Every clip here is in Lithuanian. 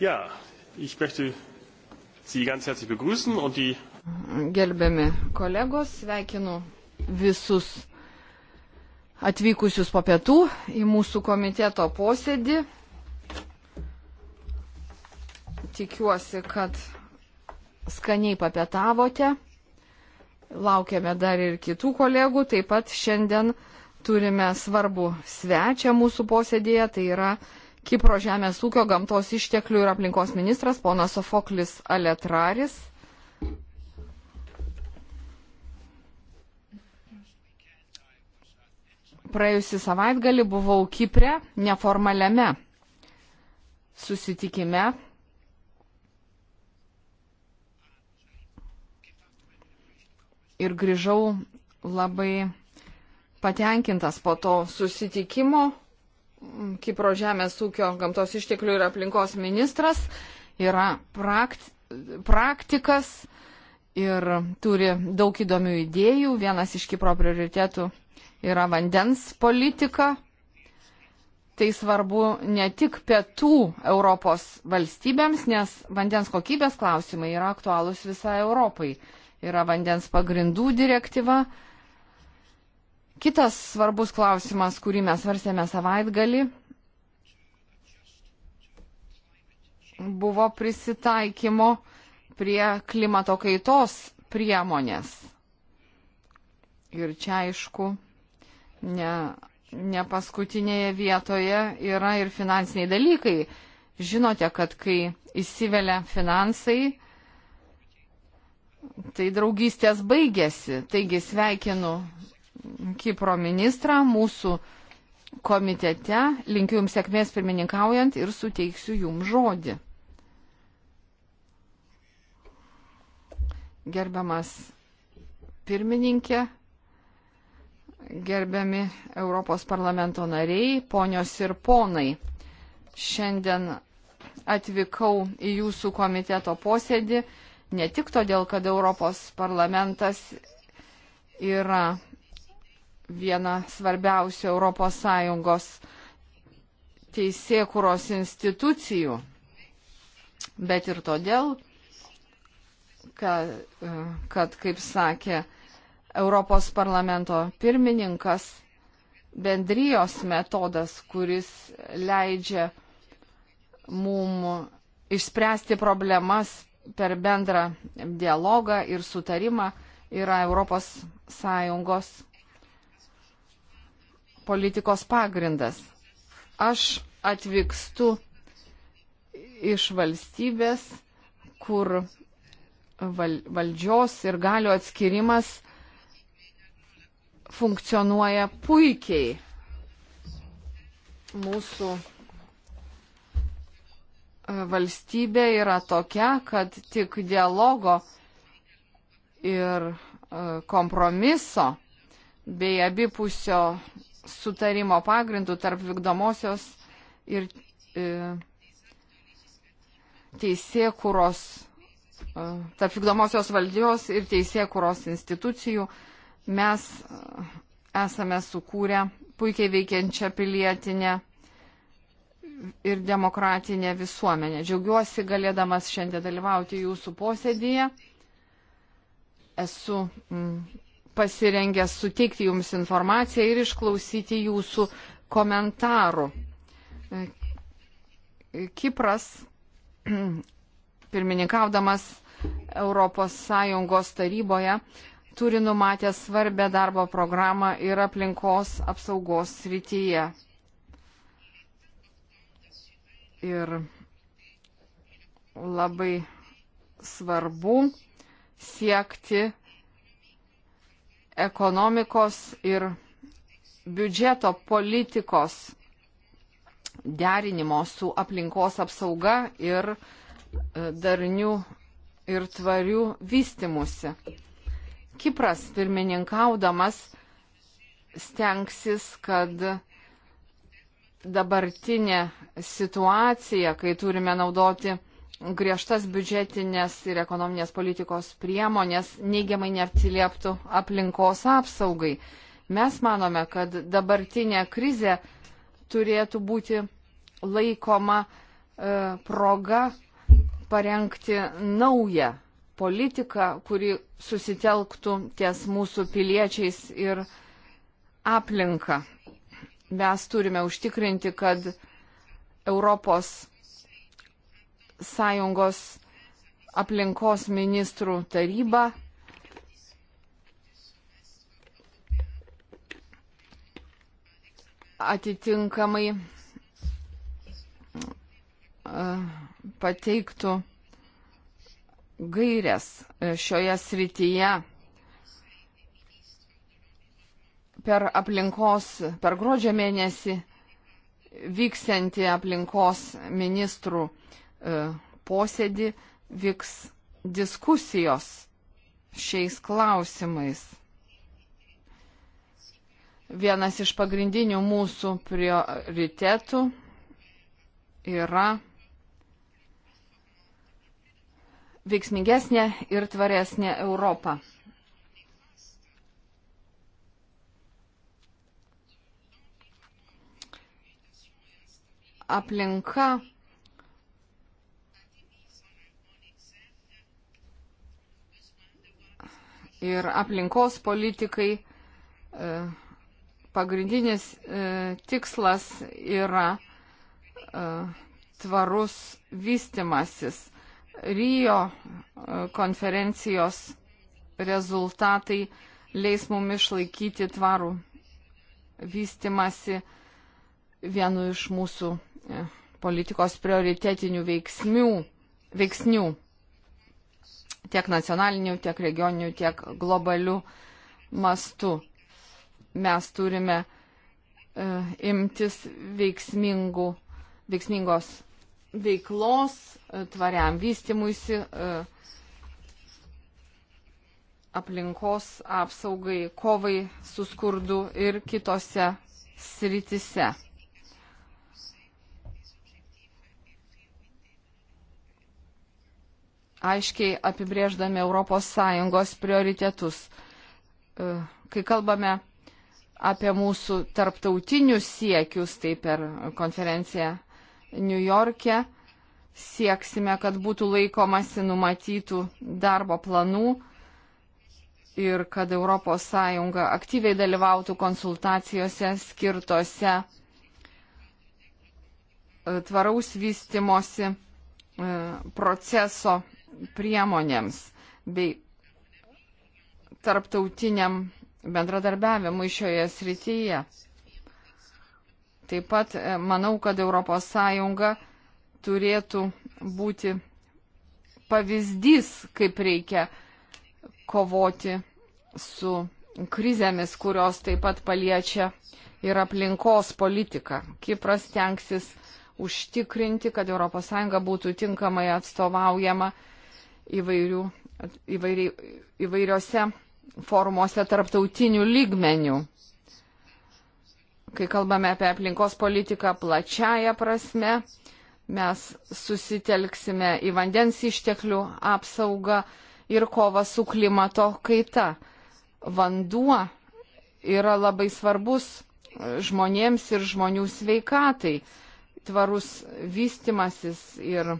Ja, ich möchte Sie ganz herzlich begrüßen und die. Gerbiami kolegos, sveikinu visus atvykusius po pietų į mūsų komiteto posėdį. Tikiuosi, kad skaniai papietavote. Laukiame dar ir kitų kolegų. Taip pat šiandien turime svarbų svečią mūsų posėdėje, tai yra uh, Kipro žemės ūkio, gamtos išteklių ir aplinkos ministras ponas Sofoklis Aletraris. Praėjusį savaitgalį buvau Kipre neformaliame susitikime ir grįžau labai patenkintas po to susitikimo Kipro žemės ūkio, gamtos išteklių ir aplinkos ministras, yra prakti, praktikas ir turi daug įdomių idėjų. Vienas iš Kipro prioritėtų yra vandens politika. Tai svarbu ne tik pietų Europos valstybėms, nes vandens kokybės klausimai yra aktualūs visai Europai. Yra vandens pagrindų direktyva, Kitas svarbus klausimas, kurį mes varsėme savaitgalį, buvo prisitaikymo prie klimato kaitos priemonės. Ir čia aišku, ne, ne paskutinėje vietoje yra ir finansiniai dalykai. Žinote, kad kai įsivelia finansai, tai draugystės baigėsi. Taigi sveikinu Kipro ministrą mūsų komitete. Linkiu Jums sėkmės pirmininkaujant ir suteiksiu Jums žodį. Gerbiamas pirmininkė, gerbiami Europos parlamento nariai, ponios ir ponai. Šiandien atvykau į jūsų komiteto posėdį ne tik todėl, kad Europos parlamentas yra viena svarbiausių ES teisėkuros institucijų, bet ir todėl, kad, e, kad kaip sakė Europos parlamento pirmininkas, bendrijos metodas, kuris leidžia mum išspręsti problemas per bendrą dialogą ir sutarimą, yra Europos Sąjungos politikos pagrindas. Aš atvykstu iš valstybės, kur val, valdžios ir galių atskirimas funkcionuoja puikiai. Mūsų e, valstybė yra tokia, kad tik dialogo ir e, kompromiso bei abipusio sutarimo pagrindų tarp vykdomosios ir e, teisėkuros, e, tarp vykdomosios valdžios ir teisėkuros institucijų mes e, esame sukūrę puikiai veikiančią pilietinę ir demokratinę visuomenę. Džiaugiuosi galėdamas šiandien dalyvauti jūsų posėdėje. Esu mm, pasirengęs suteikti jums informaciją ir išklausyti jūsų komentarų. Kipras, pirmininkaudamas ES taryboje, turi numatę svarbę darbo programą ir aplinkos apsaugos srityje. Ir labai svarbu siekti ekonomikos ir biudžeto politikos derinimo su aplinkos apsauga ir e, darnių ir tvarių vystimusi. Kipras pirmininkaudamas stengsis, kad dabartinė situacija, kai turime naudoti griežtas biudžetinės ir ekonominės politikos priemonės neigiamai neatsilieptų aplinkos apsaugai. Mes manome, kad dabartinė krizė turėtų būti laikoma e, proga parengti naują politiką, kuri susitelktų ties mūsų piliečiais ir aplinka. Mes turime užtikrinti, kad Europos Sąjungos aplinkos ministrų taryba. Atitinkamai pateiktų gairias e, šioje srityje per aplinkos, per gruodžio mėnesį vyksianti aplinkos ministrų uh, E, posėdį vyks diskusijos šiais klausimais. Vienas iš pagrindinių mūsų prioritetų yra veiksmingesnė ir tvaresnė Europa. Aplinka ir aplinkos politikai e, pagrindinis e, tikslas yra e, tvarus vystimasis. Rijo konferencijos rezultatai leis mum išlaikyti tvarų vystimasi vienu iš mūsų politikos prioritetinių veiksmių, veiksnių tiek nacionaliniu, tiek regioniniu, tiek globaliu mastu. Mes turime e, imtis veiksmingų, veiksmingos veiklos, e, tvariam vystimuisi, e, aplinkos apsaugai, kovai su skurdu ir kitose sritise. aiškiai apibrėždami ES prioritetus. E, kai kalbame apie mūsų tarptautinius siekius, tai per konferenciją New York'e sieksime, kad būtų laikomasi numatytų darbo planų ir kad ES aktyviai dalyvautų konsultacijose skirtose e, tvaraus vystimosi e, proceso priemonėms bei tarptautiniam bendradarbiavimui šioje srityje. Taip pat e, manau, kad ES turėtų būti pavyzdys, kaip reikia kovoti su krizėmis, kurios taip pat paliečia ir aplinkos politiką. Kipras tenksis užtikrinti, kad ES būtų tinkamai atstovaujama įvairių, įvairi, įvairiose formuose tarptautinių lygmenių. Kai kalbame apie aplinkos politiką plačiaja prasme, mes susitelksime į vandens išteklių apsaugą ir kovą su klimato kaita. Vanduo yra labai svarbus žmonėms ir žmonių sveikatai. Tvarus vystimasis ir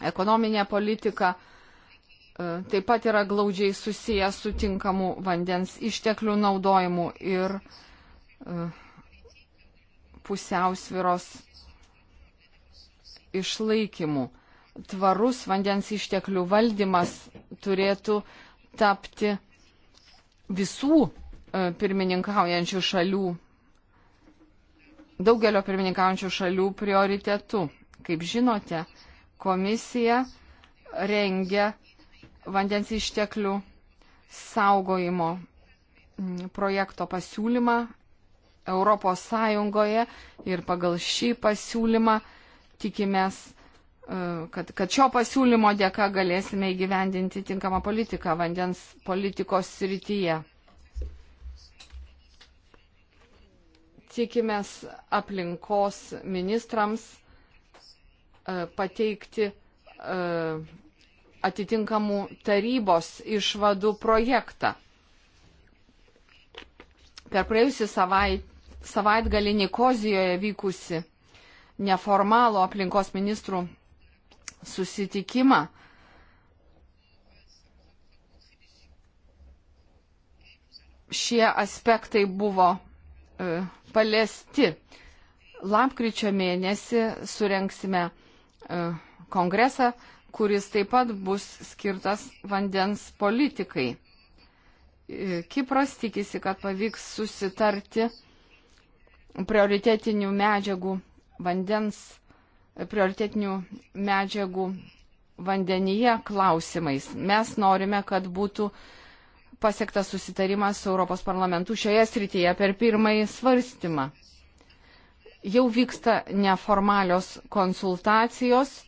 ekonominė politika e, taip pat yra glaudžiai susiję su tinkamu vandens išteklių naudojimu ir e, pusiausviros išlaikymu. Tvarus vandens išteklių valdymas turėtų tapti visų e, pirmininkaujančių šalių, daugelio pirmininkaujančių šalių prioritetu. Kaip žinote, komisija rengia vandens išteklių saugojimo mm, projekto pasiūlymą Europos Sąjungoje ir pagal šį pasiūlymą tikimės, e, kad, kad šio pasiūlymo dėka galėsime įgyvendinti tinkamą politiką vandens politikos srityje. Tikimės aplinkos ministrams E, pateikti e, atitinkamų tarybos išvadų projektą. Per praėjusį savait, savaitgalį Nikozijoje vykusi neformalų aplinkos ministrų susitikimą. Šie aspektai buvo e, paliesti. Lapkričio mėnesį surenksime e, E, kongresą, kuris taip pat bus skirtas vandens politikai. E, Kipras tikisi, kad pavyks susitarti prioritetinių medžiagų vandens, prioritetinių medžiagų vandenyje klausimais. Mes norime, kad būtų pasiektas susitarimas su Europos parlamentu šioje srityje per pirmąjį svarstymą. Jau vyksta neformalios konsultacijos.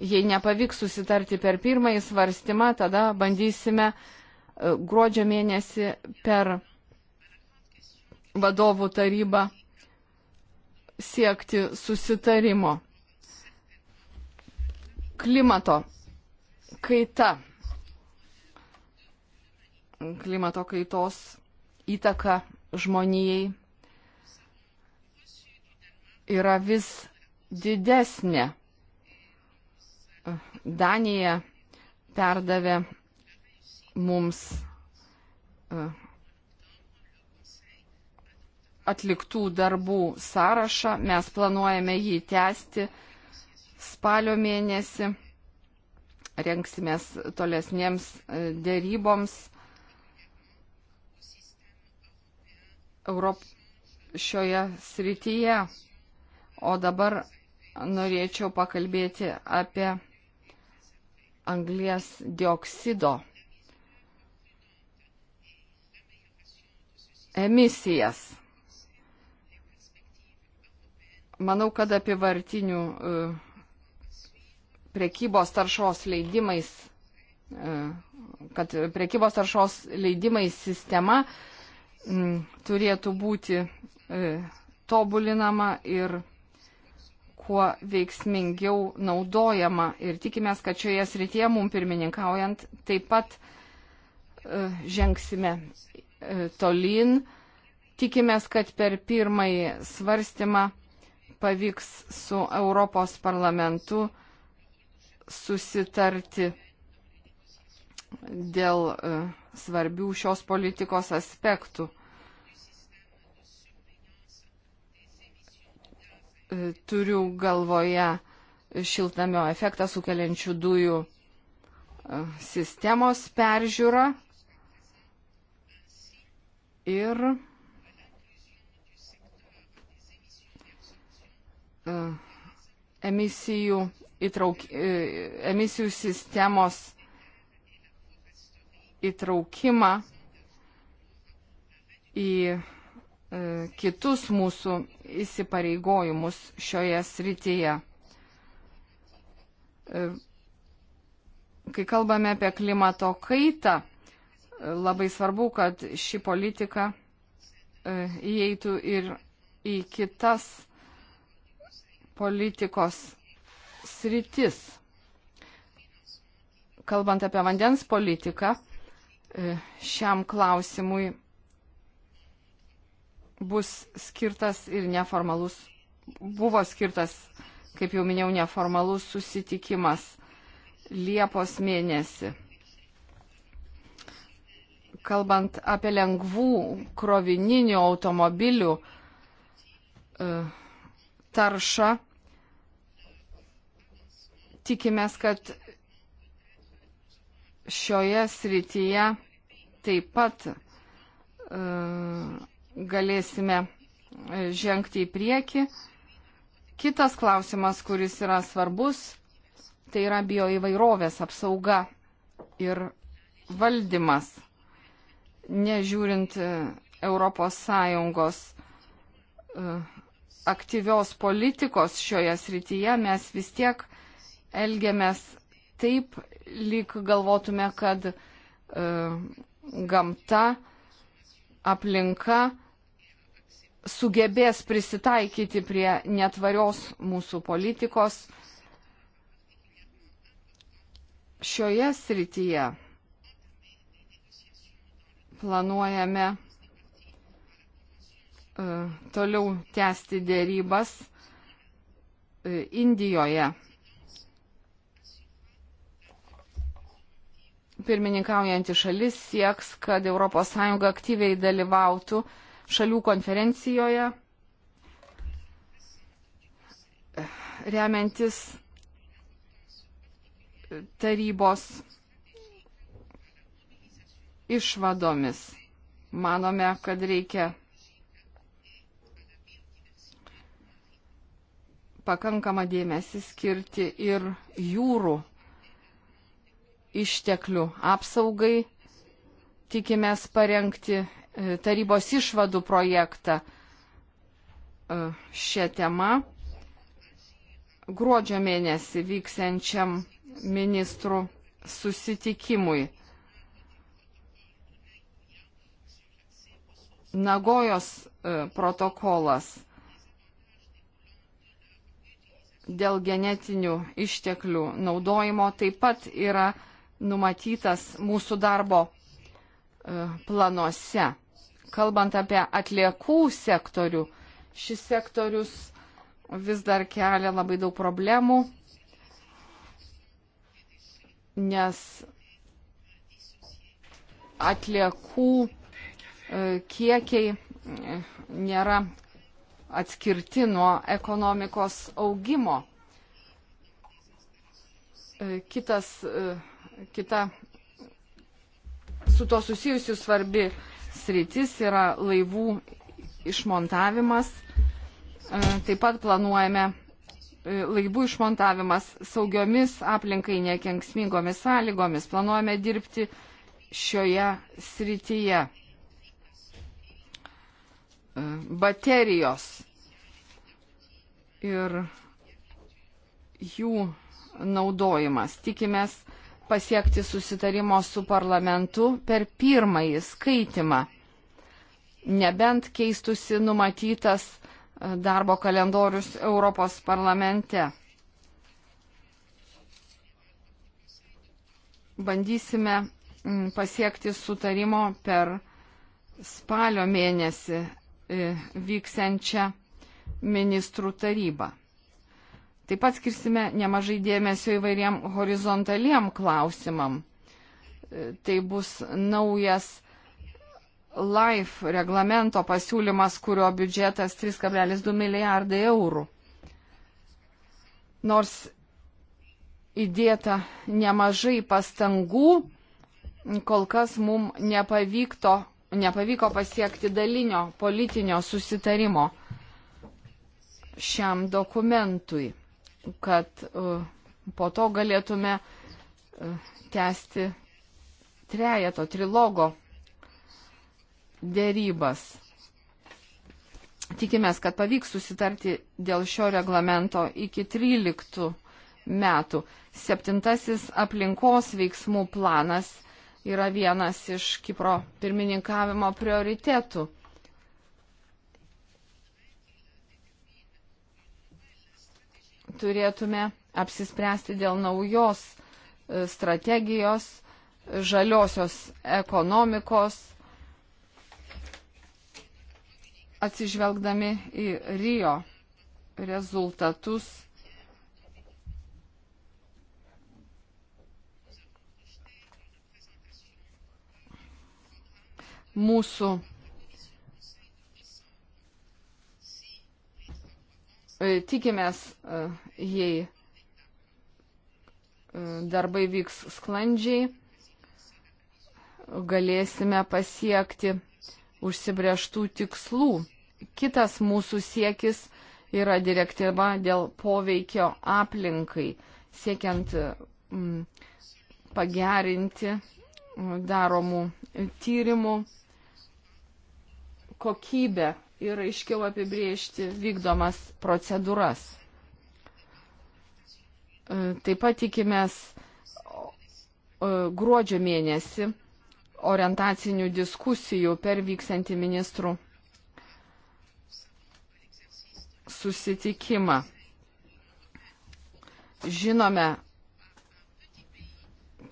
Jei nepavyks susitarti per pirmąjį svarstymą, tada bandysime e, gruodžio mėnesį per vadovų tarybą siekti susitarimo. Klimato kaita. Klimato kaitos įtaka žmonijai yra vis didesnė. Danija perdavė mums e, atliktų darbų sąrašą. Mes planuojame jį tęsti spalio mėnesį. Renksimės tolesniems e, dėryboms. Europ... šioje srityje. O dabar norėčiau pakalbėti apie anglės dioksido emisijas. Manau, kad apivartinių e, prekybos taršos leidimais, e, kad prekybos taršos leidimais sistema turėtų būti e, tobulinama ir kuo veiksmingiau naudojama ir tikimės, kad šioje srityje mum pirmininkaujant taip pat e, žengsime e, tolyn. Tikimės, kad per pirmąjį svarstymą pavyks su Europos parlamentu susitarti dėl e, svarbių šios politikos aspektų. E, turiu galvoje šiltnamio efektą sukeliančių dujų e, sistemos peržiūrą ir e, emisijų, įtrauk, emisijų sistemos įtraukimą į E, kitus mūsų įsipareigojimus šioje srityje. E, kai kalbame apie klimato kaitą, e, labai svarbu, kad ši politika įeitų ir į kitas politikos sritis. Kalbant apie vandens politiką, šiam klausimui bus skirtas ir neformalus, buvo skirtas, kaip jau minėjau, neformalus susitikimas Liepos mėnesį. Kalbant apie lengvų krovininių automobilių e, taršą, tikimės, kad šioje srityje taip pat e, galėsime e, žengti į priekį. Kitas klausimas, kuris yra svarbus, tai yra bioįvairovės apsauga ir valdymas, nežiūrint ES e, aktyvios politikos šioje srityje, mes vis tiek elgiamės taip, lyg galvotume, kad e, gamta, aplinka sugebės prisitaikyti prie netvarios mūsų politikos šioje srityje. Planuojame uh, toliau tęsti dėrybas uh, Indijoje. Pirmininkaujantį šalis sieks, kad ES aktyviai dalyvautų uh, šalių konferencijoje, remiantis tarybos išvadomis. Manome, kad reikia pakankamą dėmesį skirti ir jūrų išteklių apsaugai. Tikimės parengti tarybos išvadų projektą e, šią temą gruodžio mėnesį vyksiančiam ministrų susitikimui. Nagojos e, protokolas dėl genetinių išteklių naudojimo taip pat yra numatytas mūsų darbo e, planuose kalbant apie atliekų sektorių, šis sektorius vis dar kelia labai daug problemų, nes atliekų e, kiekiai e, nėra atskirti nuo ekonomikos augimo. E, kitas, kita su to susijusių svarbi sritis yra laivų išmontavimas. E, taip pat planuojame e, laivų išmontavimas saugiomis aplinkai nekenksmingomis sąlygomis. Planuojame dirbti šioje srityje. E, baterijos ir jų naudojimas. Tikimės pasiekti susitarimo su parlamentu per pirmąjį skaitimą nebent keistusi numatytas e, darbo kalendorius Europos parlamente. Bandysime pasiekti sutarimo per spalio mėnesį e, vyksiančią ministrų tarybą. Taip pat skirsime nemažai dėmesio įvairiem horizontaliem klausimam. E, tai bus naujas Life reglamento pasiūlymas, kurio biudžetas 3,2 milijardai eurų. Nors įdėta nemažai pastangų, kol kas mums nepavykto, nepavyko pasiekti dalinio politinio susitarimo šiam dokumentui, kad uh, po to galėtume uh, tęsti trejeto trilogo dėrybas. Tikimės, kad pavyks susitarti dėl šio reglamento iki 13 metų. Septintasis aplinkos veiksmų planas yra vienas iš Kipro pirmininkavimo prioritetų. Turėtume apsispręsti dėl naujos e, strategijos, žaliosios ekonomikos atsižvelgdami į Rio rezultatus. Mūsų tikimės, e, jei e, darbai vyks sklandžiai, galėsime pasiekti užsibrieštų tikslų kitas mūsų siekis yra direktyva dėl poveikio aplinkai, siekiant m, mm, pagerinti daromų tyrimų kokybę ir aiškiau apibriežti vykdomas procedūras. E, taip pat tikimės e, gruodžio mėnesį orientacinių diskusijų per vyksantį ministrų susitikimą. Žinome,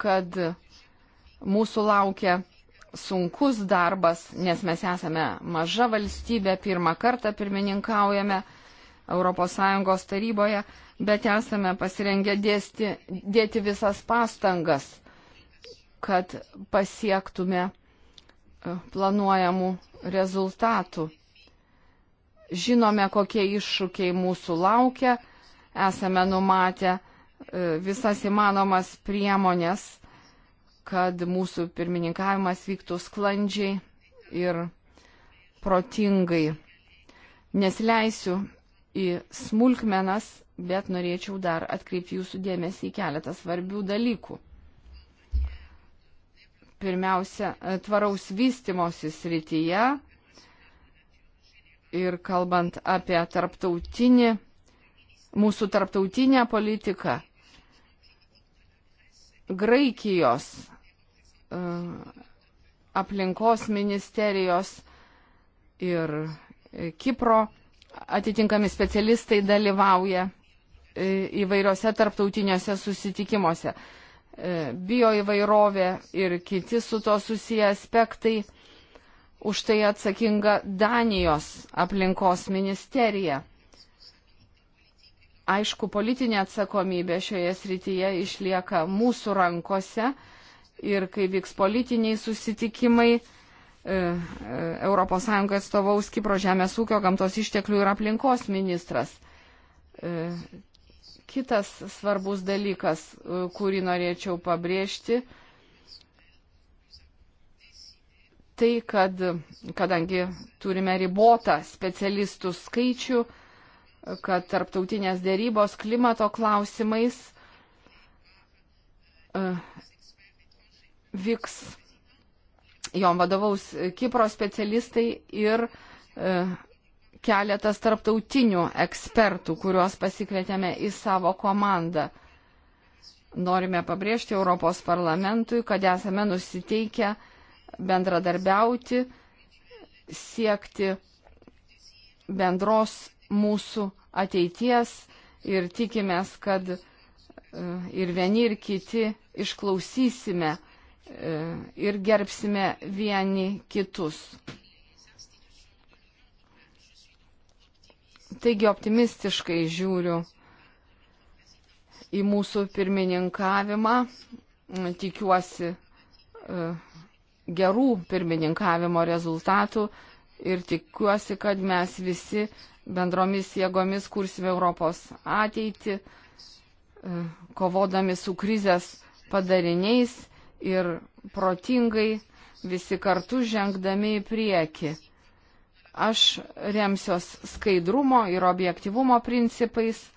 kad mūsų laukia sunkus darbas, nes mes esame maža valstybė, pirmą kartą pirmininkaujame ES taryboje, bet esame pasirengę dėsti, dėti visas pastangas, kad pasiektume e, planuojamų rezultatų žinome, kokie iššūkiai mūsų laukia, esame numatę e, visas įmanomas priemonės, kad mūsų pirmininkavimas vyktų sklandžiai ir protingai. Nesileisiu į smulkmenas, bet norėčiau dar atkreipti jūsų dėmesį į keletą svarbių dalykų. Pirmiausia, tvaraus vystimosi srityje ir kalbant apie tarptautinį, mūsų tarptautinę politiką, Graikijos e, aplinkos ministerijos ir e, Kipro atitinkami specialistai dalyvauja e, įvairiose tarptautiniuose susitikimuose. Bioįvairovė ir kiti su to susiję aspektai už tai atsakinga Danijos aplinkos ministerija. Aišku, politinė atsakomybė šioje srityje išlieka mūsų rankose ir kai vyks politiniai susitikimai, ES e, atstovaus Kipro žemės ūkio, gamtos išteklių ir aplinkos ministras. E, kitas svarbus dalykas, e, kurį norėčiau pabrėžti, tai, kad kadangi turime ribotą specialistų skaičių, kad tarptautinės dėrybos klimato klausimais e, vyks, jom vadovaus Kipro specialistai ir e, keletas tarptautinių ekspertų, kuriuos pasikvietėme į savo komandą. Norime pabrėžti Europos parlamentui, kad esame nusiteikę uh, bendradarbiauti, siekti bendros mūsų ateities ir tikimės, kad e, ir vieni ir kiti išklausysime e, ir gerbsime vieni kitus. Taigi optimistiškai žiūriu į mūsų pirmininkavimą. Tikiuosi e, gerų pirmininkavimo rezultatų ir tikiuosi, kad mes visi bendromis jėgomis kursime Europos ateitį, e, kovodami su krizės padariniais ir protingai visi kartu žengdami į priekį. Aš remsiuos skaidrumo ir objektivumo principais e,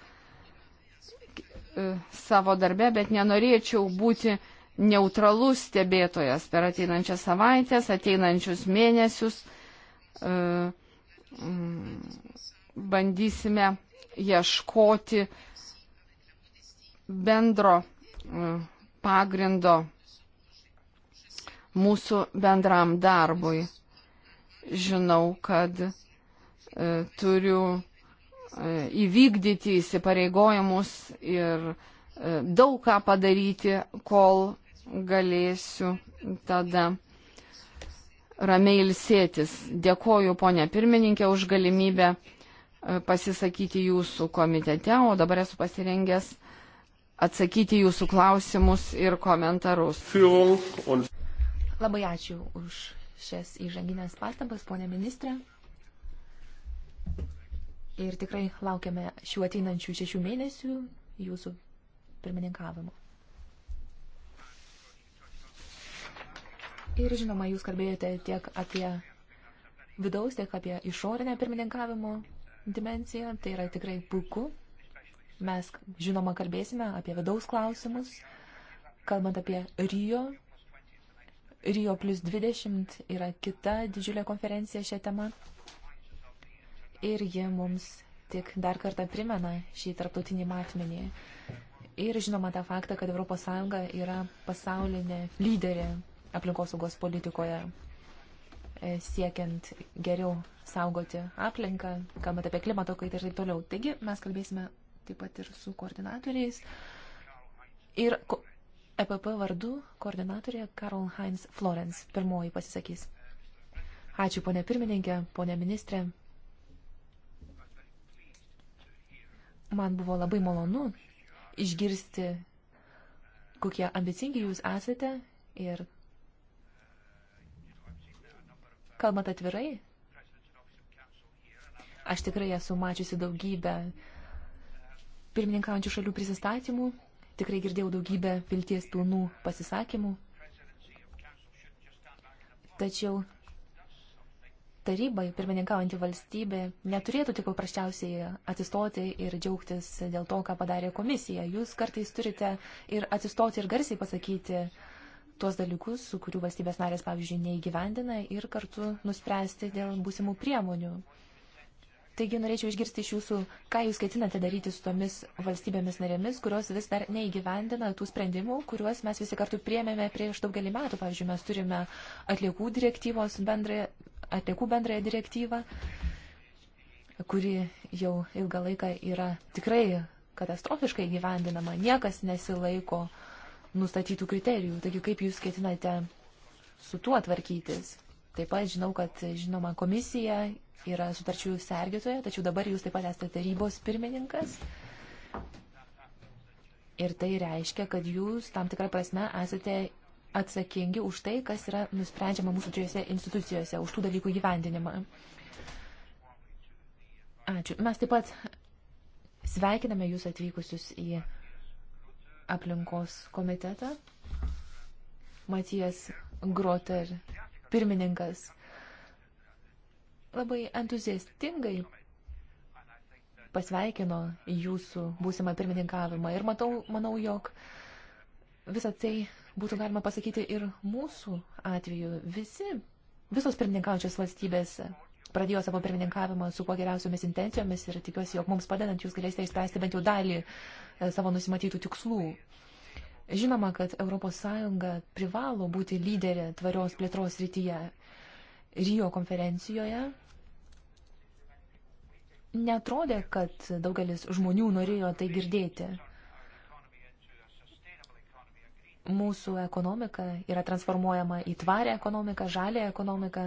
savo darbe, bet nenorėčiau būti neutralus stebėtojas per ateinančias savaitės, ateinančius mėnesius. E, mm, bandysime ieškoti bendro e, pagrindo mūsų bendram darbui. Žinau, kad e, turiu e, įvykdyti įsipareigojimus ir e, daug ką padaryti, kol galėsiu tada ramiai ilsėtis. Dėkoju, ponė pirmininkė, už galimybę e, pasisakyti jūsų komitete, o dabar esu pasirengęs atsakyti jūsų klausimus ir komentarus. Labai ačiū už šias įžanginės pastabas, ponė ministrė. Ir tikrai laukiame šių ateinančių šešių mėnesių jūsų pirmininkavimo. Ir žinoma, jūs kalbėjote tiek apie vidaus, tiek apie išorinę pirmininkavimo dimenciją. Tai yra tikrai puiku. Mes, žinoma, kalbėsime apie vidaus klausimus, kalbant apie Rio. Rio plus 20 yra kita didžiulė konferencija šią temą. Ir ji mums tik dar kartą primena šį tarptautinį matmenį. Ir žinoma tą faktą, kad ES yra pasaulinė lyderė aplinkosaugos politikoje e, siekiant geriau saugoti aplinką, kalbant apie klimato kaitą ir taip toliau. Taigi mes kalbėsime taip pat ir su koordinatoriais. Ir ko EPP vardu koordinatorė Karol Heinz Florence pirmoji pasisakys. Ačiū, ponė pirmininkė, ponė ministrė. Man buvo labai malonu išgirsti, kokie ambicingi jūs esate ir Kalbant atvirai, aš tikrai esu mačiusi daugybę pirmininkaujančių šalių prisistatymų, tikrai girdėjau daugybę vilties pilnų pasisakymų. Tačiau tarybai pirmininkaujantį valstybę neturėtų tik paprasčiausiai atsistoti ir džiaugtis dėl to, ką padarė komisija. Jūs kartais turite ir atsistoti ir garsiai pasakyti, uh, tuos dalykus, kurių valstybės narės, pavyzdžiui, neįgyvendina ir kartu nuspręsti dėl būsimų priemonių. Taigi norėčiau išgirsti iš jūsų, ką jūs ketinate daryti su tomis valstybėmis narėmis, kurios vis dar neįgyvendina tų sprendimų, kuriuos mes visi kartu priemėme prieš daugelį metų. Pavyzdžiui, mes turime atliekų direktyvos bendrąją, atliekų bendrąją direktyvą, kuri jau ilgą laiką yra tikrai katastrofiškai gyvendinama. Niekas nesilaiko uh, nustatytų kriterijų. Taigi kaip jūs ketinate su tuo tvarkytis? Taip pat žinau, kad žinoma komisija yra sutarčių sergėtoja, tačiau dabar jūs taip pat esate tarybos pirmininkas. Ir tai reiškia, kad jūs tam tikrą prasme esate atsakingi už tai, kas yra nusprendžiama mūsų trijose institucijose, už tų dalykų gyvendinimą. Ačiū. Mes taip pat sveikiname jūs atvykusius į aplinkos komitetą. Matijas Groter, pirmininkas, labai entuziastingai pasveikino jūsų būsimą pirmininkavimą. Ir matau, manau, jog visą tai būtų galima pasakyti ir mūsų atveju. Visi, visos pirmininkaujančios valstybės pradėjo savo pirmininkavimą su kuo geriausiomis intencijomis ir tikiuosi, jog mums padedant jūs galėsite išspręsti bent jau dalį e, savo nusimatytų tikslų. Žinoma, kad ES privalo būti lyderė tvarios plėtros rytyje Rio konferencijoje. Netrodė, kad daugelis žmonių norėjo tai girdėti mūsų ekonomika yra transformuojama į tvarę ekonomiką, žalę ekonomiką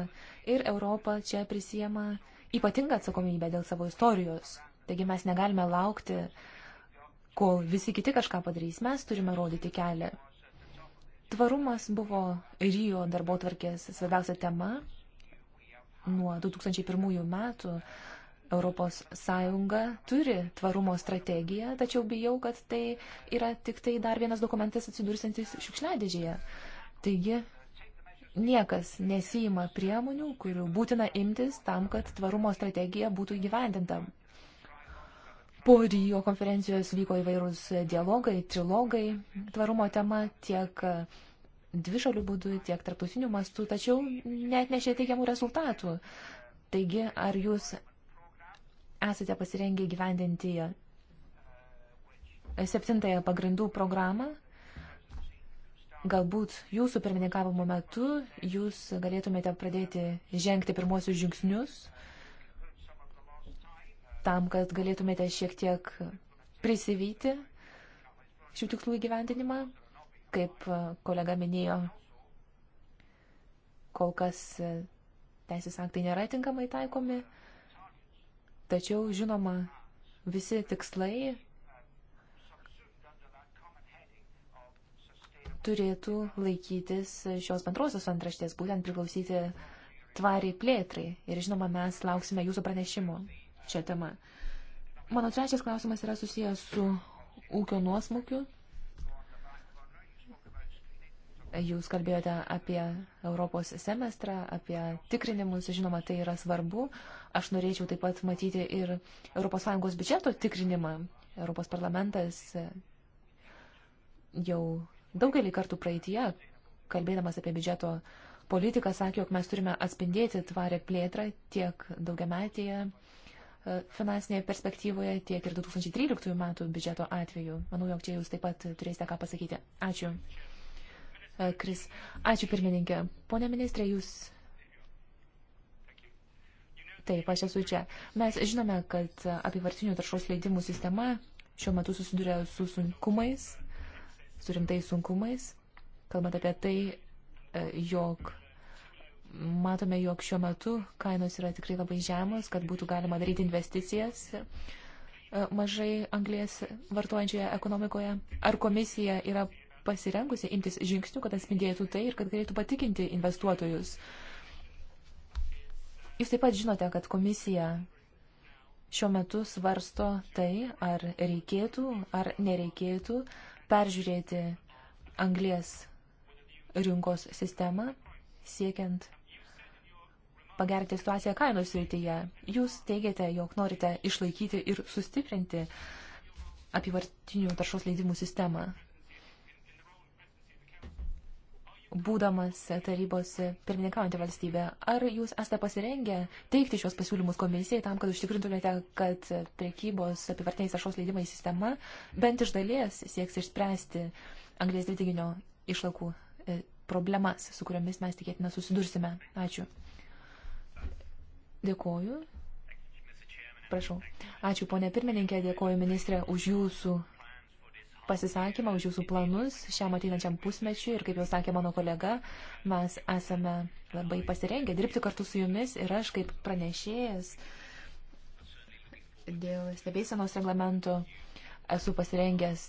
ir Europa čia prisijama ypatingą atsakomybę dėl savo istorijos. Taigi mes negalime laukti, kol visi kiti kažką padarys, mes turime rodyti kelią. Tvarumas buvo Rijo darbo tvarkės svarbiausia tema nuo 2001 metų Europos Sąjunga turi tvarumo strategiją, tačiau bijau, kad tai yra tik tai dar vienas dokumentas atsidursantis šiukšliadėžėje. Taigi, niekas nesijima priemonių, kurių būtina imtis tam, kad tvarumo strategija būtų įgyvendinta. Po Rijo konferencijos vyko įvairūs dialogai, trilogai tvarumo tema tiek dvišalių būdų, tiek tarptautinių mastų, tačiau net nešė teigiamų rezultatų. Taigi, ar jūs esate pasirengę gyvendinti septintąją pagrindų programą. Galbūt jūsų pirmininkavimo metu jūs galėtumėte pradėti žengti pirmosius žingsnius tam, kad galėtumėte šiek tiek prisivyti šių tikslų įgyvendinimą, kaip kolega minėjo, kol kas teisės aktai nėra tinkamai taikomi. Tačiau, žinoma, visi tikslai turėtų laikytis šios bendrosios antraštės, būtent priklausyti tvariai plėtrai. Ir žinoma, mes lauksime jūsų pranešimų šią temą. Mano trečias klausimas yra susijęs su ūkio nuosmukiu. Jūs kalbėjote apie Europos semestrą, apie tikrinimus, žinoma, tai yra svarbu. Aš norėčiau taip pat matyti ir ES biudžeto tikrinimą. Europos parlamentas jau daugelį kartų praeitie, kalbėdamas apie biudžeto politiką, sakė, jog mes turime atspindėti tvarę plėtrą tiek daugiametėje e, finansinėje perspektyvoje, tiek ir 2013 metų biudžeto atveju. Manau, jog čia jūs taip pat turėsite ką pasakyti. Ačiū. E, Kris. Ačiū pirmininkė. Pone ministrė, jūs. Taip, aš esu čia. Mes žinome, kad apivartinių taršos leidimų sistema šiuo metu susiduria su sunkumais, su rimtais sunkumais, kalbant apie tai, e, jog matome, jog šiuo metu kainos yra tikrai labai žemos, kad būtų galima daryti investicijas e, mažai anglės vartojančioje ekonomikoje. Ar komisija yra pasirengusi imtis žingsnių, kad atspindėtų tai ir kad galėtų patikinti investuotojus. Jūs taip pat žinote, kad komisija šiuo metu svarsto tai, ar reikėtų ar nereikėtų peržiūrėti anglės rinkos sistemą, siekiant pagerinti situaciją kainų srityje. Jūs teigiate, jog norite išlaikyti ir sustiprinti apivartinių taršos leidimų sistemą. būdamas tarybos pirmininkaujantį valstybę. Ar jūs esate pasirengę teikti šios pasiūlymus komisijai tam, kad užtikrintumėte, kad priekybos apivartiniais taršos leidimai sistema bent iš dalies sieks išspręsti anglės dvideginio išlakų e, problemas, su kuriomis mes tikėtina susidursime? Ačiū. Dėkoju. Prašau. Ačiū, ponė pirmininkė, dėkoju ministrė už jūsų pasisakymą, už jūsų planus šiam ateinančiam pusmečiui ir, kaip jau sakė mano kolega, mes esame labai pasirengę dirbti kartu su jumis ir aš kaip pranešėjas dėl stebėsenos reglamento esu pasirengęs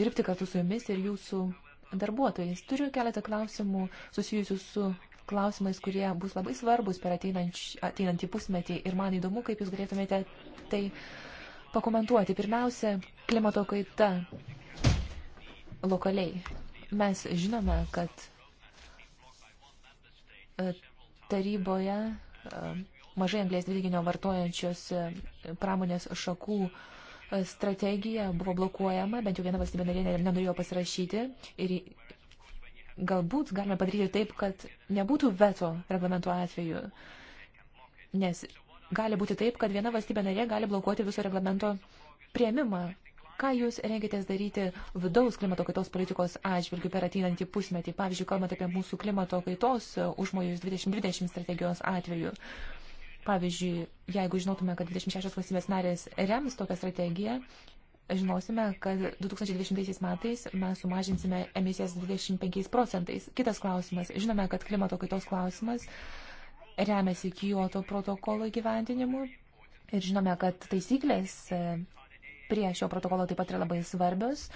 dirbti kartu su jumis ir jūsų darbuotojais. Turiu keletą klausimų susijusių su klausimais, kurie bus labai svarbus per ateinantį pusmetį ir man įdomu, kaip jūs galėtumėte tai pakomentuoti. Pirmiausia, klimato kaita lokaliai. Mes žinome, kad e, taryboje e, mažai anglės dvideginio vartojančios e, pramonės šakų strategija buvo blokuojama, bent jau viena valstybė narė nenorėjo pasirašyti ir galbūt galime padaryti taip, kad nebūtų veto reglamento atveju, nes gali būti taip, kad viena valstybė narė gali blokuoti viso reglamento prieimimą Ką jūs rengitės daryti vidaus klimato kaitos politikos atžvilgių per ateinantį pusmetį, pavyzdžiui, kalbant apie mūsų klimato kaitos e, užmojus 2020 strategijos atveju? Pavyzdžiui, jeigu žinotume, kad 26 valstybės narės rems tokią strategiją, žinosime, kad 2020 metais mes sumažinsime emisijas 25 procentais. Kitas klausimas. Žinome, kad klimato kaitos klausimas remiasi Kyoto protokolo įgyvendinimu ir žinome, kad taisyklės e, prie šio protokolo taip pat yra labai svarbios.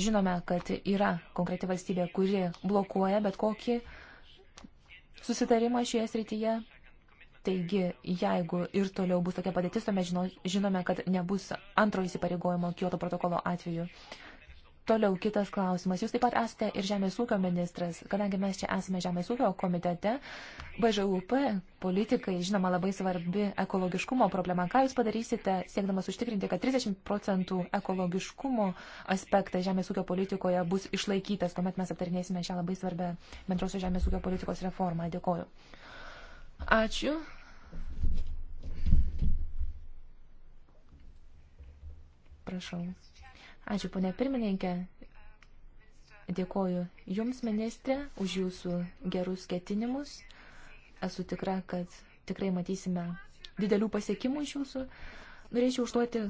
Žinome, kad yra konkreti valstybė, kuri blokuoja bet kokį susitarimą šioje srityje. Taigi, jeigu ir toliau bus tokia padėtis, tuomet žinome, kad nebus antro įsipareigojimo Kyoto protokolo atveju. Uh, Toliau kitas klausimas. Jūs taip pat esate ir Žemės ūkio ministras. Kadangi mes čia esame Žemės ūkio komitete, BŽUP politikai, žinoma, labai svarbi ekologiškumo problema. Ką jūs padarysite, siekdamas užtikrinti, kad 30 procentų ekologiškumo aspektas Žemės ūkio politikoje bus išlaikytas, kuomet mes aptarinėsime šią labai svarbę bendrosios Žemės ūkio politikos reformą. Dėkoju. Ačiū. Prašau. Ačiū, ponė pirmininkė. Dėkoju Jums, ministrė, už Jūsų gerus ketinimus. Esu tikra, kad tikrai matysime didelių pasiekimų iš Jūsų. Norėčiau užduoti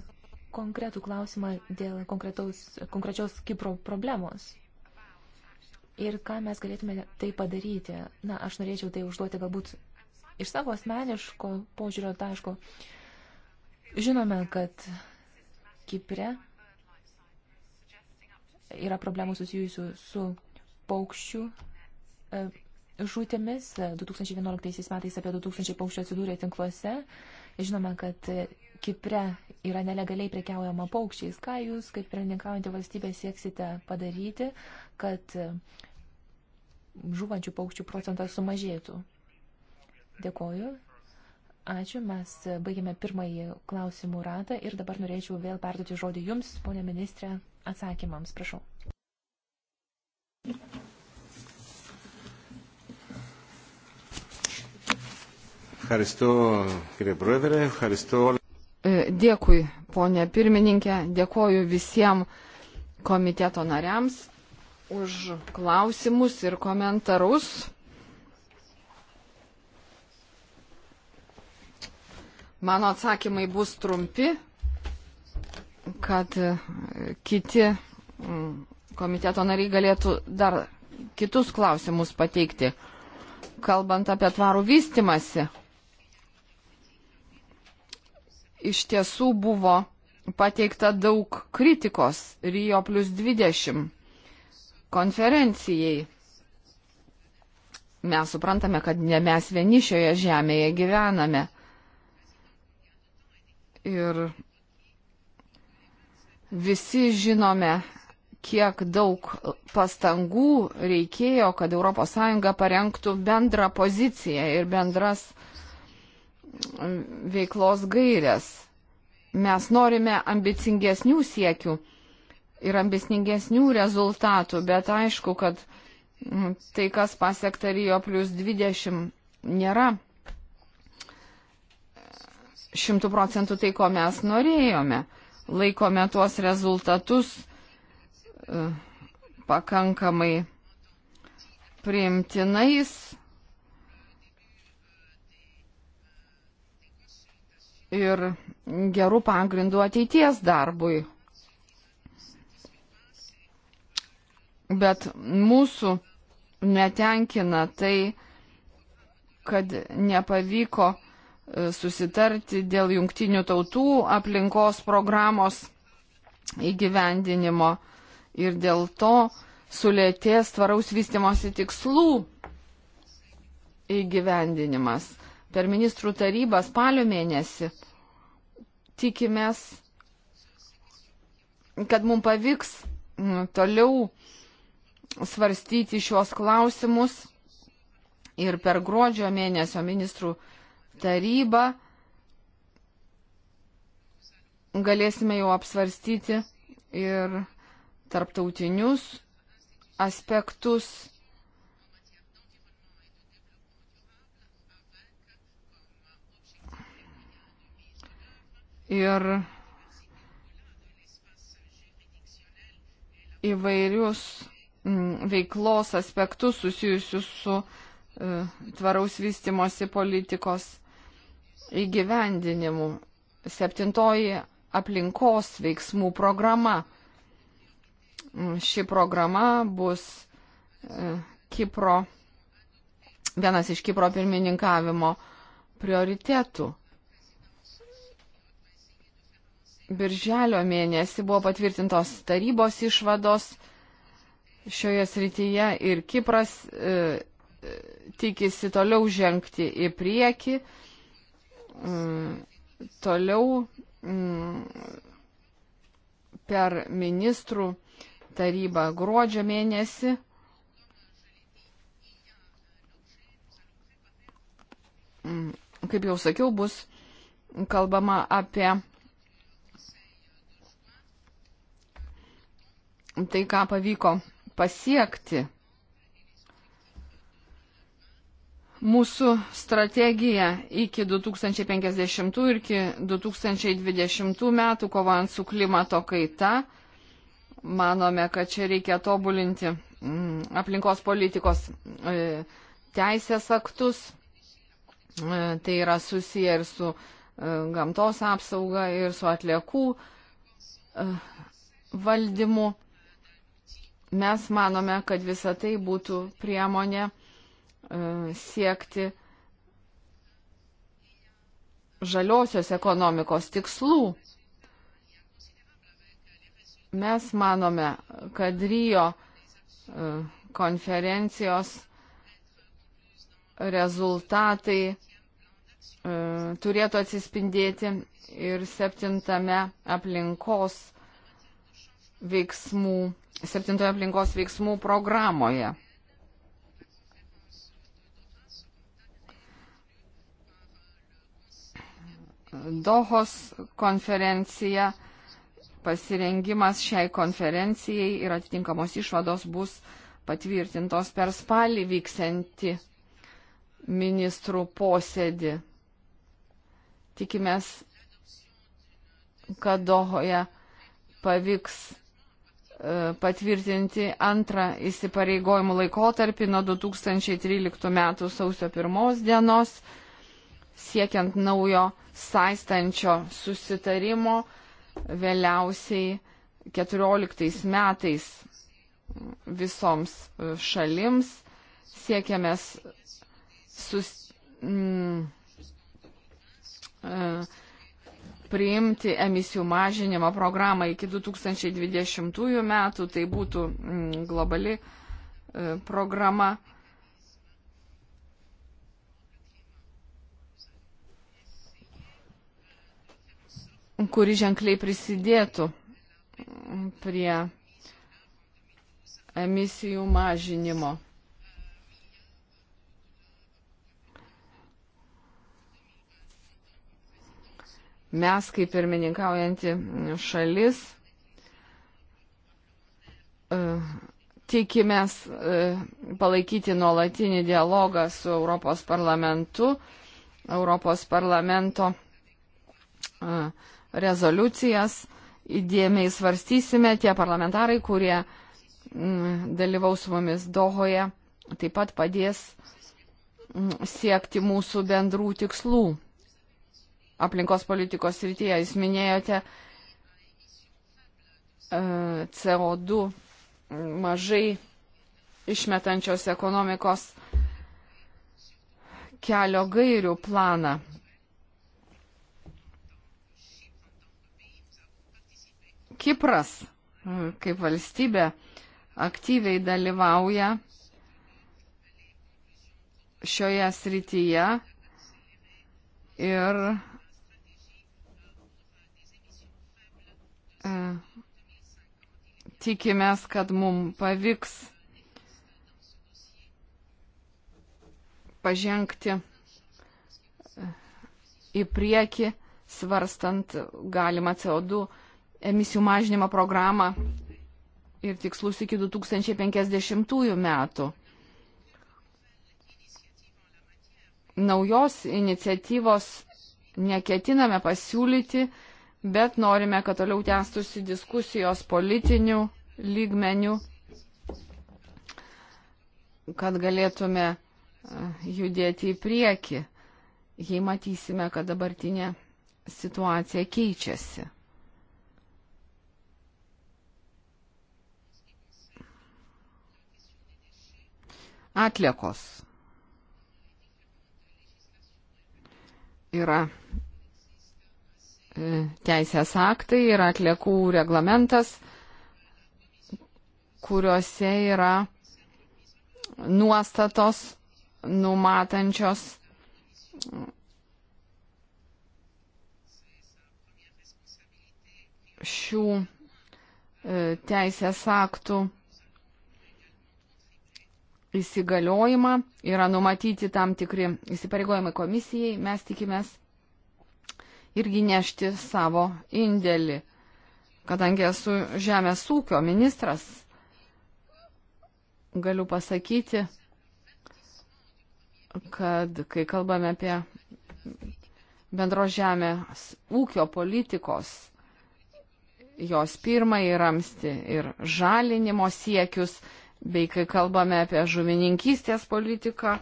konkretų klausimą dėl konkrečios Kipro problemos. Ir ką mes galėtume tai padaryti? Na, aš norėčiau tai užduoti galbūt iš savo asmeniško požiūrio taško. Žinome, kad Kipre yra problemų susijusių su paukščių e, žūtimis. 2011 e, metais apie 2000 paukščių atsidūrė tinkluose. Žinoma, kad e, Kipre yra nelegaliai prekiaujama paukščiais. Ką jūs, kaip pirmininkaujantį valstybę, sieksite padaryti, kad žuvančių paukščių procentas sumažėtų? Dėkoju. Ačiū, mes baigėme pirmąjį klausimų ratą ir dabar norėčiau vėl perduoti žodį Jums, ponė ministrė, atsakymams. Prašau. Dėkui, ponė pirmininkė, dėkoju visiems komiteto nariams už klausimus ir komentarus. Mano atsakymai bus trumpi, kad e, kiti komiteto nariai galėtų dar kitus klausimus pateikti, kalbant apie tvarų vystimasi. Iš tiesų buvo pateikta daug kritikos Rio plus 20 konferencijai. Mes suprantame, kad ne mes vieni šioje žemėje gyvename. Ir Visi žinome, kiek daug pastangų reikėjo, kad ES parengtų bendrą poziciją ir bendras mm, veiklos gairias. Mes norime ambicingesnių siekių ir ambicingesnių rezultatų, bet aišku, kad mm, tai, kas pasiekta Rio plus 20, nėra e, šimtų procentų tai, ko mes norėjome laikome tuos rezultatus e, pakankamai priimtinais. Ir gerų pagrindų ateities darbui. Bet mūsų netenkina tai, kad nepavyko susitarti dėl jungtinių tautų aplinkos programos įgyvendinimo ir dėl to sulėtės tvaraus vystimosi tikslų įgyvendinimas. Per ministrų tarybą spalio mėnesį tikimės, kad mums pavyks mm, toliau svarstyti šios klausimus ir per gruodžio mėnesio ministrų tarybą tarybą galėsime jau apsvarstyti ir tarptautinius aspektus. Ir įvairius mm, veiklos aspektus susijusius su e, tvaraus vystimosi politikos įgyvendinimu. Septintoji aplinkos veiksmų programa. Mm, Ši programa bus e, Kipro, vienas iš Kipro pirmininkavimo prioritėtų. Birželio mėnesį buvo patvirtintos tarybos išvados šioje srityje ir Kipras e, e tikisi toliau žengti į priekį. E, Mm, toliau mm, per ministrų tarybą gruodžio mėnesį mm, kaip jau sakiau, bus kalbama apie tai, ką pavyko pasiekti. mūsų strategija iki 2050 ir iki 2020 metų kovojant su klimato kaita. Manome, kad čia reikia tobulinti mm, aplinkos politikos e, teisės aktus. E, tai yra susiję ir su e, gamtos apsauga, ir su atliekų valdymu. Mes manome, kad visa tai būtų priemonė E, siekti žaliosios ekonomikos tikslų. Mes manome, kad Rio e, konferencijos rezultatai e, turėtų atsispindėti ir septintame aplinkos veiksmų, septintoje aplinkos veiksmų programoje. Dohos konferencija, pasirengimas šiai konferencijai ir atitinkamos išvados bus patvirtintos per spalį vyksianti ministrų posėdį. Tikimės, kad Dohoje pavyks e, patvirtinti antrą įsipareigojimų laikotarpį nuo 2013 m. sausio 1 dienos siekiant naujo saistančio susitarimo vėliausiai 14 metais visoms e, šalims siekiamės sus, mm, e, priimti emisijų mažinimo programą iki 2020 metų, tai būtų mm, globali e, programa kuri ženkliai prisidėtų prie emisijų mažinimo. Mes, kaip pirmininkaujanti šalis, e, tikimės e, palaikyti nuolatinį dialogą su Europos parlamentu, Europos parlamento uh, rezoliucijas, įdėmiai svarstysime tie parlamentarai, kurie mm, dalyvaus su mumis Dohoje, taip pat padės mm, siekti mūsų bendrų tikslų aplinkos politikos rytyje. Jūs minėjote e, CO2 mm, mažai išmetančios ekonomikos kelio gairių planą. Kipras mm, kaip valstybė aktyviai dalyvauja šioje srityje ir e, tikimės, kad mums pavyks pažengti e, į priekį, svarstant galimą CO2 emisijų mažinimo programą ir tikslus iki 2050 metų. Naujos iniciatyvos neketiname pasiūlyti, bet norime, kad toliau tęstusi diskusijos politinių lygmenių, kad galėtume judėti į priekį, jei matysime, kad dabartinė situacija keičiasi. Atliekos yra e, teisės aktai, yra atliekų reglamentas, kuriuose yra nuostatos numatančios šių e, teisės aktų įsigaliojimą, yra numatyti tam tikri įsipareigojimai komisijai, mes tikimės irgi nešti savo indėlį. Kadangi esu žemės ūkio ministras, galiu pasakyti, kad kai kalbame apie bendros žemės ūkio politikos, jos pirmąjį ramsti ir žalinimo siekius, bei kai kalbame apie žuvininkystės politiką,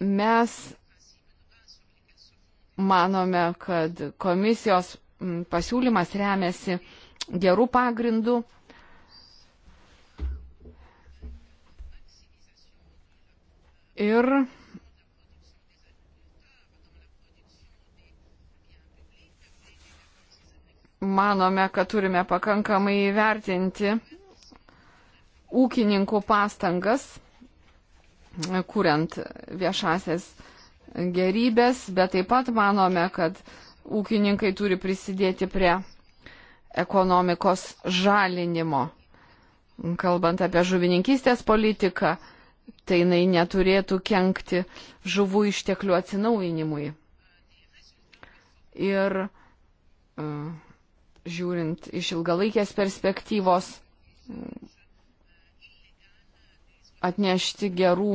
mes manome, kad komisijos mm, pasiūlymas remiasi gerų pagrindų. Ir manome, kad turime pakankamai įvertinti ūkininkų pastangas, kuriant viešasias gerybės, bet taip pat manome, kad ūkininkai turi prisidėti prie ekonomikos žalinimo. Kalbant apie žuvininkystės politiką, tai jinai neturėtų kenkti žuvų išteklių atsinaujinimui. Ir uh, žiūrint iš ilgalaikės perspektyvos, atnešti gerų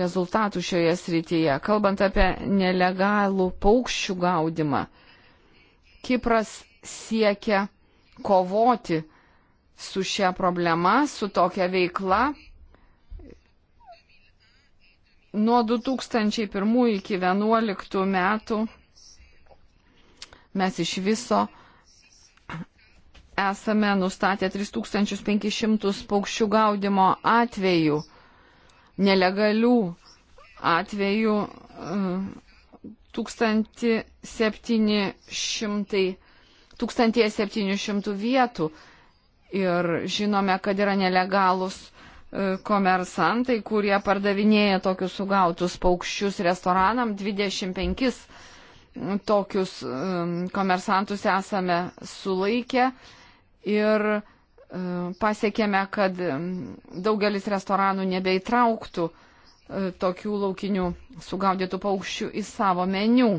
rezultatų šioje srityje. Kalbant apie nelegalų paukščių gaudimą, Kipras siekia kovoti su šia problema, su tokia veikla. Nuo 2001 iki 2011 metų mes iš viso esame nustatę 3500 paukščių gaudimo atvejų, nelegalių atvejų 1700, e, 1700 vietų. Ir žinome, kad yra nelegalus e, komersantai, kurie pardavinėja tokius sugautus paukščius restoranam 25 tokius um, komersantus esame sulaikę ir um, pasiekėme, kad um, daugelis restoranų nebeįtrauktų uh, tokių laukinių sugaudytų paukščių į savo meniu.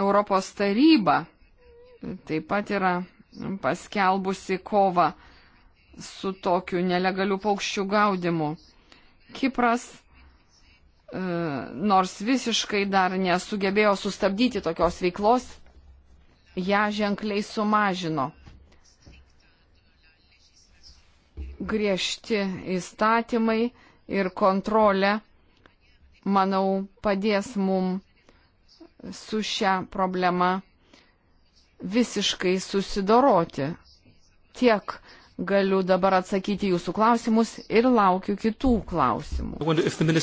Europos taryba taip pat yra paskelbusi kovą su tokiu nelegaliu paukščių gaudimu. Kipras, e, nors visiškai dar nesugebėjo sustabdyti tokios veiklos, ją ženkliai sumažino. Griežti įstatymai ir kontrolė, manau, padės mums su šią problemą visiškai susidoroti. Tiek galiu dabar atsakyti jūsų klausimus ir laukiu kitų klausimų.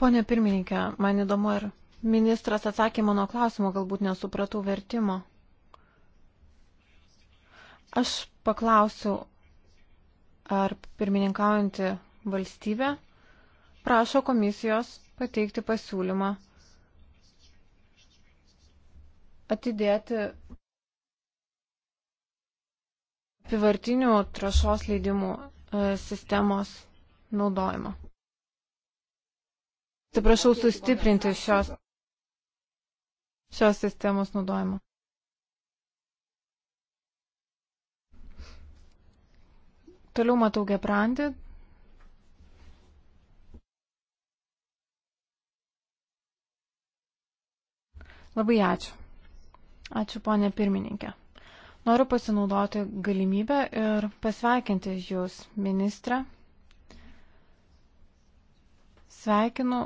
Pone pirmininkė, man įdomu ir ministras atsakė mano klausimą, galbūt nesupratau vertimo. Aš paklausiu, ar pirmininkaujanti valstybė prašo komisijos pateikti pasiūlymą atidėti apivartinių trašos leidimų e, sistemos naudojimą. Atsiprašau, sustiprinti šios, šios sistemos naudojimą. Toliau matau gebrandį. Labai ačiū. Ačiū, ponė pirmininkė. Noriu pasinaudoti galimybę ir pasveikinti Jūs, ministrę. Sveikinu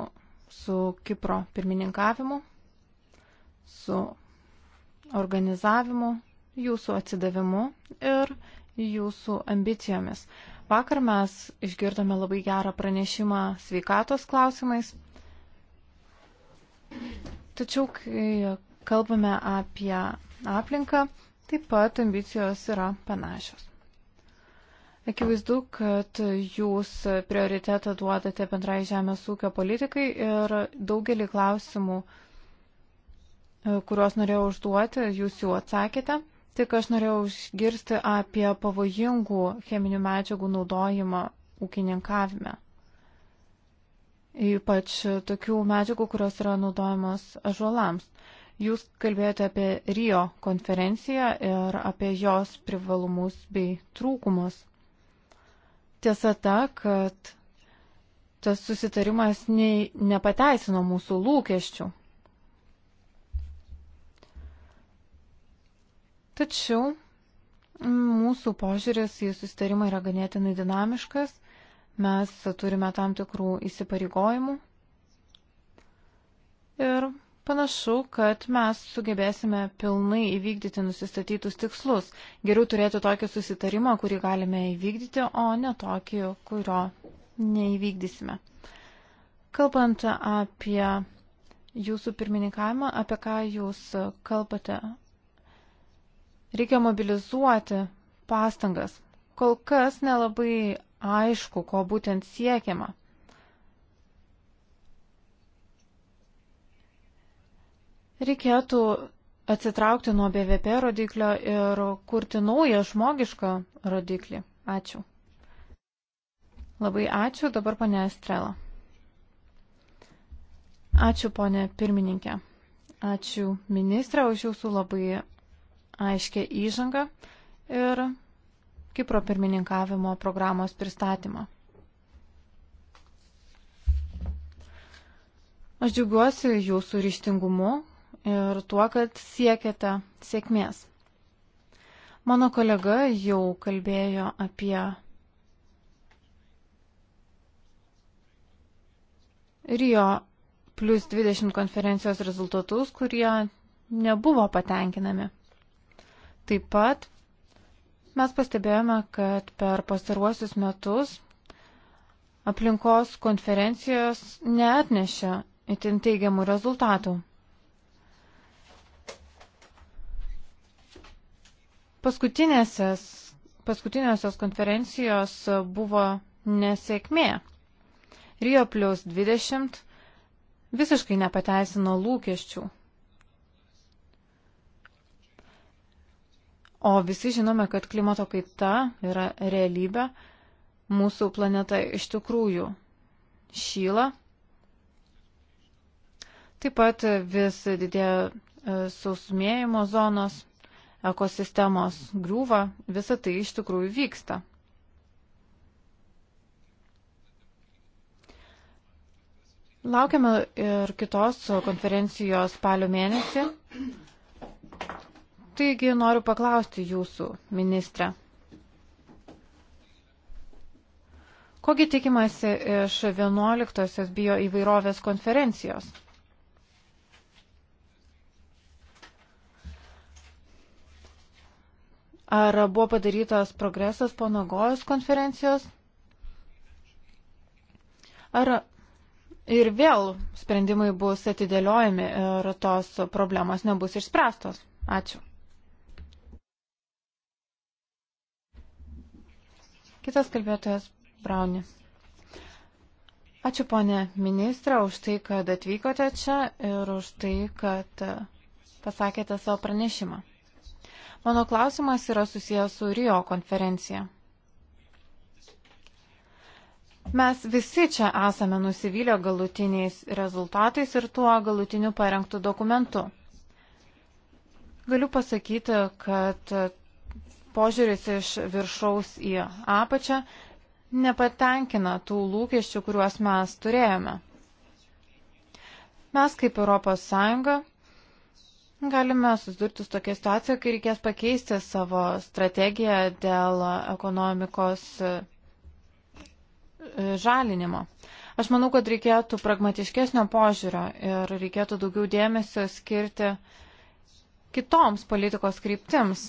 su Kipro pirmininkavimu, su organizavimu, Jūsų atsidavimu ir Jūsų ambicijomis. Vakar mes išgirdome labai gerą pranešimą sveikatos klausimais. Tačiau, kai kalbame apie aplinką, taip pat ambicijos yra panašios. Akivaizdu, kad jūs prioritetą duodate bendrai žemės ūkio politikai ir daugelį klausimų, e, kuriuos norėjau užduoti, jūs jau atsakėte. Tik aš norėjau išgirsti apie pavojingų cheminių medžiagų naudojimą ūkininkavime. Ypač tokių medžiagų, kurios yra naudojamos žuolams. Jūs kalbėjote apie Rio konferenciją ir apie jos privalumus bei trūkumus. Tiesa ta, kad tas susitarimas nei, nepateisino mūsų lūkesčių. Tačiau mūsų požiūris į susitarimą yra ganėtinai dinamiškas, mes turime tam tikrų įsipareigojimų ir Panašu, kad mes sugebėsime pilnai įvykdyti nusistatytus tikslus. Geriau turėti tokį susitarimą, kurį galime įvykdyti, o ne tokį, kurio neįvykdysime. Kalbant apie jūsų pirmininkavimą, apie ką jūs kalbate, reikia mobilizuoti pastangas. Kol kas nelabai aišku, ko būtent siekiama. Reikėtų atsitraukti nuo BVP rodiklio ir kurti naują žmogišką rodiklį. Ačiū. Labai ačiū, dabar ponė Estrela. Ačiū, ponė pirmininkė. Ačiū ministrė už jūsų labai aiškę įžangą ir Kipro pirmininkavimo programos pristatymą. Aš džiaugiuosi jūsų ryštingumu, ir tuo, kad siekiate sėkmės. Mano kolega jau kalbėjo apie Rio plus 20 konferencijos rezultatus, kurie nebuvo patenkinami. Taip pat mes pastebėjome, kad per pastaruosius metus aplinkos konferencijos neatnešė itin teigiamų rezultatų. Paskutinėsios, paskutinėsios konferencijos buvo nesėkmė. Rio plus 20 visiškai nepateisino lūkesčių. O visi žinome, kad klimato kaita yra realybė, mūsų planeta iš tikrųjų šyla. Taip pat vis didėja e, sausumėjimo zonos ekosistemos griūva, visa tai iš tikrųjų vyksta. Laukiame ir kitos konferencijos spalio mėnesį. Taigi noriu paklausti jūsų, ministrė. Kogi tikimasi iš 11-osios bio įvairovės konferencijos? Ar buvo padarytas progresas po Nagojos konferencijos? Ar ir vėl sprendimai bus atidėliojami ir tos problemos nebus išspręstos? Ačiū. Kitas kalbėtojas Brauni. Ačiū ponė ministra už tai, kad atvykote čia ir už tai, kad pasakėte savo pranešimą. Mano klausimas yra susijęs su Rio konferencija. Mes visi čia esame nusivylę galutiniais rezultatais ir tuo galutiniu parengtų dokumentu. Galiu pasakyti, kad požiūris iš viršaus į apačią nepatenkina tų lūkesčių, kuriuos mes turėjome. Mes kaip Europos Sąjunga Galime susidurti su tokia situacija, kai reikės pakeisti savo strategiją dėl ekonomikos e, žalinimo. Aš manau, kad reikėtų pragmatiškesnio požiūrio ir reikėtų daugiau dėmesio skirti kitoms politikos kryptims.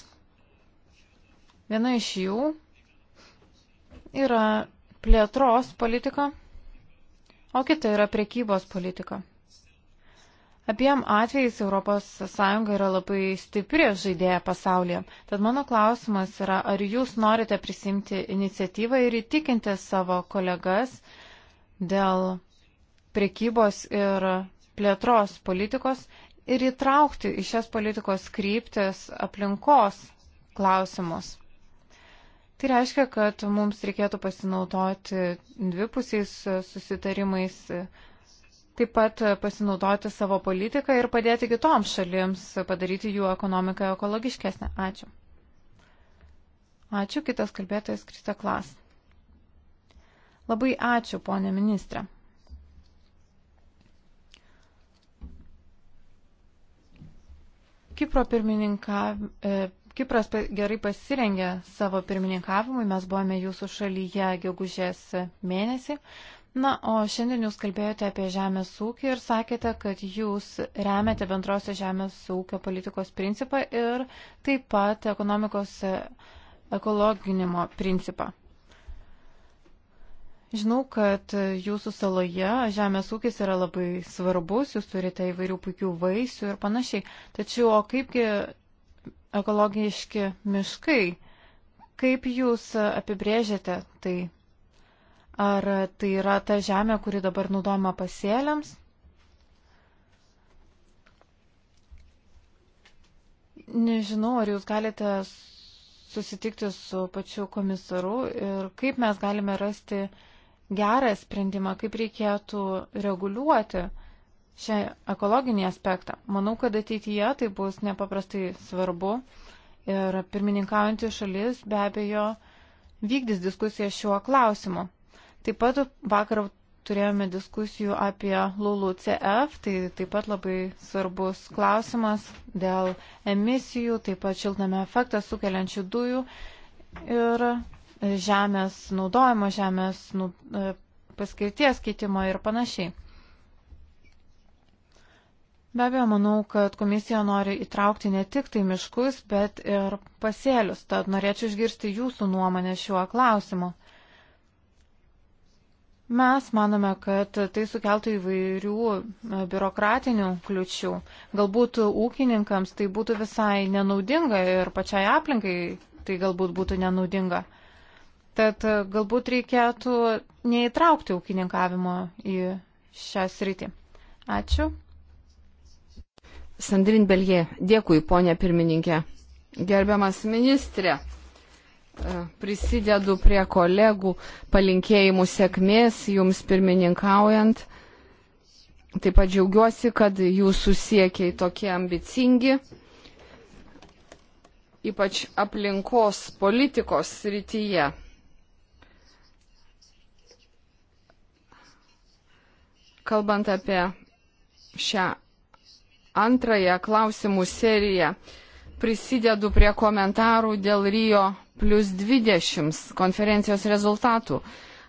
Viena iš jų yra plėtros politika, o kita yra prekybos politika. Abiem atvejais ES yra labai stipri žaidėja pasaulyje. Tad mano klausimas yra, ar jūs norite prisimti iniciatyvą ir įtikinti savo kolegas dėl prekybos ir plėtros politikos ir įtraukti į šias politikos kryptis aplinkos klausimus. Tai reiškia, kad mums reikėtų pasinaudoti dvipusiais susitarimais taip pat pasinaudoti savo politiką ir padėti kitoms šalims padaryti jų ekonomiką ekologiškesnę. Ačiū. Ačiū, kitas kalbėtojas Krista Klas. Labai ačiū, ponė ministrė. Kipro pirmininkav... E, Kipras gerai pasirengė savo pirmininkavimui, mes buvome jūsų šalyje gegužės mėnesį, Na, o šiandien jūs kalbėjote apie žemės ūkį ir sakėte, kad jūs remiate bendrosios žemės ūkio politikos principą ir taip pat ekonomikos e, ekologinimo principą. Žinau, kad jūsų saloje žemės ūkis yra labai svarbus, jūs turite įvairių puikių vaisių ir panašiai. Tačiau, o kaipgi ekologiški miškai, kaip jūs apibrėžiate tai? Ar tai yra ta žemė, kuri dabar naudojama pasėliams? Nežinau, ar jūs galite susitikti su pačiu komisaru ir kaip mes galime rasti gerą sprendimą, kaip reikėtų reguliuoti šią ekologinį aspektą. Manau, kad ateityje tai bus nepaprastai svarbu ir pirmininkaujantį šalis be abejo vykdys diskusiją šiuo klausimu. Taip pat vakar turėjome diskusijų apie LULU CF, tai taip pat labai svarbus klausimas dėl emisijų, taip pat šiltname efektą sukeliančių dujų ir žemės naudojimo, žemės nu, e, paskirties keitimo ir panašiai. Be abejo, manau, kad komisija nori įtraukti ne tik tai miškus, bet ir pasėlius, tad norėčiau išgirsti jūsų nuomonę šiuo klausimu. Mes manome, kad tai sukeltų įvairių e, biurokratinių kliučių. Galbūt ūkininkams tai būtų visai nenaudinga ir pačiai aplinkai tai galbūt būtų nenaudinga. Tad e, galbūt reikėtų neįtraukti ūkininkavimo į šią sritį. Ačiū. Sandrin Belgė, dėkui, ponė pirmininkė. Gerbiamas ministrė. E, prisidedu prie kolegų palinkėjimų sėkmės jums pirmininkaujant. Taip pat džiaugiuosi, kad jūsų siekiai tokie ambicingi, ypač aplinkos politikos srityje. Kalbant apie šią antrąją klausimų seriją, prisidedu prie komentarų dėl Rio plus 20 konferencijos rezultatų.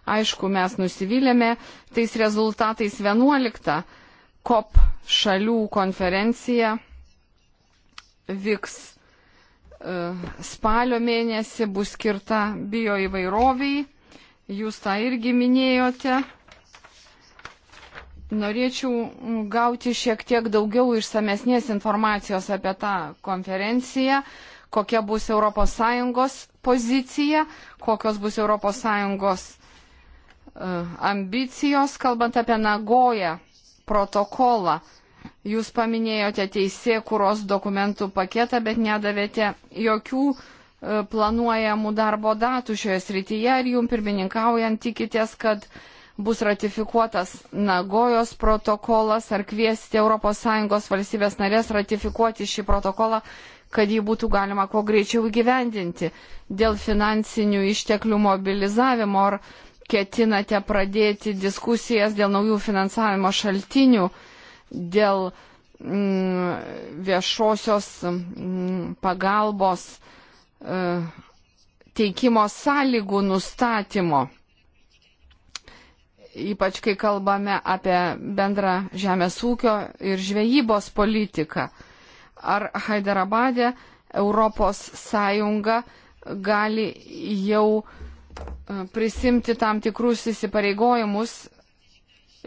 Aišku, mes nusivylėme tais rezultatais 11 COP šalių konferencija vyks e, spalio mėnesį, bus skirta bioįvairoviai, jūs tą irgi minėjote. Norėčiau gauti šiek tiek daugiau išsamesnės informacijos apie tą konferenciją, kokia bus ES pozicija, kokios bus ES e, ambicijos, kalbant apie Nagoją protokolą. Jūs paminėjote teisė, kuros dokumentų paketą, bet nedavėte jokių e, planuojamų darbo datų šioje srityje ir jum pirmininkaujant tikitės, kad uh, bus ratifikuotas Nagojos protokolas, ar kviesti ES valstybės narės ratifikuoti šį protokolą, kad jį būtų galima kuo greičiau įgyvendinti dėl finansinių išteklių mobilizavimo, ar ketinate pradėti diskusijas dėl naujų finansavimo šaltinių, dėl mm, viešosios mm, pagalbos e, teikimo sąlygų nustatymo ypač kai kalbame apie bendrą žemės ūkio ir žvejybos politiką. Ar Haiderabadė Europos Sąjunga gali jau e, prisimti tam tikrus įsipareigojimus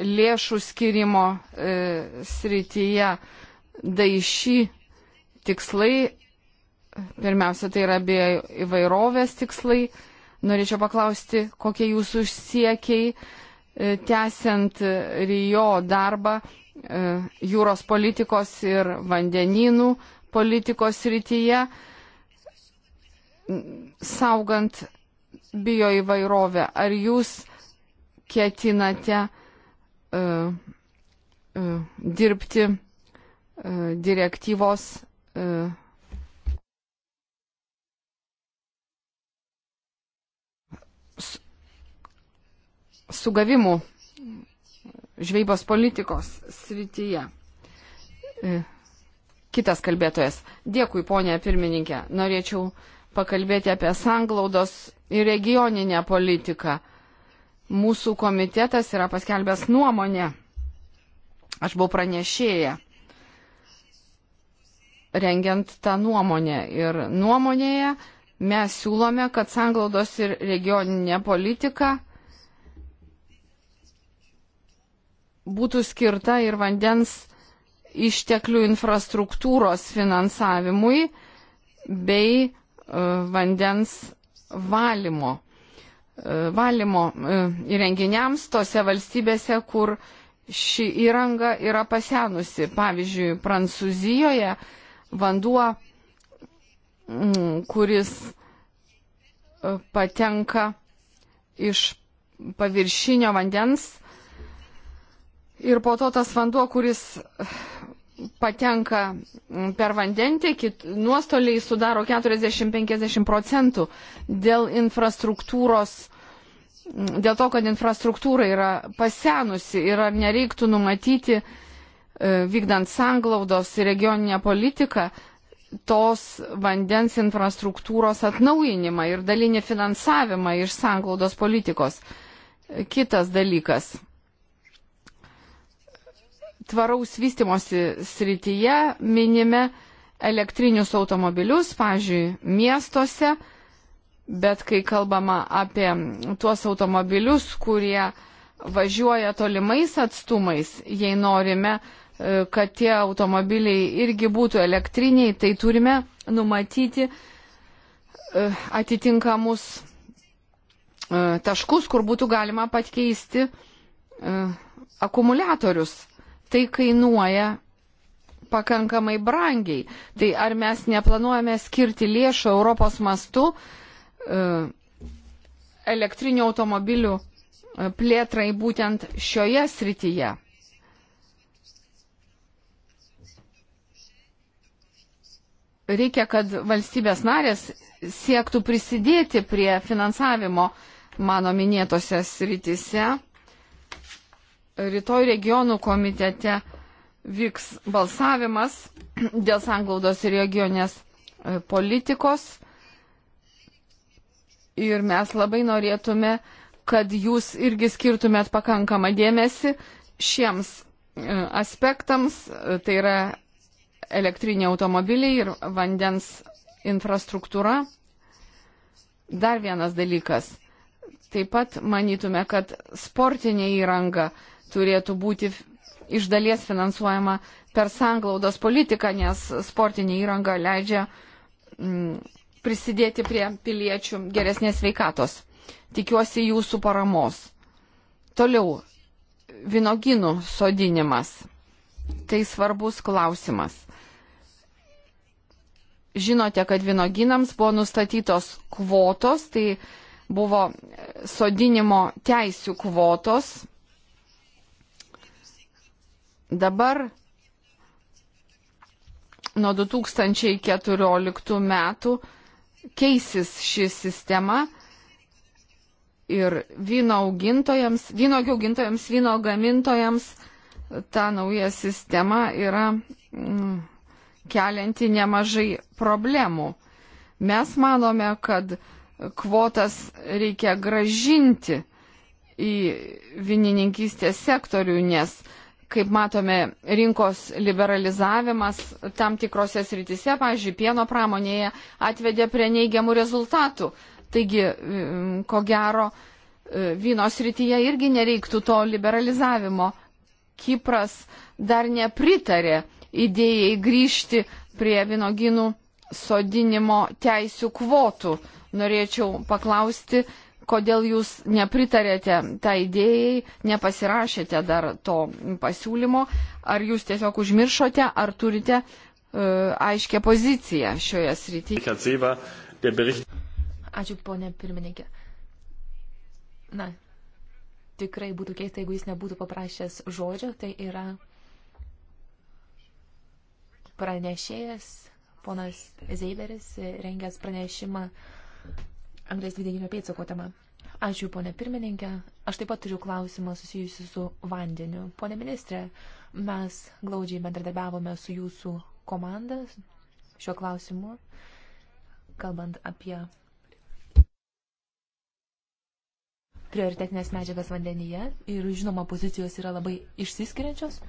lėšų skirimo e, srityje. Daiši tikslai, pirmiausia, tai yra abie įvairovės tikslai. Norėčiau paklausti, kokie jūsų siekiai, e, E, tęsiant Rijo darbą e, jūros politikos ir vandeninų politikos rytyje, saugant bio įvairovę. Ar jūs ketinate uh, uh, dirbti uh, direktyvos uh, sugavimų žvejybos politikos srityje. E, kitas kalbėtojas. Dėkui, ponė pirmininkė. Norėčiau pakalbėti apie sanglaudos ir regioninę politiką. Mūsų komitetas yra paskelbęs nuomonę. Aš buvau pranešėję rengiant tą nuomonę. Ir nuomonėje mes siūlome, kad sanglaudos ir regioninė politika būtų skirta ir vandens išteklių infrastruktūros finansavimui bei e, vandens valymo, e, valymo e, įrenginiams tose valstybėse, kur ši įranga yra pasenusi. Pavyzdžiui, Prancūzijoje vanduo, mm, kuris patenka iš paviršinio vandens, ir po to tas vanduo, kuris patenka per vandentiekį, nuostoliai sudaro 40-50 procentų dėl infrastruktūros, dėl to, kad infrastruktūra yra pasenusi ir ar nereiktų numatyti, e, vykdant sanglaudos ir regioninę politiką, tos vandens infrastruktūros atnaujinimą ir dalinį finansavimą iš sanglaudos politikos. Kitas dalykas tvaraus vystimosi srityje minime elektrinius automobilius, pavyzdžiui, miestuose, bet kai kalbama apie tuos automobilius, kurie važiuoja tolimais atstumais, jei norime, e, kad tie automobiliai irgi būtų elektriniai, tai turime numatyti e, atitinkamus e, taškus, kur būtų galima pakeisti akumuliatorius tai kainuoja pakankamai brangiai. Tai ar mes neplanuojame skirti lėšų Europos mastu e, elektrinių automobilių e, plėtrai būtent šioje srityje? Reikia, kad valstybės narės siektų prisidėti prie finansavimo mano minėtose srityse rytoj regionų komitete vyks balsavimas dėl sanglaudos ir regionės e, politikos. Ir mes labai norėtume, kad jūs irgi skirtumėt pakankamą dėmesį šiems e, aspektams, e, tai yra elektriniai automobiliai ir vandens infrastruktūra. Dar vienas dalykas. Taip pat manytume, kad sportinė įranga turėtų būti iš dalies finansuojama per sanglaudos politiką, nes sportinė įranga leidžia mm, prisidėti prie piliečių geresnės veikatos. Tikiuosi jūsų paramos. Toliau, vinoginų sodinimas. Tai svarbus klausimas. Žinote, kad vinoginams buvo nustatytos kvotos, tai buvo sodinimo teisių kvotos Dabar nuo 2014 metų keisis ši sistema ir vyno augintojams, vynogių augintojams, vyno gamintojams ta nauja sistema yra mm, kelianti nemažai problemų. Mes manome, kad kvotas reikia gražinti į vinininkystės sektorių, nes uh, kaip matome, rinkos liberalizavimas tam tikrose srityse, pavyzdžiui, pieno pramonėje, atvedė prie neigiamų rezultatų. Taigi, ko gero, e, vyno srityje irgi nereiktų to liberalizavimo. Kipras dar nepritarė idėjai grįžti prie vynoginų sodinimo teisių kvotų. Norėčiau paklausti, kodėl jūs nepritarėte tą tai idėjai, nepasirašėte dar to pasiūlymo, ar jūs tiesiog užmiršote, ar turite uh, aiškę poziciją šioje srityje. Ačiū, ponė pirmininkė. Na, tikrai būtų keista, jeigu jis nebūtų paprašęs žodžio, tai yra pranešėjas, ponas Zeiberis, rengęs pranešimą anglės dvideginio pėdsako tema. Ačiū, ponė pirmininkė. Aš taip pat turiu klausimą susijusi su vandeniu. Pone ministrė, mes glaudžiai bendradarbiavome su jūsų komanda šiuo klausimu, kalbant apie prioritetinės medžiagas vandenyje ir žinoma pozicijos yra labai išsiskiriančios.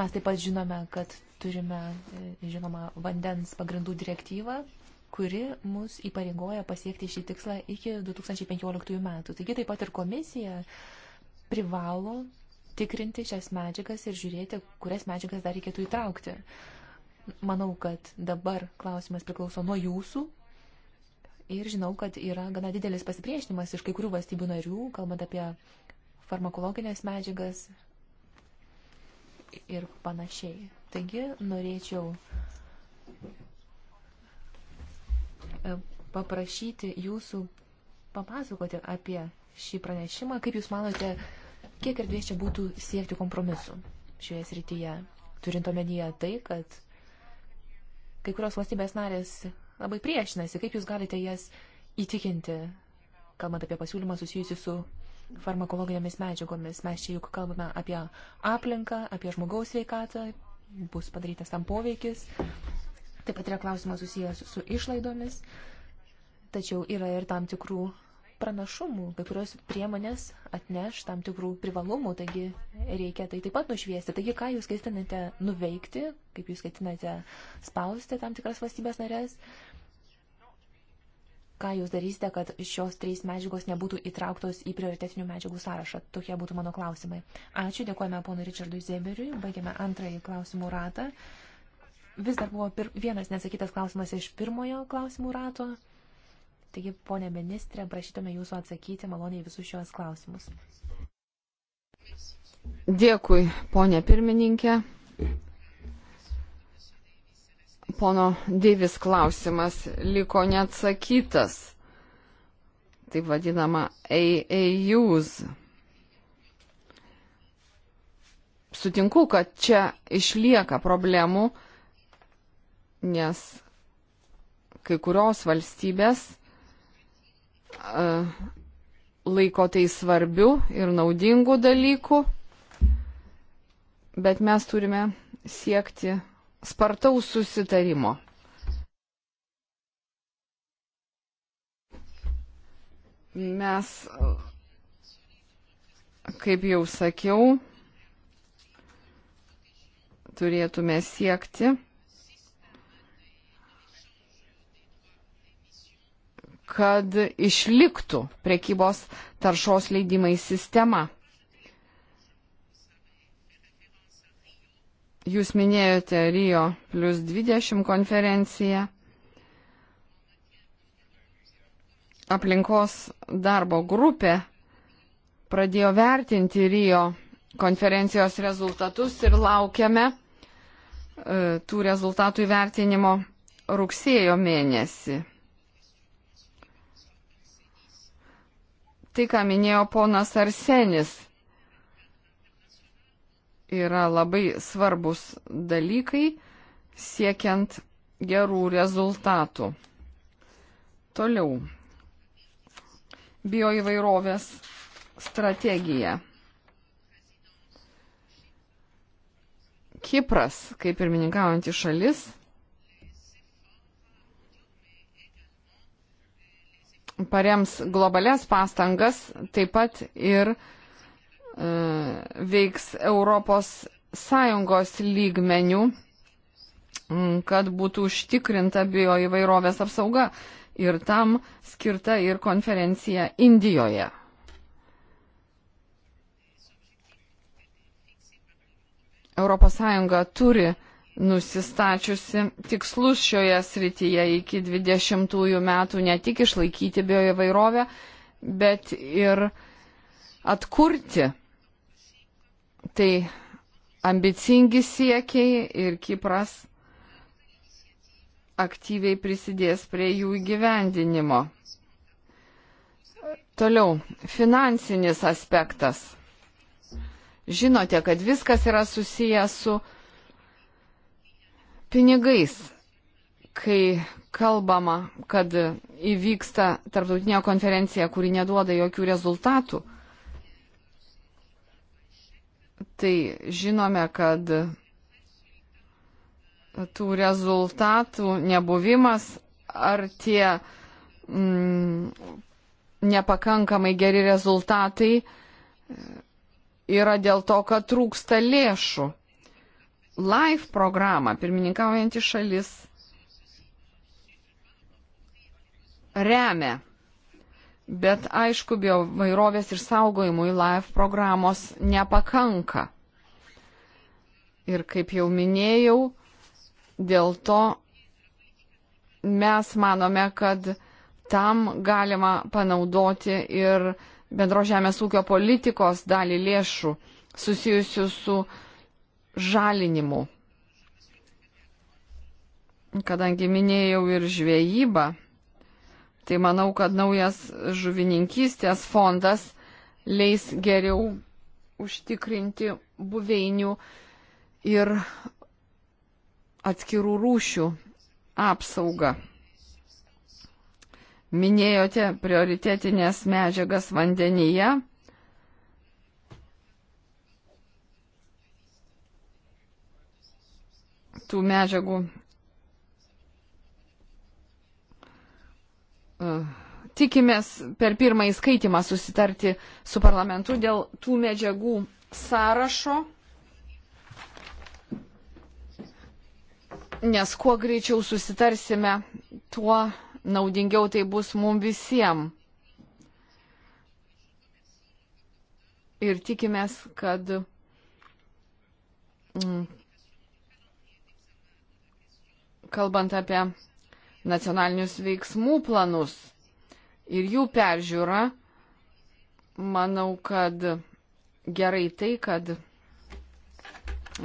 Mes taip pat žinome, kad turime, žinoma, vandens pagrindų direktyvą, kuri mus įpareigoja pasiekti šį tikslą iki 2015 metų. Taigi taip pat ir komisija privalo tikrinti šias medžiagas ir žiūrėti, kurias medžiagas dar reikėtų įtraukti. Manau, kad dabar klausimas priklauso nuo jūsų. Ir žinau, kad yra gana didelis pasipriešinimas iš kai kurių valstybių narių, kalbant apie farmakologinės medžiagas ir panašiai. Taigi norėčiau E, paprašyti jūsų papasakoti apie šį pranešimą. Kaip Jūs manote, kiek erdvės čia būtų siekti kompromisu šioje srityje, turint omenyje tai, kad kai kurios valstybės narės labai priešinasi, kaip Jūs galite jas įtikinti, kalbant apie pasiūlymą susijusi su farmakologinėmis medžiagomis. Mes čia juk kalbame apie aplinką, apie žmogaus sveikatą, bus padarytas tam poveikis, Taip pat yra klausimas susijęs su išlaidomis, tačiau yra ir tam tikrų pranašumų, kai kurios priemonės atneš tam tikrų privalumų, taigi reikia tai taip pat nušviesti. Taigi, ką jūs ketinate nuveikti, kaip jūs ketinate spausti tam tikras valstybės narės, ką jūs darysite, kad šios trys medžiagos nebūtų įtrauktos į prioritetinių medžiagų sąrašą. Tokie būtų mano klausimai. Ačiū, dėkojame ponui Richardui Zeberiui, baigiame antrąjį klausimų ratą. Vis dar buvo pir... vienas nesakytas klausimas iš pirmojo klausimų rato. Taigi, ponė ministrė, prašytume jūsų atsakyti maloniai visus šios klausimus. Dėkui, ponė pirmininkė. Pono Deivis klausimas liko neatsakytas. Taip vadinama AAUs. Sutinku, kad čia išlieka problemų nes kai kurios valstybės e, laiko tai svarbių ir naudingų dalykų, bet mes turime siekti spartaus susitarimo. Mes, kaip jau sakiau, turėtume siekti kad išliktų prekybos taršos leidimai sistema. Jūs minėjote Rio plus 20 konferenciją. Aplinkos darbo grupė pradėjo vertinti Rio konferencijos rezultatus ir laukiame e, tų rezultatų įvertinimo rugsėjo mėnesį. tai, ką minėjo ponas Arsenis, yra labai svarbus dalykai siekiant gerų rezultatų. Toliau. Bioįvairovės strategija. Kipras, kaip pirmininkaujantis šalis, parems globales pastangas, taip pat ir e, veiks Europos Sąjungos lygmenių, kad būtų užtikrinta bio įvairovės apsauga. Ir tam skirta ir konferencija Indijoje. Europos Sąjunga turi nusistačiusi tikslus šioje srityje iki 20 metų ne tik išlaikyti bioįvairovę, bet ir atkurti. Tai ambicingi siekiai ir Kipras aktyviai prisidės prie jų įgyvendinimo. Toliau, finansinis aspektas. Žinote, kad viskas yra susijęs su pinigais, kai kalbama, kad įvyksta tarptautinė konferencija, kuri neduoda jokių rezultatų, tai žinome, kad tų rezultatų nebuvimas ar tie mm, nepakankamai geri rezultatai yra dėl to, kad trūksta lėšų. LIFE programą pirmininkaujantį šalis remia. Bet aišku, bio vairovės ir saugojimui LIFE programos nepakanka. Ir kaip jau minėjau, dėl to mes manome, kad tam galima panaudoti ir bendro žemės ūkio politikos dalį lėšų susijusių su uh, žalinimu. Kadangi minėjau ir žvejybą, tai manau, kad naujas žuvininkystės fondas leis geriau užtikrinti buveinių ir atskirų rūšių apsaugą. Minėjote prioritetinės medžiagas vandenyje tų medžiagų e, tikimės per pirmąjį skaitimą susitarti su parlamentu dėl tų medžiagų sąrašo, nes kuo greičiau susitarsime, tuo naudingiau tai bus mums visiems. Ir tikimės, kad mm, kalbant apie nacionalinius veiksmų planus ir jų peržiūrą, manau, kad gerai tai, kad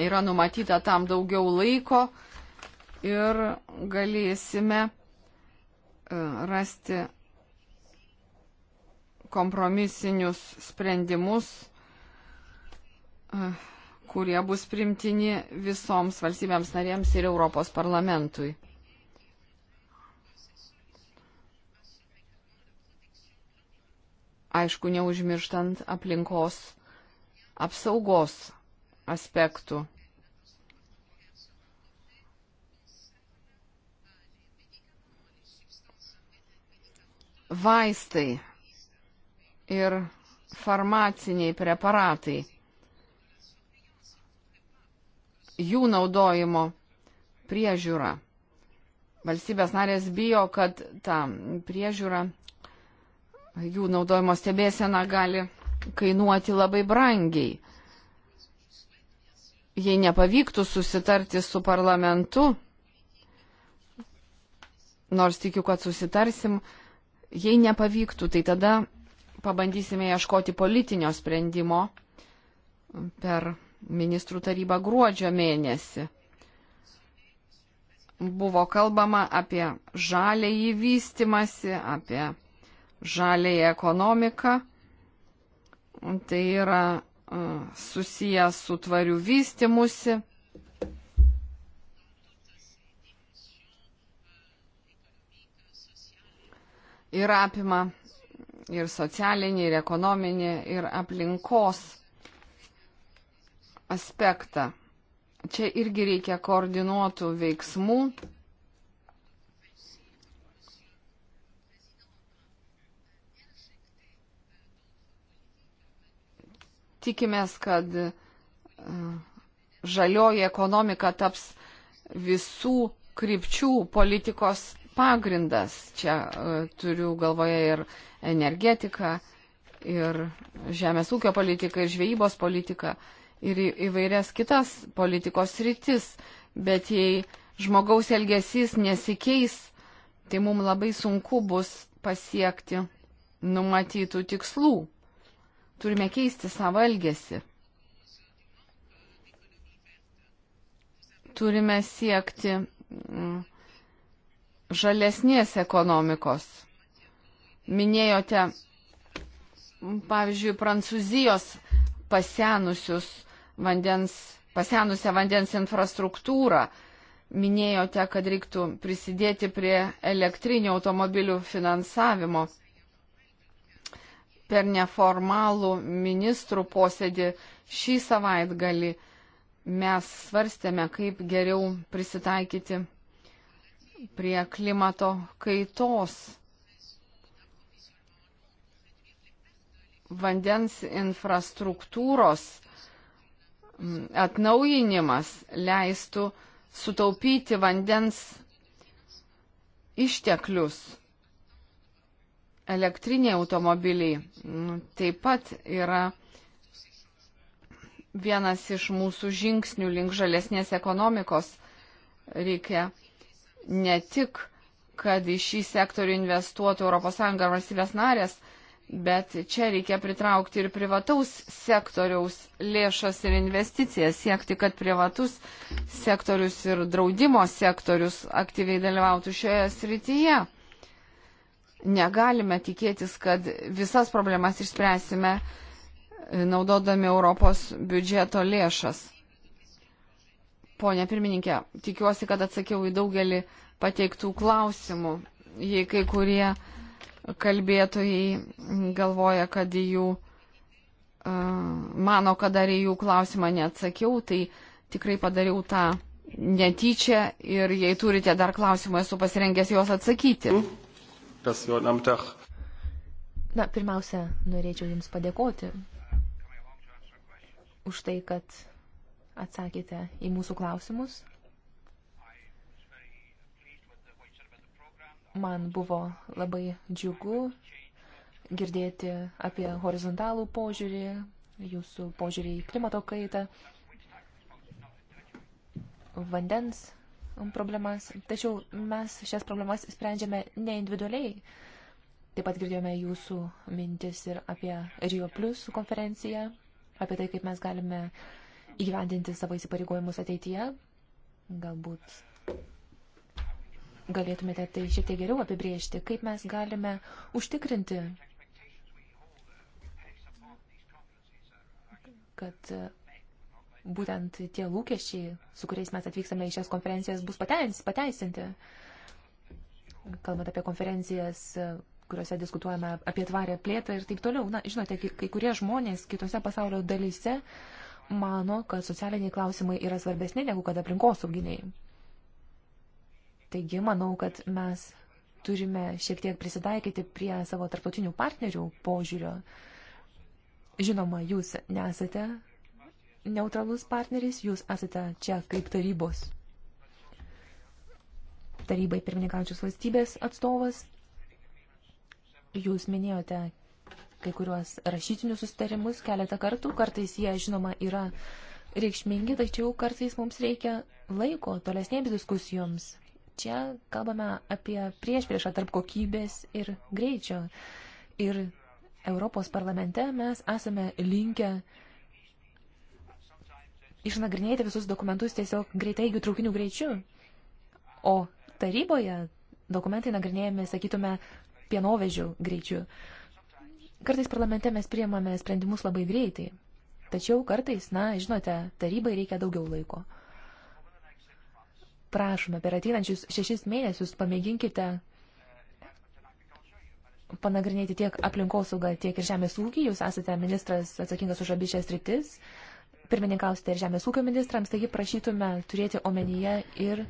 yra numatyta tam daugiau laiko ir galėsime e, rasti kompromisinius sprendimus e, kurie bus primtini visoms valstybėms narėms ir Europos parlamentui. Aišku, neužmirštant aplinkos apsaugos aspektų. Vaistai ir farmaciniai preparatai jų naudojimo priežiūra. Valstybės narės bijo, kad ta priežiūra, jų naudojimo stebėsena gali kainuoti labai brangiai. Jei nepavyktų susitarti su parlamentu, nors tikiu, kad susitarsim, jei nepavyktų, tai tada pabandysime ieškoti politinio sprendimo per ministrų taryba gruodžio mėnesį. Buvo kalbama apie žalėjį vystimasi, apie žalėjį ekonomiką. Tai yra e, susijęs su tvariu vystimusi. Ir apima ir socialinį, ir ekonominį, ir aplinkos aspektą. Čia irgi reikia koordinuotų veiksmų. Tikimės, kad e, žalioji ekonomika taps visų krypčių politikos pagrindas. Čia e, turiu galvoje ir energetiką, ir žemės ūkio politiką, ir žvejybos politiką. Uh, ir įvairias kitas politikos rytis, bet jei žmogaus elgesys nesikeis, tai mums labai sunku bus pasiekti numatytų tikslų. Turime keisti savo elgesį. Turime siekti mm, žalesnės ekonomikos. Minėjote, mm, pavyzdžiui, Prancūzijos pasenusius vandens, pasenusią vandens infrastruktūrą. Minėjote, kad reiktų prisidėti prie elektrinių automobilių finansavimo. Per neformalų ministrų posėdį šį savaitgalį mes svarstėme, kaip geriau prisitaikyti prie klimato kaitos. Vandens infrastruktūros atnaujinimas leistų sutaupyti vandens išteklius. Elektriniai automobiliai nu, taip pat yra vienas iš mūsų žingsnių link žalesnės ekonomikos. Reikia ne tik, kad į šį sektorių investuotų ES ar valstybės narės, Bet čia reikia pritraukti ir privataus sektoriaus lėšas ir investicijas, siekti, kad privatus sektorius ir draudimo sektorius aktyviai dalyvautų šioje srityje. Negalime tikėtis, kad visas problemas išspręsime e, naudodami Europos biudžeto lėšas. Pone pirmininkė, tikiuosi, kad atsakiau į daugelį pateiktų klausimų. Jei kai kurie kalbėtojai galvoja, kad jų e, mano, kad dar į jų klausimą neatsakiau, tai tikrai padariau tą netyčia ir jei turite dar klausimą, esu pasirengęs juos atsakyti. Na, pirmiausia, norėčiau Jums padėkoti už tai, kad atsakėte į mūsų klausimus. Man buvo labai džiugu girdėti apie horizontalų požiūrį, jūsų požiūrį į klimato kaitą, vandens problemas. Tačiau mes šias problemas sprendžiame ne individualiai. Taip pat girdėjome jūsų mintis ir apie Rio Plus konferenciją, apie tai, kaip mes galime įgyvendinti savo įsipareigojimus ateityje. Galbūt galėtumėte tai šiek tiek geriau apibriežti, kaip mes galime užtikrinti, kad e, būtent tie lūkesčiai, su kuriais mes atvykstame į šias konferencijas, bus pateisinti. Kalbant apie konferencijas, e, kuriuose diskutuojame apie tvarę plėtą ir taip toliau. Na, žinote, kai kurie žmonės kitose pasaulio dalyse mano, kad socialiniai klausimai yra svarbesni negu kad aplinkosauginiai. Taigi, manau, kad mes turime šiek tiek prisitaikyti prie savo tarptautinių partnerių požiūrio. Žinoma, jūs nesate neutralus partneris, jūs esate čia kaip tarybos. Tarybai pirmininkaujančios valstybės atstovas. Jūs minėjote kai kuriuos rašytinius sustarimus keletą kartų, kartais jie, žinoma, yra reikšmingi, tačiau kartais mums reikia laiko tolesnėms diskusijoms. Čia kalbame apie priešpriešą tarp kokybės ir greičio. Ir Europos parlamente mes esame linkę išnagrinėti visus dokumentus tiesiog greitaigių traukinių greičiu. O taryboje dokumentai nagrinėjami, sakytume, pienovežių greičiu. Kartais parlamente mes priemame sprendimus labai greitai. Tačiau kartais, na, žinote, tarybai reikia daugiau laiko prašome, per ateinančius šešis mėnesius pamėginkite panagrinėti tiek aplinkosaugą, tiek ir žemės ūkį. Jūs esate ministras atsakingas už abi šias rytis. Pirmininkausite ir žemės ūkio ministrams, taigi prašytume turėti omenyje ir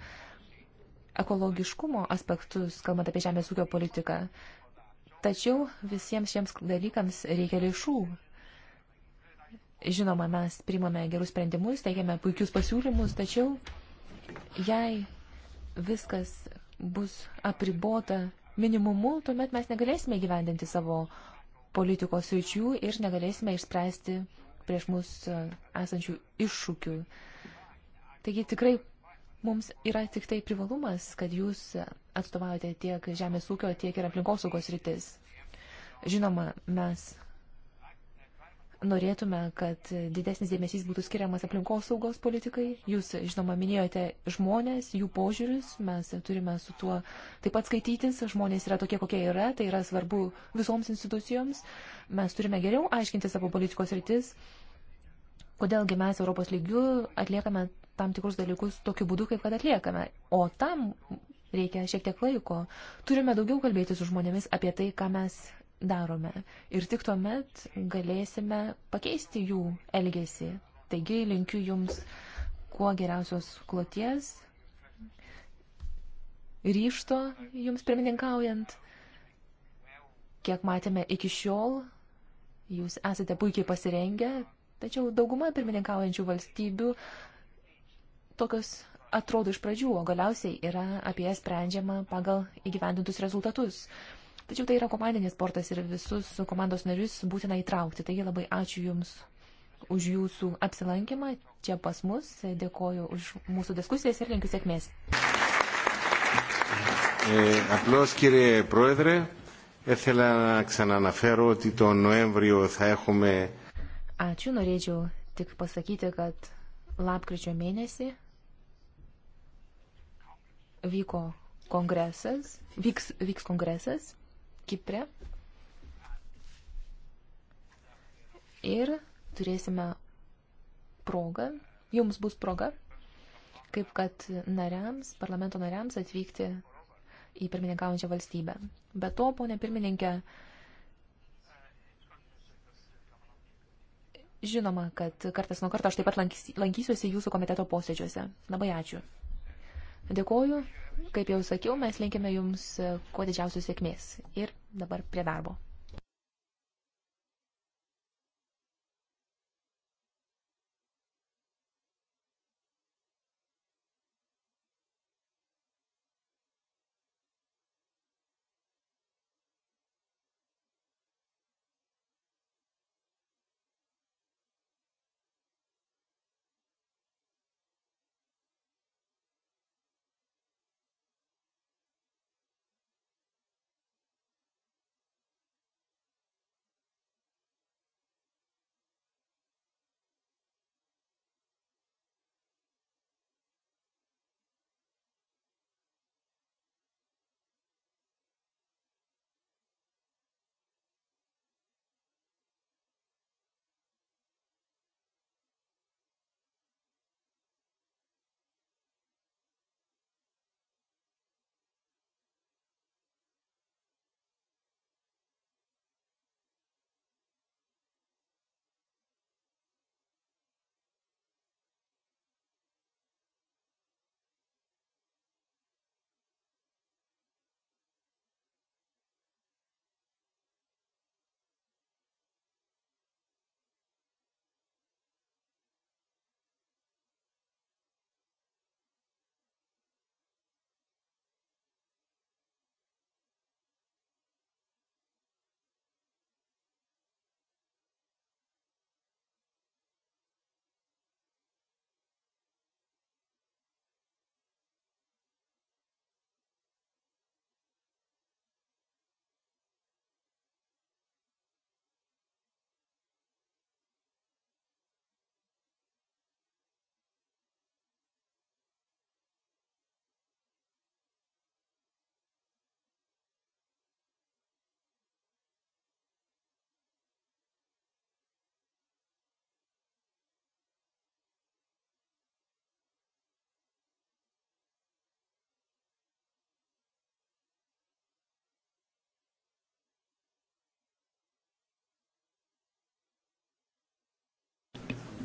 ekologiškumo aspektus, kalbant apie žemės ūkio politiką. Tačiau visiems šiems dalykams reikia lėšų. Žinoma, mes primame gerus sprendimus, teikiame puikius pasiūlymus, tačiau jei viskas bus apribota minimumu, tuomet mes negalėsime gyvendinti savo politikos ryčių ir negalėsime išspręsti prieš mus e, esančių iššūkių. Taigi tikrai mums yra tik tai privalumas, kad jūs atstovaujate tiek žemės ūkio, tiek ir aplinkosaugos rytis. Žinoma, mes Norėtume, kad didesnis dėmesys būtų skiriamas aplinkosaugos politikai. Jūs, žinoma, minėjote žmonės, jų požiūrius, mes turime su tuo taip pat skaitytis, žmonės yra tokie, kokie yra, tai yra svarbu visoms institucijoms, mes turime geriau aiškinti savo politikos rytis, kodėlgi mes Europos lygių atliekame tam tikrus dalykus tokiu būdu, kaip kad atliekame. O tam reikia šiek tiek laiko. Turime daugiau kalbėti su žmonėmis apie tai, ką mes darome. Ir tik tuomet galėsime pakeisti jų elgesį. Taigi linkiu Jums kuo geriausios kloties, ryšto Jums pirmininkaujant. Kiek matėme iki šiol, Jūs esate puikiai pasirengę, tačiau dauguma pirmininkaujančių valstybių tokios atrodo iš pradžių, o galiausiai yra apie jas sprendžiama pagal įgyvendintus rezultatus. Tačiau tai yra komandinis sportas ir visus komandos narius būtina įtraukti. Taigi labai ačiū Jums už Jūsų apsilankymą čia pas mus. Dėkoju už mūsų diskusijas ir linkiu sėkmės. Απλώς eh, κύριε Πρόεδρε, ήθελα να ξαναναφέρω ότι τον Νοέμβριο θα έχουμε... Ačiū, norėčiau tik pasakyti, kad lapkričio mėnesį vyko kongresas, vyks, vyks kongresas Kiprė. Ir turėsime progą, jums bus proga, kaip kad nariams, parlamento nariams atvykti į pirmininkaujančią valstybę. Be to, ponė pirmininkė, žinoma, kad kartas nuo karto aš taip pat lankysiuosi jūsų komiteto posėdžiuose. Labai ačiū. Dėkoju, kaip jau sakiau, mes linkime Jums e, kuo didžiausios sėkmės ir dabar prie darbo.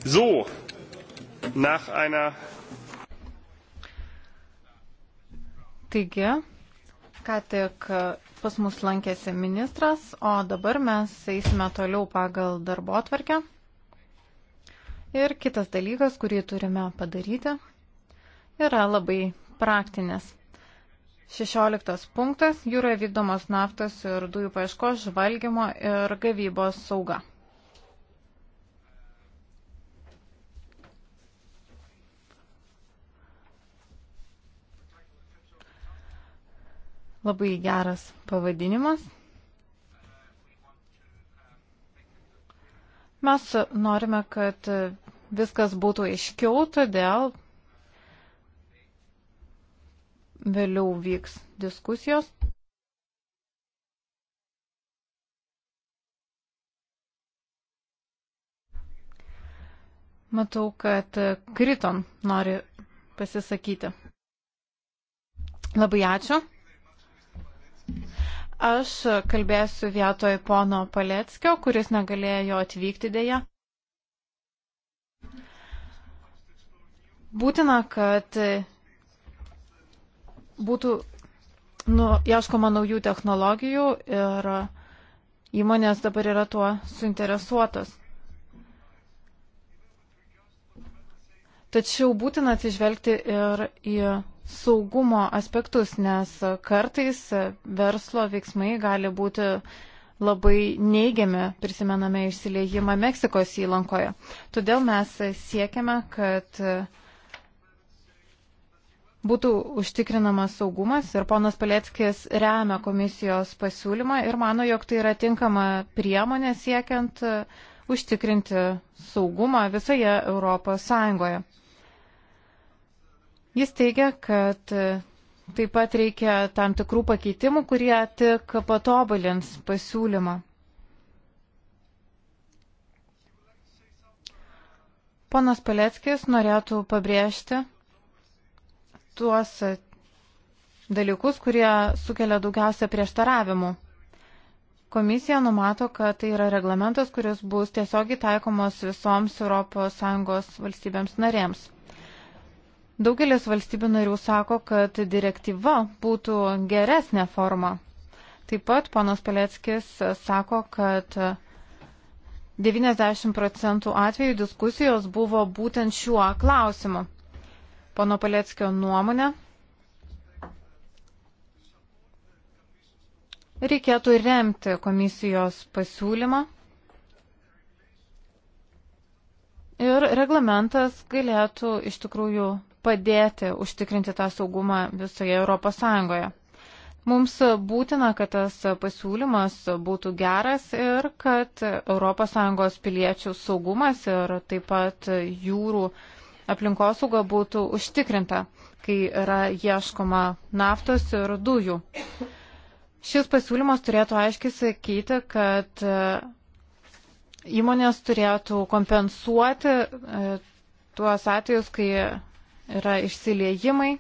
So, nach einer. Taigi, ką tik pas mus lankėsi ministras, o dabar mes eisime toliau pagal darbo atvarkę. Ir kitas dalykas, kurį turime padaryti, yra labai praktinis. 16 punktas - jūroje vykdomos naftos ir dujų paieškos žvalgymo ir gavybos sauga. Labai geras pavadinimas. Mes norime, kad viskas būtų aiškiau, todėl vėliau vyks diskusijos. Matau, kad Kriton nori pasisakyti. Labai ačiū. Aš kalbėsiu vietoj pono Paleckio, kuris negalėjo atvykti dėja. Būtina, kad būtų nu, ieškoma naujų technologijų ir įmonės dabar yra tuo suinteresuotos. Tačiau būtina atsižvelgti ir į saugumo aspektus, nes kartais verslo veiksmai gali būti labai neigiami, prisimename išsileidimą Meksikos įlankoje. Todėl mes siekiame, kad būtų užtikrinamas saugumas ir ponas Palieckis remia komisijos pasiūlymą ir mano, jog tai yra tinkama priemonė siekiant užtikrinti saugumą visoje Europos Sąjungoje. Jis teigia, kad e, taip pat reikia tam tikrų pakeitimų, kurie tik patobulins pasiūlymą. Ponas Paleckis norėtų pabrėžti tuos e, dalykus, kurie sukelia daugiausia prieštaravimų. Komisija numato, kad tai yra reglamentas, kuris bus tiesiogiai taikomas visoms ES valstybėms narėms. Daugelis valstybių narių sako, kad direktyva būtų geresnė forma. Taip pat panas Paleckis sako, kad 90 procentų atvejų diskusijos buvo būtent šiuo klausimu. Pono Paleckio nuomonė. Reikėtų remti komisijos pasiūlymą ir reglamentas galėtų iš tikrųjų padėti užtikrinti tą saugumą visoje Europos Sąjungoje. Mums būtina, kad tas pasiūlymas būtų geras ir kad ES piliečių saugumas ir taip pat jūrų aplinkosauga būtų užtikrinta, kai yra ieškoma naftos ir dujų. Šis pasiūlymas turėtų aiškiai sakyti, kad įmonės turėtų kompensuoti e, tuos atvejus, kai yra išsiliejimai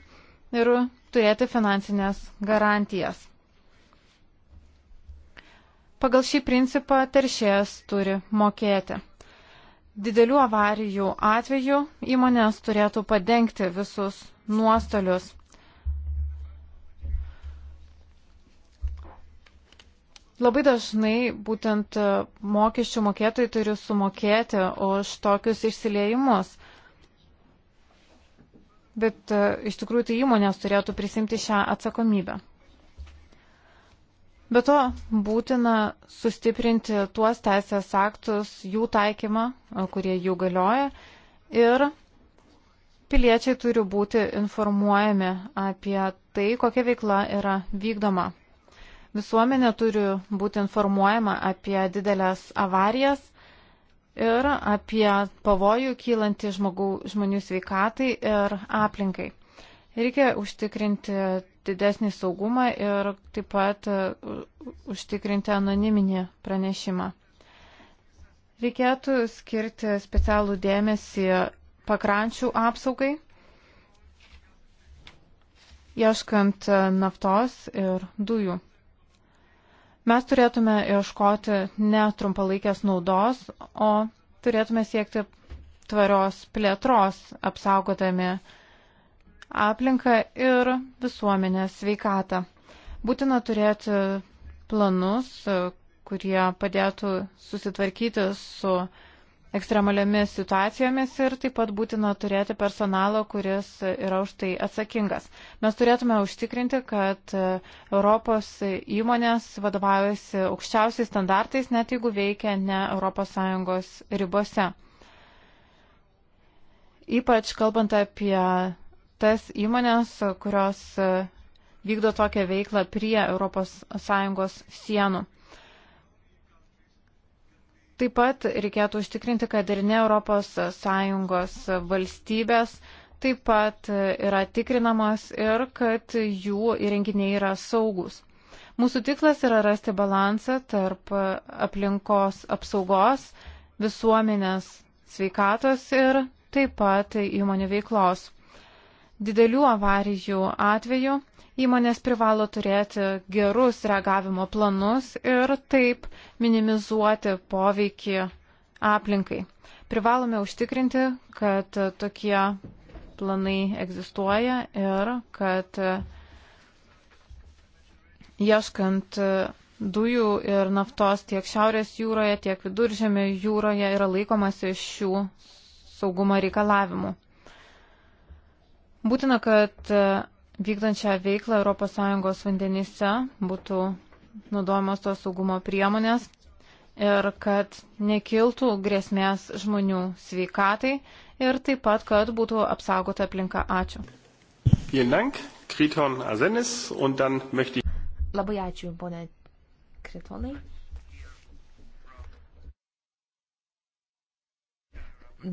ir turėti finansinės garantijas. Pagal šį principą teršėjas turi mokėti. Didelių avarijų atveju įmonės turėtų padengti visus nuostolius. Labai dažnai būtent mokesčių mokėtojai turi sumokėti už tokius išsiliejimus bet e, iš tikrųjų tai įmonės turėtų prisimti šią atsakomybę. Be to, būtina sustiprinti tuos teisės aktus, jų taikymą, e, kurie jų galioja ir piliečiai turi būti informuojami apie tai, kokia veikla yra vykdoma. Visuomenė turi būti informuojama apie didelės avarijas ir apie pavojų kylantį žmogų, žmonių sveikatai ir aplinkai. Reikia užtikrinti didesnį saugumą ir taip pat uh, užtikrinti anoniminį pranešimą. Reikėtų skirti specialų dėmesį pakrančių apsaugai, ieškant uh, naftos ir dujų. Mes turėtume ieškoti ne trumpalaikės naudos, o turėtume siekti tvarios plėtros, apsaugotami aplinką ir visuomenės sveikatą. Būtina turėti planus, kurie padėtų susitvarkyti su ekstremaliomis situacijomis ir taip pat būtina turėti personalą, kuris yra už tai atsakingas. Mes turėtume užtikrinti, kad e, Europos įmonės vadovaujasi aukščiausiais standartais, net jeigu veikia ne ES ribose. Ypač kalbant apie tas įmonės, kurios e, vykdo tokią veiklą prie ES sienų. Taip pat reikėtų užtikrinti, kad ir ne ES valstybės taip pat yra tikrinamas ir kad jų įrenginiai yra saugus. Mūsų tikslas yra rasti balansą tarp aplinkos apsaugos, visuomenės sveikatos ir taip pat įmonių veiklos. Didelių avarijų atveju įmonės privalo turėti gerus reagavimo planus ir taip minimizuoti poveikį aplinkai. Privalome užtikrinti, kad tokie planai egzistuoja ir kad ieškant dujų ir naftos tiek Šiaurės jūroje, tiek Viduržėmio jūroje yra laikomasi šių saugumo reikalavimų. Būtina, kad e, vykdančią veiklą ES vandenyse būtų naudojamos tos saugumo priemonės ir kad nekiltų grėsmės žmonių sveikatai ir taip pat, kad būtų apsaugota aplinka. Ačiū. Labai ačiū, ponė Kritonai.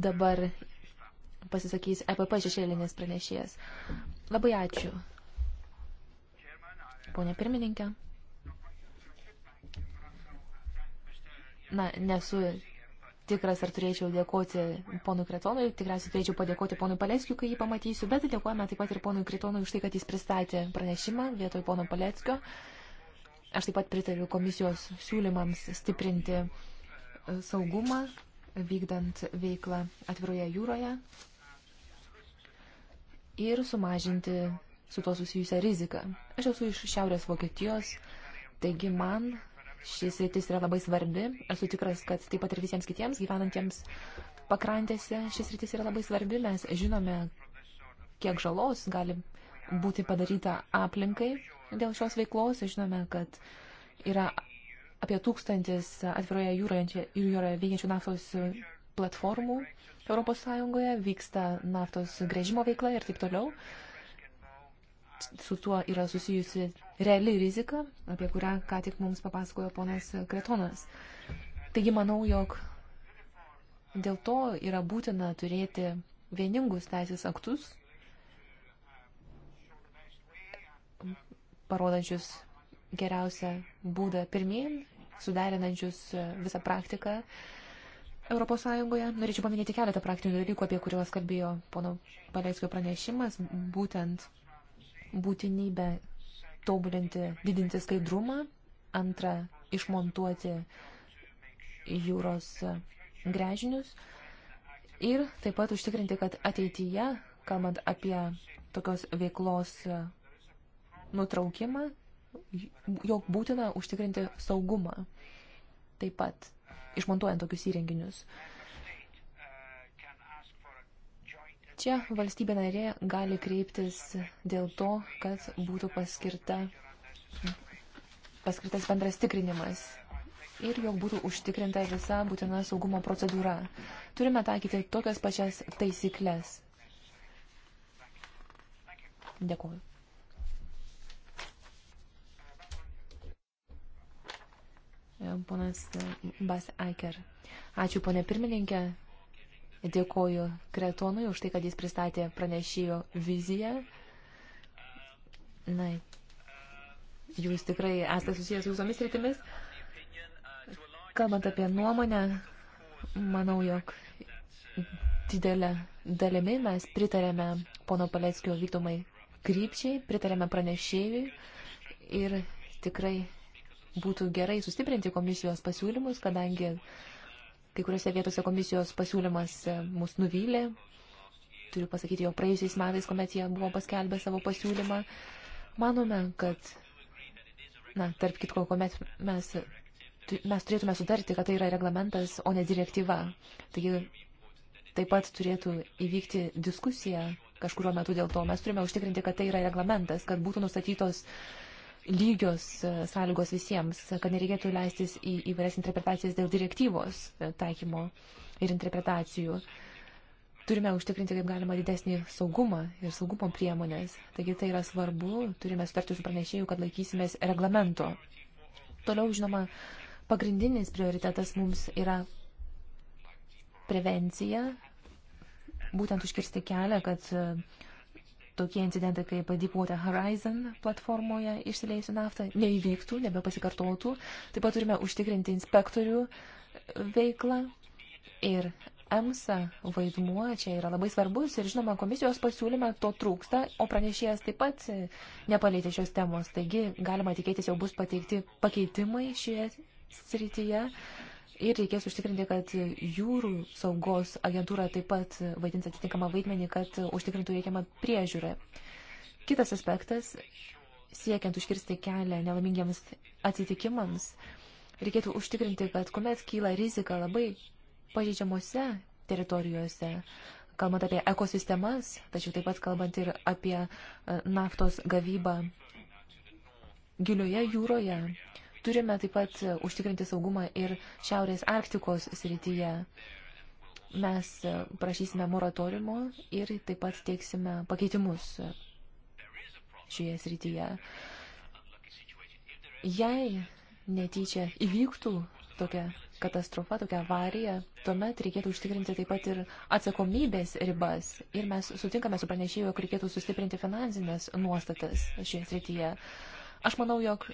Dabar pasisakys EPP šešėlinės pranešėjas. Labai ačiū. Pone pirmininkė. Na, nesu tikras, ar turėčiau dėkoti ponui Kretonui, tikriausiai turėčiau padėkoti ponui Paleckiu, kai jį pamatysiu, bet dėkojame taip pat ir ponui Kretonui už tai, kad jis pristatė pranešimą vietoj pono Paleckio. Aš taip pat pritariu komisijos siūlymams stiprinti saugumą, vykdant veiklą atviroje jūroje ir sumažinti su tuo susijusią riziką. Aš esu iš Šiaurės Vokietijos, taigi man šis rytis yra labai svarbi. Esu tikras, kad taip pat ir visiems kitiems gyvenantiems pakrantėse šis rytis yra labai svarbi. Mes žinome, kiek žalos gali būti padaryta aplinkai dėl šios veiklos. Žinome, kad yra apie tūkstantis atviroje jūroje, jūroje veikiančių naftos platformų. ES, vyksta naftos grėžimo veikla ir taip toliau. Su tuo yra susijusi reali rizika, apie kurią ką tik mums papasakojo ponas Kretonas. Taigi manau, jog dėl to yra būtina turėti vieningus teisės aktus, parodančius geriausią būdą pirmien, suderinančius visą praktiką Europos Sąjungoje. Norėčiau paminėti keletą praktinių dalykų, apie kuriuos kalbėjo pono Paleckio pranešimas, būtent būtinybę tobulinti, didinti skaidrumą, antrą, išmontuoti jūros grežinius ir taip pat užtikrinti, kad ateityje, kalbant apie tokios veiklos nutraukimą, jog būtina užtikrinti saugumą. Taip pat išmontuojant tokius įrenginius. Čia valstybė narė gali kreiptis dėl to, kad būtų paskirta, paskirtas bendras tikrinimas ir jog būtų užtikrinta visa būtina saugumo procedūra. Turime taikyti tokias pačias taisyklės. Dėkuoju. E, ponas Bas Aiker. Ačiū, ponė pirmininkė. Dėkoju Kretonui už tai, kad jis pristatė pranešėjo viziją. Na, jūs tikrai esate susijęs su visomis rytimis. Kalbant apie nuomonę, manau, jog didelę dalimi mes pritarėme pono Paleckio vykdomai krypčiai, pritarėme pranešėjui ir tikrai būtų gerai sustiprinti komisijos pasiūlymus, kadangi kai kuriuose vietose komisijos pasiūlymas e, mus nuvylė. Turiu pasakyti, jo praėjusiais metais, kuomet jie buvo paskelbę savo pasiūlymą, manome, kad, na, tarp kitko, kuomet mes, mes turėtume sutarti, kad tai yra reglamentas, o ne direktyva. Taigi taip pat turėtų įvykti diskusija kažkurio metu dėl to. Mes turime užtikrinti, kad tai yra reglamentas, kad būtų nustatytos uh, lygios e, sąlygos visiems, kad nereikėtų leistis į įvairias interpretacijas dėl direktyvos e, taikymo ir interpretacijų. Turime užtikrinti kaip galima didesnį saugumą ir saugumo priemonės. Taigi tai yra svarbu, turime sutarti su pranešėjų, kad laikysimės reglamento. Toliau, žinoma, pagrindinis prioritetas mums yra prevencija, būtent užkirsti kelią, kad uh, tokie incidentai kaip Deepwater Horizon platformoje išsileisiu naftą neįvyktų, nebepasikartotų. Taip pat turime užtikrinti inspektorių veiklą ir EMSA vaidmuo čia yra labai svarbus ir žinoma, komisijos pasiūlyme to trūksta, o pranešėjas taip pat nepalėtė šios temos. Taigi galima tikėtis jau bus pateikti pakeitimai šioje srityje. Ir reikės užtikrinti, kad jūrų saugos agentūra taip pat vaidins atitinkamą vaidmenį, kad užtikrintų reikiamą priežiūrą. Kitas aspektas, siekiant užkirsti kelią nelaimingiams atsitikimams, reikėtų užtikrinti, kad kuomet kyla rizika labai pažeidžiamuose teritorijose, kalbant apie ekosistemas, tačiau taip pat kalbant ir apie e, naftos gavybą gilioje jūroje, Turime taip pat užtikrinti saugumą ir Šiaurės Arktikos srityje. Mes prašysime moratoriumo ir taip pat teiksime pakeitimus šioje srityje. Jei netyčia įvyktų tokia katastrofa, tokia avarija, tuomet reikėtų užtikrinti taip pat ir atsakomybės ribas. Ir mes sutinkame su pranešėju, jog reikėtų sustiprinti finansinės nuostatas šioje srityje. Aš manau, jog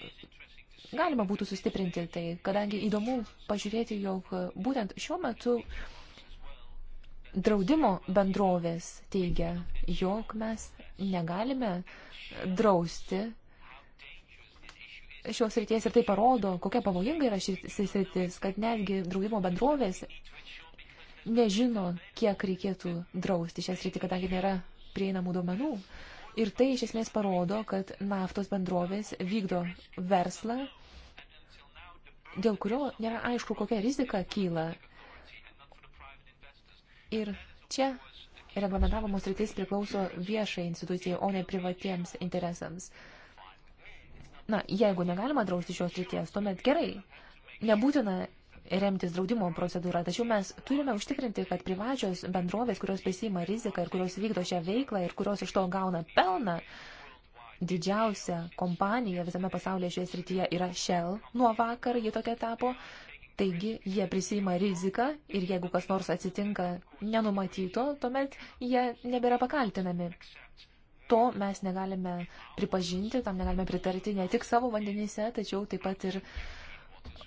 galima būtų sustiprinti tai, kadangi įdomu pažiūrėti, jog būtent šiuo metu draudimo bendrovės teigia, jog mes negalime drausti šios ryties ir tai parodo, kokia pavojinga yra šis rytis, kad netgi draudimo bendrovės nežino, kiek reikėtų drausti šią sritį, kadangi nėra prieinamų duomenų. Uh, Ir tai iš esmės parodo, kad naftos bendrovės vykdo verslą, dėl kurio nėra aišku, kokia rizika kyla. Ir čia reglamentavamos rytis priklauso viešai institucijai, o ne privatiems interesams. Na, jeigu negalima drausti šios ryties, tuomet gerai. Nebūtina remtis draudimo procedūrą, tačiau mes turime užtikrinti, kad privačios bendrovės, kurios prisima riziką ir kurios vykdo šią veiklą ir kurios iš to gauna pelną, didžiausia kompanija visame pasaulyje šioje srityje yra Shell. Nuo vakar ji tokia tapo. Taigi jie prisima riziką ir jeigu kas nors atsitinka nenumatyto, tuomet jie nebėra pakaltinami. To mes negalime pripažinti, tam negalime pritarti ne tik savo vandenyse, tačiau taip pat ir uh,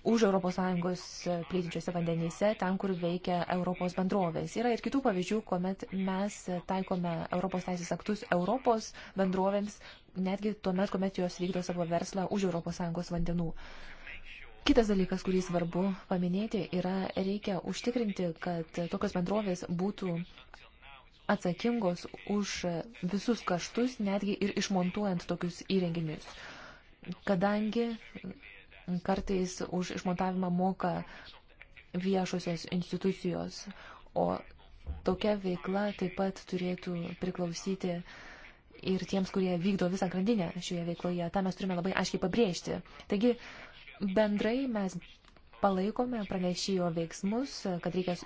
už ES plytinčiuose vandenyse, ten, kur veikia Europos bendrovės. Yra ir kitų pavyzdžių, kuomet mes taikome Europos teisės aktus Europos bendrovėms, netgi tuomet, kuomet jos vykdo savo verslą už ES vandenų. Kitas dalykas, kurį svarbu paminėti, yra reikia užtikrinti, kad tokios bendrovės būtų atsakingos už visus kaštus, netgi ir išmontuojant tokius įrenginius. Kadangi Kartais už išmontavimą moka viešosios institucijos, o tokia veikla taip pat turėtų priklausyti ir tiems, kurie vykdo visą grandinę šioje veikloje. Ta mes turime labai aiškiai pabrėžti. Taigi, bendrai mes palaikome pranešėjo veiksmus, kad reikia,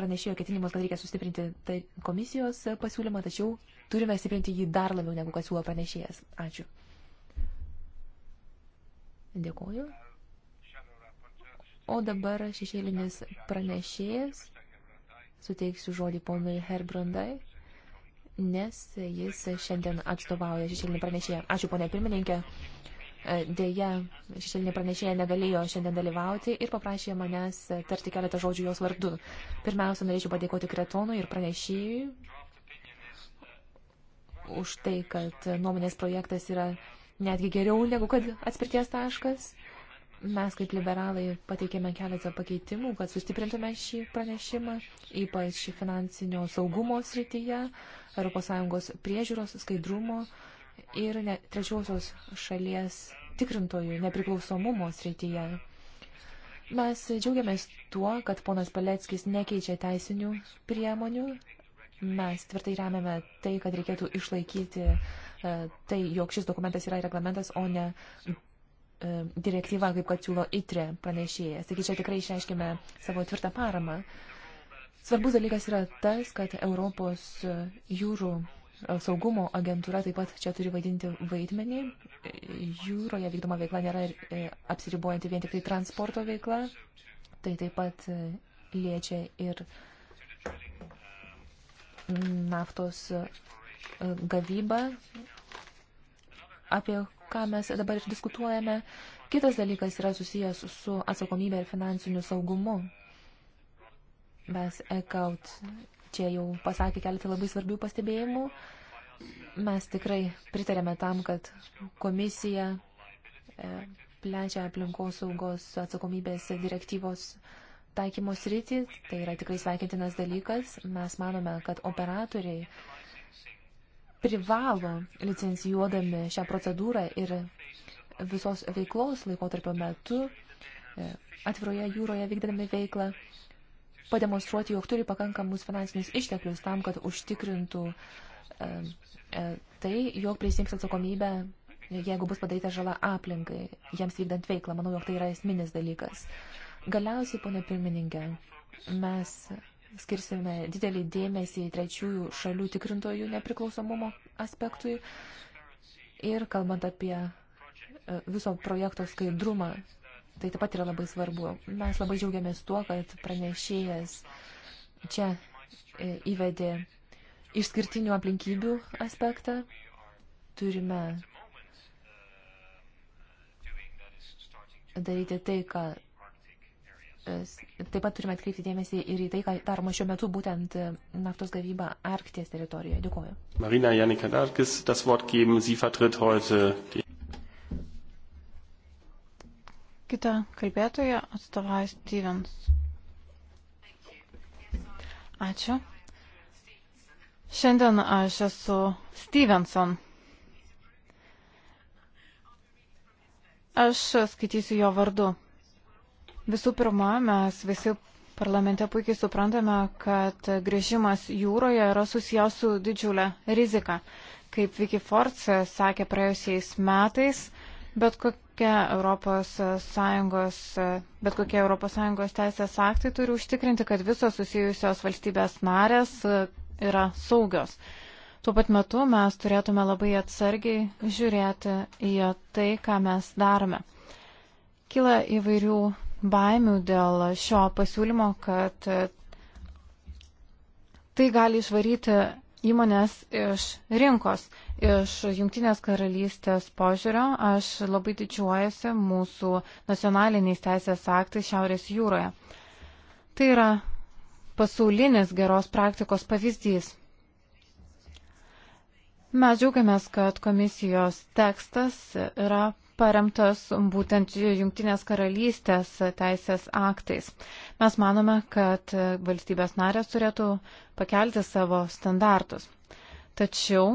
pranešėjo ketinimus, kad reikia sustiprinti tai komisijos pasiūlymą, tačiau turime stiprinti jį dar labiau negu kad siūlo pranešėjas. Ačiū. Dėkuoju. O dabar šešėlinis pranešėjas suteiksiu žodį ponui Herbrandai, nes jis šiandien atstovauja šešėlinį pranešėją. Ačiū, ponė pirmininkė. E, Deja, šešėlinė pranešėja negalėjo šiandien dalyvauti ir paprašė manęs tarti keletą žodžių jos vardu. Pirmiausia, norėčiau padėkoti Kretonui ir pranešėjui už tai, kad nuomonės projektas yra netgi geriau negu kad atspirties taškas. Mes kaip liberalai pateikėme keletą pakeitimų, kad sustiprintume šį pranešimą, ypač finansinio saugumo srityje, ES priežiūros skaidrumo ir ne, trečiosios šalies tikrintojų nepriklausomumo srityje. Mes džiaugiamės tuo, kad ponas Paleckis nekeičia teisinių priemonių. Mes tvirtai remiame tai, kad reikėtų išlaikyti uh, E, tai, jog šis dokumentas yra reglamentas, o ne e, direktyva, kaip kad siūlo ITRE pranešėjas. Taigi čia tikrai išreiškime savo tvirtą paramą. Svarbus dalykas yra tas, kad Europos jūrų e, saugumo agentūra taip pat čia turi vaidinti vaidmenį. Jūroje vykdoma veikla nėra apsiribojanti vien tik tai transporto veikla. Tai taip pat liečia ir naftos gavybą, apie ką mes dabar ir diskutuojame. Kitas dalykas yra susijęs su atsakomybė ir finansiniu saugumu. Mes ekaut čia jau pasakė keletą labai svarbių pastebėjimų. Mes tikrai pritarėme tam, kad komisija e, plečia aplinkos saugos atsakomybės direktyvos taikymos rytį. Tai yra tikrai sveikintinas dalykas. Mes manome, kad operatoriai privalo licencijuodami šią procedūrą ir visos veiklos laikotarpio metu e, atviroje jūroje vykdami veiklą pademonstruoti, jog turi pakankamus finansinius išteklius tam, kad užtikrintų e, e, tai, jog prisims atsakomybę, jeigu bus padaryta žala aplinkai, jiems vykdant veiklą. Manau, jog tai yra esminis dalykas. Galiausiai, ponė pirmininkė, mes skirsime didelį dėmesį trečiųjų šalių tikrintojų nepriklausomumo aspektui. Ir kalbant apie e, viso projekto skaidrumą, tai taip pat yra labai svarbu. Mes labai džiaugiamės tuo, kad pranešėjas čia e, įvedė išskirtinių aplinkybių aspektą. Turime daryti tai, ką Taip pat turime atkreipti dėmesį ir į tai, ką daroma šiuo metu būtent e, naftos gavyba Arkties teritorijoje. Dėkuoju. Marina Janikadarkis, das Wort geben, Sie vertritt heute die. Kita kalbėtoja atstovauja Stevens. Ačiū. Šiandien aš esu Stevenson. Aš skaitysiu jo vardu. Visų pirma, mes visi parlamente puikiai suprantame, kad grįžimas jūroje yra susijęs su didžiulė rizika. Kaip Vicky Ford sakė praėjusiais metais, bet kokia ES, bet kokie ES teisės aktai turi užtikrinti, kad visos susijusios valstybės narės yra saugios. Tuo pat metu mes turėtume labai atsargiai žiūrėti į tai, ką mes darome. Kila įvairių baimių dėl šio pasiūlymo, kad tai gali išvaryti įmonės iš rinkos, iš Junktinės karalystės požiūrio. Aš labai didžiuojasi mūsų nacionaliniais teisės aktais Šiaurės jūroje. Tai yra pasaulinis geros praktikos pavyzdys. Mes džiaugiamės, kad komisijos tekstas yra paremtos būtent Junktinės karalystės teisės aktais. Mes manome, kad valstybės narės turėtų pakelti savo standartus. Tačiau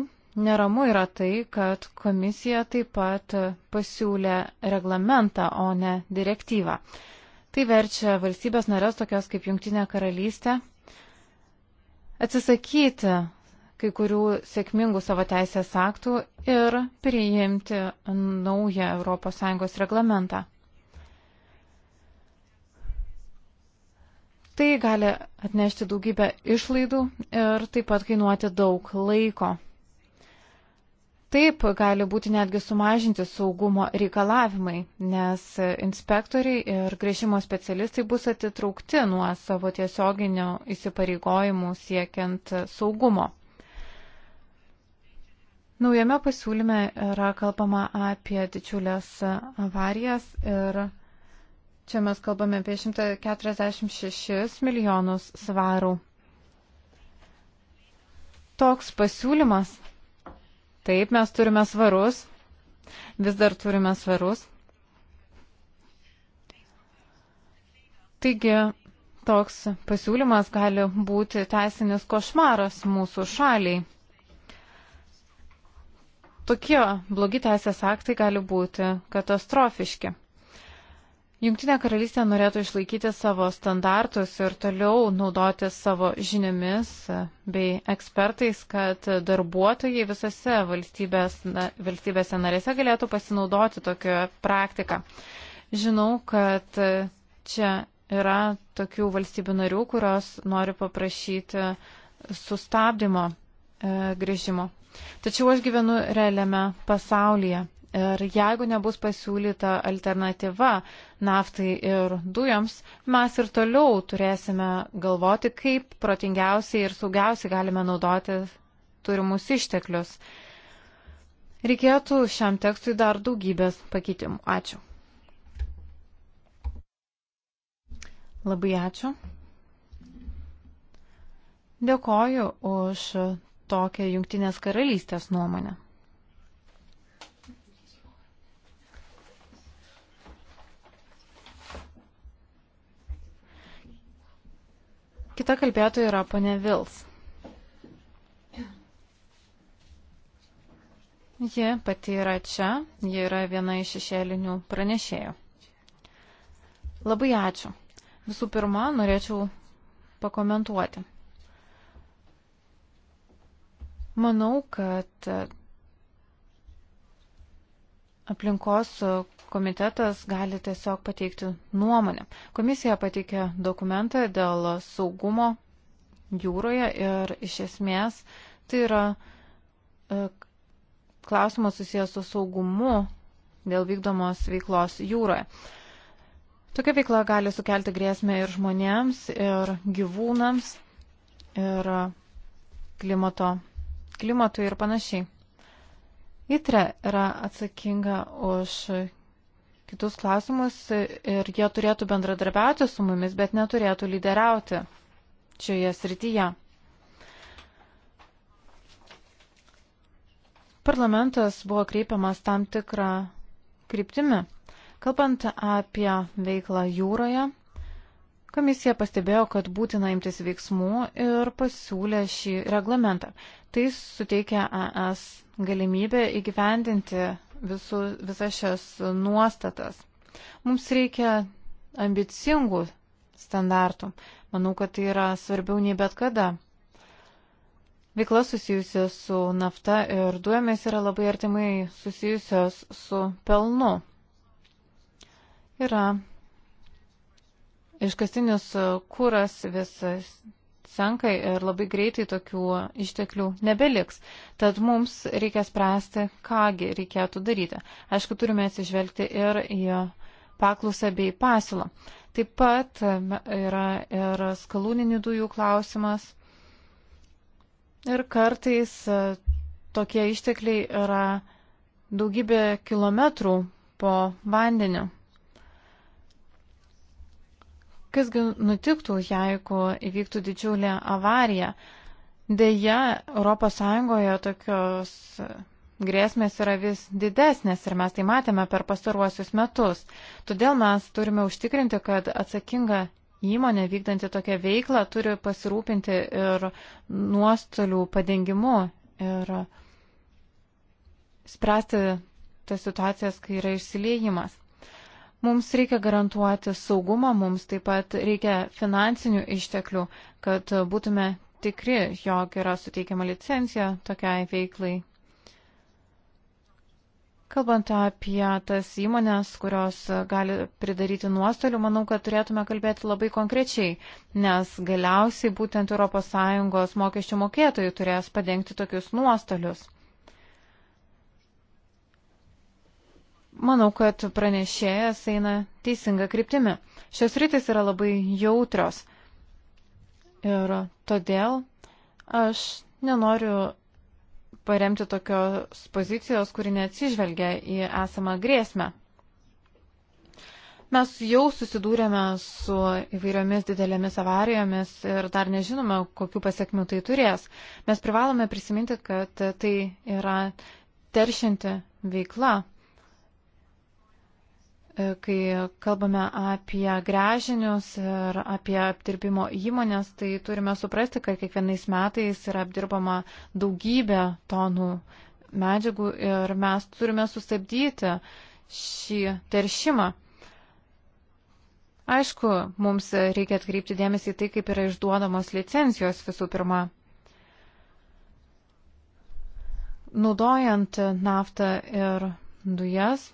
neramu yra tai, kad komisija taip pat pasiūlė reglamentą, o ne direktyvą. Tai verčia valstybės narės tokios kaip Junktinė karalystė atsisakyti kai kurių sėkmingų savo teisės aktų ir priimti naują ES reglamentą. Tai gali atnešti daugybę išlaidų ir taip pat kainuoti daug laiko. Taip gali būti netgi sumažinti saugumo reikalavimai, nes inspektoriai ir grėžimo specialistai bus atitraukti nuo savo tiesioginio įsipareigojimų siekiant saugumo. Naujame pasiūlyme yra kalbama apie didžiulės avarijas ir čia mes kalbame apie 146 milijonus svarų. Toks pasiūlymas. Taip, mes turime svarus. Vis dar turime svarus. Taigi, toks pasiūlymas gali būti teisinis košmaras mūsų šaliai. Tokie blogi teisės aktai gali būti katastrofiški. Junktinė karalystė norėtų išlaikyti savo standartus ir toliau naudoti savo žiniomis bei ekspertais, kad darbuotojai visose valstybės, na, valstybėse narėse galėtų pasinaudoti tokią praktiką. Žinau, kad čia yra tokių valstybių narių, kurios nori paprašyti sustabdymo e, grįžimo Tačiau aš gyvenu realiame pasaulyje. Ir jeigu nebus pasiūlyta alternatyva naftai ir dujoms, mes ir toliau turėsime galvoti, kaip protingiausiai ir saugiausiai galime naudoti turimus išteklius. Reikėtų šiam tekstui dar daugybės pakeitimų. Ačiū. Labai ačiū. Dėkoju už tokią Junktinės karalystės nuomonę. Kita kalbėtoja yra ponė Vils. Ji pati yra čia, ji yra viena iš šešėlinių pranešėjų. Labai ačiū. Visų pirma, norėčiau pakomentuoti. Manau, kad aplinkos komitetas gali tiesiog pateikti nuomonę. Komisija pateikė dokumentą dėl saugumo jūroje ir iš esmės tai yra e, klausimas susijęs su saugumu dėl vykdomos veiklos jūroje. Tokia veikla gali sukelti grėsmę ir žmonėms, ir gyvūnams, ir klimato klimatui ir panašiai. ITRE yra atsakinga už kitus klausimus ir jie turėtų bendradarbiauti su mumis, bet neturėtų lyderiauti šioje srityje. Parlamentas buvo kreipiamas tam tikrą kryptimį. Kalbant apie veiklą jūroje, Komisija pastebėjo, kad būtina imtis veiksmų ir pasiūlė šį reglamentą. Tai suteikia AS e galimybę įgyvendinti visu, visas šias nuostatas. Mums reikia ambicingų standartų. Manau, kad tai yra svarbiau nei bet kada. Veikla susijusi su nafta ir duomis yra labai artimai susijusios su pelnu. Yra Iškastinis kūras visas senka ir labai greitai tokių išteklių nebeliks. Tad mums reikia spręsti, kągi reikėtų daryti. Aišku, turime atsižvelgti ir į paklausą bei pasiūlą. Taip pat yra ir skalūninių dujų klausimas. Ir kartais e, tokie ištekliai yra daugybė kilometrų po vandeniu kasgi nutiktų, jeigu įvyktų didžiulė avarija. Deja, ES tokios grėsmės yra vis didesnės ir mes tai matėme per pastaruosius metus. Todėl mes turime užtikrinti, kad atsakinga įmonė vykdanti tokią veiklą turi pasirūpinti ir nuostolių padengimu ir spręsti tas situacijas, kai yra išsiliejimas. Mums reikia garantuoti saugumą, mums taip pat reikia finansinių išteklių, kad būtume tikri, jog yra suteikiama licencija tokiai veiklai. Kalbant apie tas įmonės, kurios gali pridaryti nuostolių, manau, kad turėtume kalbėti labai konkrečiai, nes galiausiai būtent ES mokesčių mokėtojai turės padengti tokius nuostolius. Manau, kad pranešėjas eina teisinga kryptimi. Šios rytis yra labai jautrios. Ir todėl aš nenoriu paremti tokios pozicijos, kuri neatsižvelgia į esamą grėsmę. Mes jau susidūrėme su įvairiomis didelėmis avarijomis ir dar nežinome, kokiu pasiekmiu tai turės. Mes privalome prisiminti, kad tai yra teršinti veikla E, kai kalbame apie grežinius ir apie apdirbimo įmonės, tai turime suprasti, kad kiekvienais metais yra apdirbama daugybė tonų medžiagų ir mes turime sustabdyti šį teršimą. Aišku, mums reikia atkreipti dėmesį į tai, kaip yra išduodamos licencijos visų pirma. Naudojant naftą ir dujas,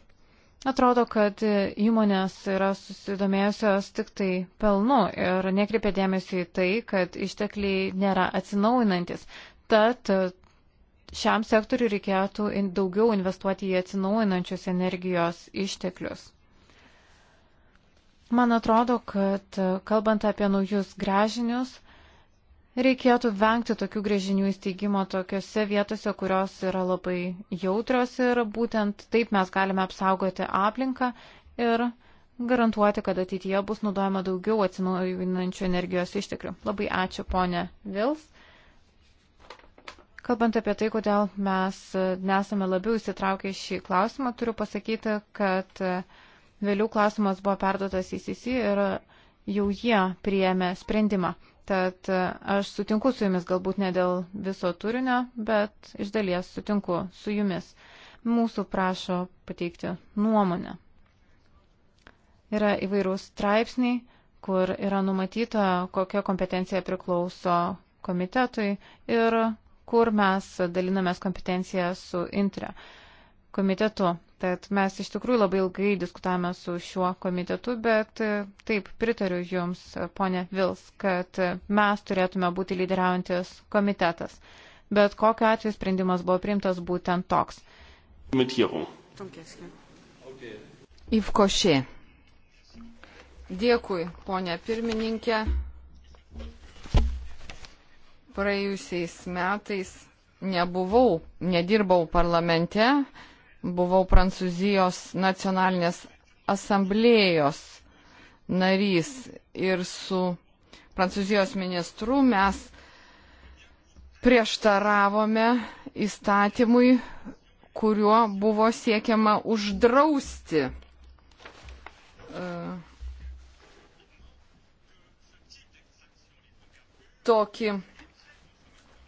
Atrodo, kad įmonės yra susidomėjusios tik tai pelnu ir nekreipia dėmesį į tai, kad ištekliai nėra atsinaujinantis. Tad šiam sektoriu reikėtų daugiau investuoti į atsinaujinančius energijos išteklius. Man atrodo, kad kalbant apie naujus grežinius, Reikėtų vengti tokių grėžinių įsteigimo tokiose vietose, kurios yra labai jautrios ir būtent taip mes galime apsaugoti aplinką ir garantuoti, kad ateityje bus naudojama daugiau atsinaujinančių energijos išteklių. Labai ačiū, ponė Vils. Kalbant apie tai, kodėl mes nesame labiau įsitraukę į šį klausimą, turiu pasakyti, kad vėliau klausimas buvo perduotas į CC ir jau jie priėmė sprendimą. Tad e, aš sutinku su jumis, galbūt ne dėl viso turinio, bet iš dalies sutinku su jumis. Mūsų prašo pateikti nuomonę. Yra įvairūs straipsniai, kur yra numatyta, kokia kompetencija priklauso komitetui ir kur mes dalinamės kompetenciją su intre komitetu. Tad mes iš tikrųjų labai ilgai diskutavome su šiuo komitetu, bet e, taip pritariu Jums, e, ponė Vils, kad e, mes turėtume būti lyderiaujantis komitetas. Bet kokiu atveju sprendimas buvo priimtas būtent toks. Įvkošė. Dėkui, ponė pirmininkė. Praėjusiais metais nebuvau, nedirbau parlamente buvau Prancūzijos nacionalinės asamblėjos narys ir su Prancūzijos ministru mes prieštaravome įstatymui, kuriuo buvo siekiama uždrausti uh, tokį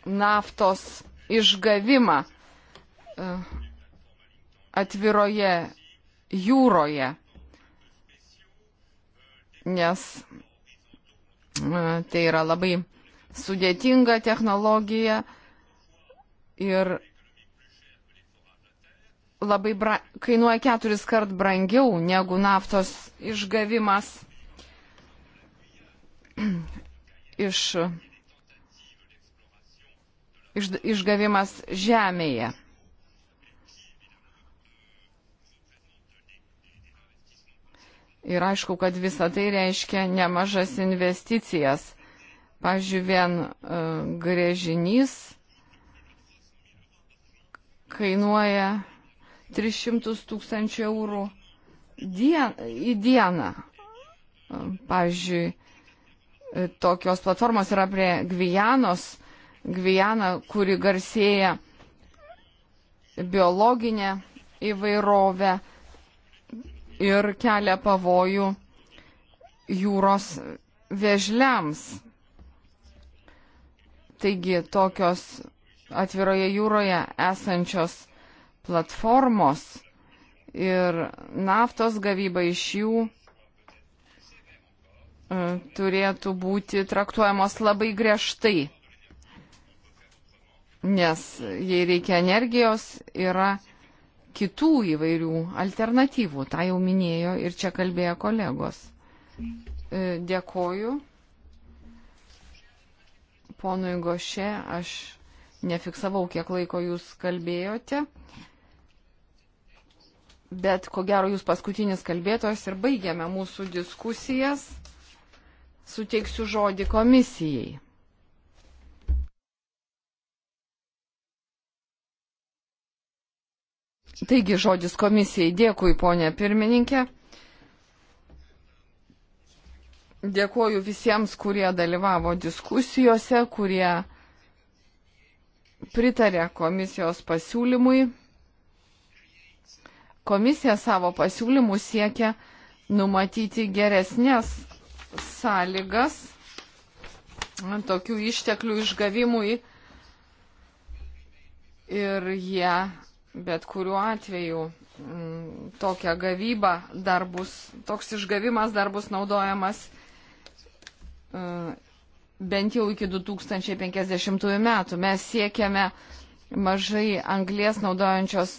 naftos išgavimą. Uh, atviroje jūroje, nes e, tai yra labai sudėtinga technologija ir labai bra... kainuoja keturis kart brangiau negu naftos išgavimas iš, iš, išgavimas žemėje. Ir aišku, kad visa tai reiškia nemažas investicijas. Pavyzdžiui, vien uh, grėžinys kainuoja 300 tūkstančių eurų dien, į dieną. E, pavyzdžiui, e, tokios platformos yra prie Gvijanos, Gvijana, kuri garsėja biologinė įvairovė ir kelia pavojų jūros vėžliams. Taigi tokios atviroje jūroje esančios platformos ir naftos gavyba iš jų e, turėtų būti traktuojamos labai griežtai, nes jei reikia energijos, yra kitų įvairių alternatyvų. Ta jau minėjo ir čia kalbėjo kolegos. E, dėkoju. Ponui Gošė, aš nefiksavau, kiek laiko jūs kalbėjote. Bet ko gero jūs paskutinis kalbėtojas ir baigiame mūsų diskusijas. Suteiksiu žodį komisijai. Taigi žodis komisijai. Dėkui, ponė pirmininkė. Dėkuoju visiems, kurie dalyvavo diskusijose, kurie pritarė komisijos pasiūlymui. Komisija savo pasiūlymų siekia numatyti geresnės sąlygas tokių išteklių išgavimui ir jie Bet kuriuo atveju m, mm, tokia gavyba dar bus, toks išgavimas dar bus naudojamas m, e, bent jau iki 2050 metų. Mes siekiame mažai anglės naudojančios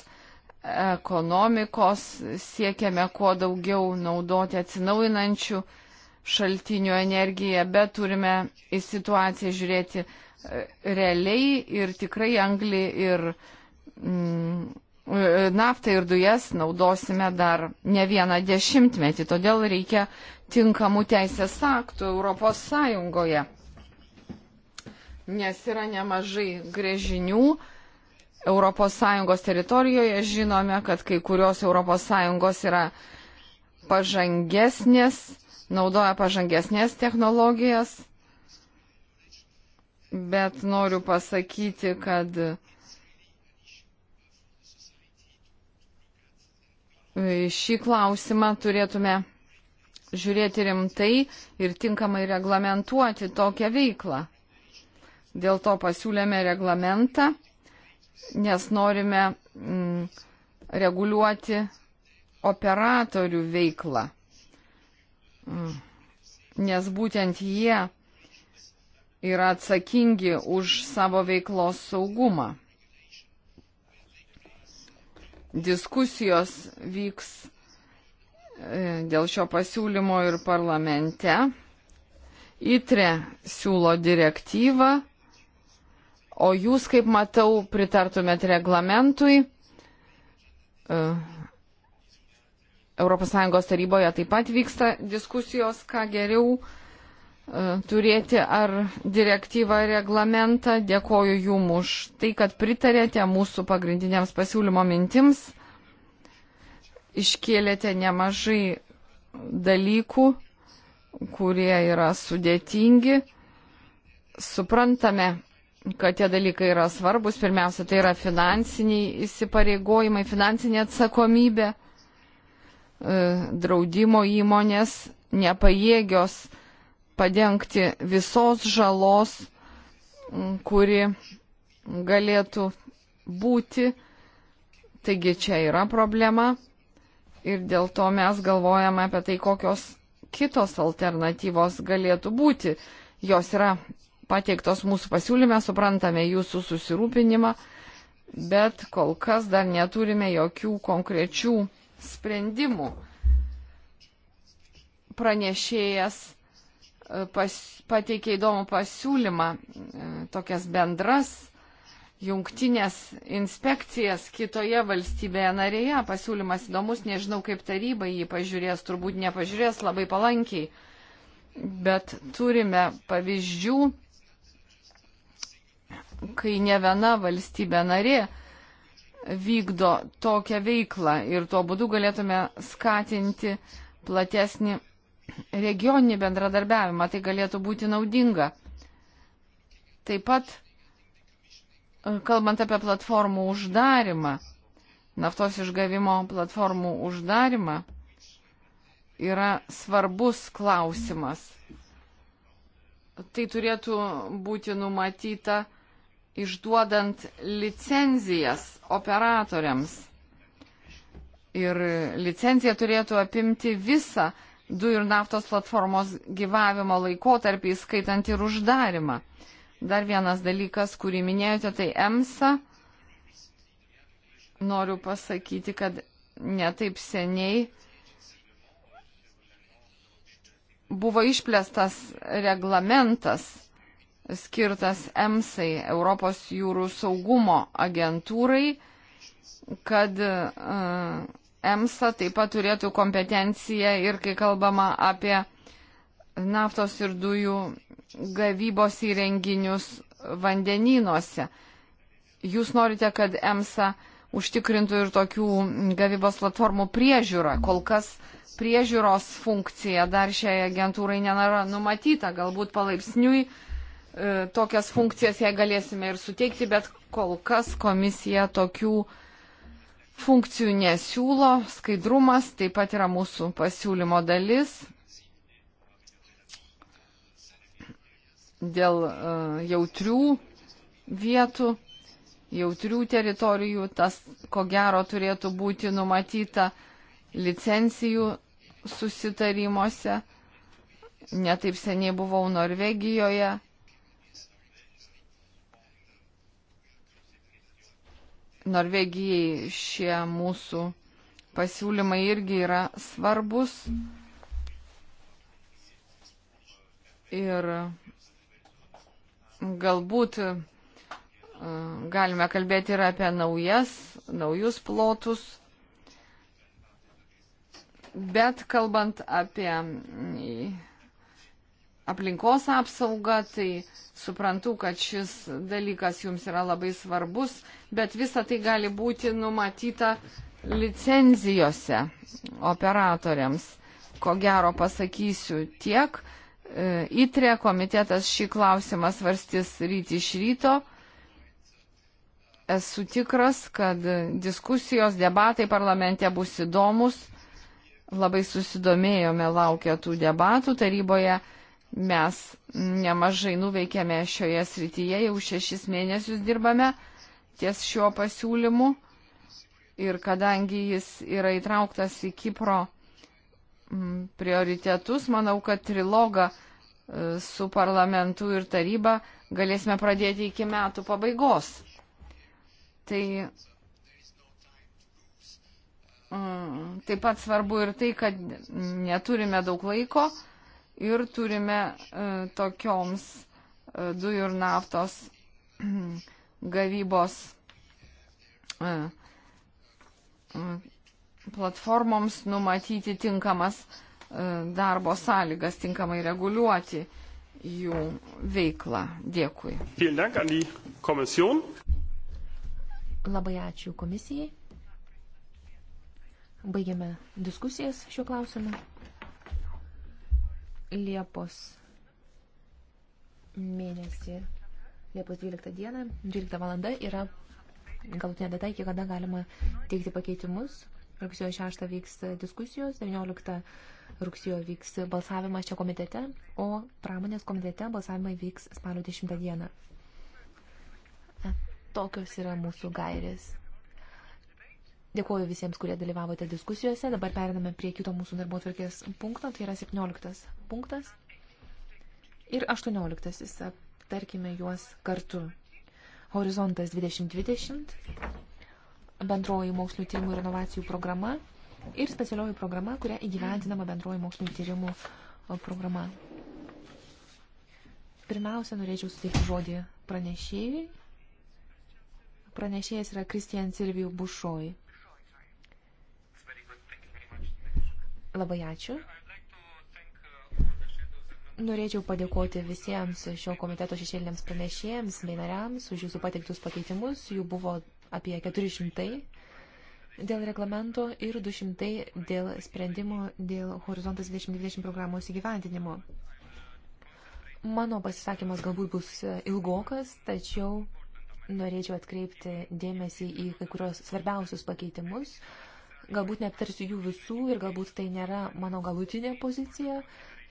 ekonomikos, siekiame kuo daugiau naudoti atsinaujinančių šaltinių energiją, bet turime į situaciją žiūrėti e, realiai ir tikrai anglį ir uh, Mm, naftą ir dujas naudosime dar ne vieną dešimtmetį, todėl reikia tinkamų teisės aktų Europos Sąjungoje, nes yra nemažai grėžinių. Europos Sąjungos teritorijoje žinome, kad kai kurios Europos Sąjungos yra pažangesnės, naudoja pažangesnės technologijas, bet noriu pasakyti, kad šį klausimą turėtume žiūrėti rimtai ir tinkamai reglamentuoti tokią veiklą. Dėl to pasiūlėme reglamentą, nes norime mm, reguliuoti operatorių veiklą. Mm. Nes būtent jie yra atsakingi už savo veiklos saugumą diskusijos vyks e, dėl šio pasiūlymo ir parlamente. ITRE siūlo direktyvą, o jūs, kaip matau, pritartumėt reglamentui. ES taryboje taip pat vyksta diskusijos, ką geriau E, turėti ar direktyvą, ar reglamentą. Dėkoju Jum už tai, kad pritarėte mūsų pagrindiniams pasiūlymo mintims. Iškėlėte nemažai dalykų, kurie yra sudėtingi. Suprantame, kad tie dalykai yra svarbus. Pirmiausia, tai yra finansiniai įsipareigojimai, finansinė atsakomybė. E, draudimo įmonės nepajėgios padengti visos žalos, kuri galėtų būti. Taigi čia yra problema ir dėl to mes galvojame apie tai, kokios kitos alternatyvos galėtų būti. Jos yra pateiktos mūsų pasiūlyme, suprantame jūsų susirūpinimą, bet kol kas dar neturime jokių konkrečių sprendimų. Pranešėjas pas, pateikė įdomų pasiūlymą e, tokias bendras jungtinės inspekcijas kitoje valstybėje narėje. Pasiūlymas įdomus, nežinau kaip taryba jį pažiūrės, turbūt nepažiūrės labai palankiai, bet turime pavyzdžių, kai ne viena valstybė narė vykdo tokią veiklą ir tuo būdu galėtume skatinti platesnį regioninį bendradarbiavimą, tai galėtų būti naudinga. Taip pat, e, kalbant apie platformų uždarimą, naftos išgavimo platformų uždarimą, yra svarbus klausimas. Tai turėtų būti numatyta išduodant licenzijas operatoriams. Ir licencija turėtų apimti visą dujų ir naftos platformos gyvavimo laikotarpį, skaitant ir uždarimą. Dar vienas dalykas, kurį minėjote, tai EMSA. Noriu pasakyti, kad netaip seniai buvo išplėstas reglamentas skirtas EMSAI, Europos jūrų saugumo agentūrai, kad uh, EMSA taip pat turėtų kompetenciją ir kai kalbama apie naftos ir dujų gavybos įrenginius vandenynuose. Jūs norite, kad EMSA užtikrintų ir tokių gavybos platformų priežiūrą. Kol kas priežiūros funkcija dar šiai agentūrai nėra numatyta. Galbūt palaipsniui e, tokias funkcijas jai galėsime ir suteikti, bet kol kas komisija tokių uh, funkcijų nesiūlo, skaidrumas taip pat yra mūsų pasiūlymo dalis. Dėl e, jautrių vietų, jautrių teritorijų, tas ko gero turėtų būti numatyta licencijų susitarimuose. Netaip seniai buvau Norvegijoje Norvegijai šie mūsų pasiūlymai irgi yra svarbus. Ir galbūt e, galime kalbėti ir apie naujas, naujus plotus. Bet kalbant apie aplinkos apsaugą, tai suprantu, kad šis dalykas jums yra labai svarbus bet visa tai gali būti numatyta licenzijose operatoriams. Ko gero pasakysiu tiek. E, ITRE komitetas šį klausimą svarstys ryt iš ryto. Esu tikras, kad diskusijos, debatai parlamente bus įdomus. Labai susidomėjome laukia tų debatų taryboje mes nemažai nuveikėme šioje srityje, jau šešis mėnesius dirbame ties šiuo pasiūlymu ir kadangi jis yra įtrauktas į Kipro mm, prioritetus, manau, kad trilogą e, su parlamentu ir taryba galėsime pradėti iki metų pabaigos. Tai mm, taip pat svarbu ir tai, kad neturime daug laiko ir turime e, tokioms e, dujų ir naftos gavybos e, e, platformoms numatyti tinkamas e, darbo sąlygas, tinkamai reguliuoti jų veiklą. Dėkui. Labai ačiū komisijai. Baigiame diskusijas šiuo klausimu. Liepos mėnesį Liepos 12 dieną, 12 valanda yra galutinė data, iki kada galima teikti pakeitimus. Rugsėjo 6 vyks diskusijos, 19 rugsėjo vyks balsavimas čia komitete, o pramonės komitete balsavimai vyks spalio 10 dieną. E, tokios yra mūsų gairės. Dėkuoju visiems, kurie dalyvavote diskusijose. Dabar periname prie kito mūsų darbo tvarkės punkto, tai yra 17 punktas ir 18 aptarkime juos kartu. Horizontas 2020, bendroji mokslinio tyrimų ir inovacijų programa ir specialioji programa, kurią įgyvendinama bendroji mokslinio tyrimų programa. Pirmiausia, norėčiau suteikti žodį pranešėjui. Pranešėjas yra Kristijan Silvijų Bušoj. Labai ačiū. Norėčiau padėkoti visiems šio komiteto šešėliniams pranešėjams bei nariams už jūsų pateiktus pakeitimus. Jų buvo apie 400 dėl reglamento ir 200 dėl sprendimų dėl Horizontas 2020 programos įgyvendinimo. Mano pasisakymas galbūt bus ilgokas, tačiau norėčiau atkreipti dėmesį į kai kurios svarbiausius pakeitimus. Galbūt neaptarsiu jų visų ir galbūt tai nėra mano galutinė pozicija,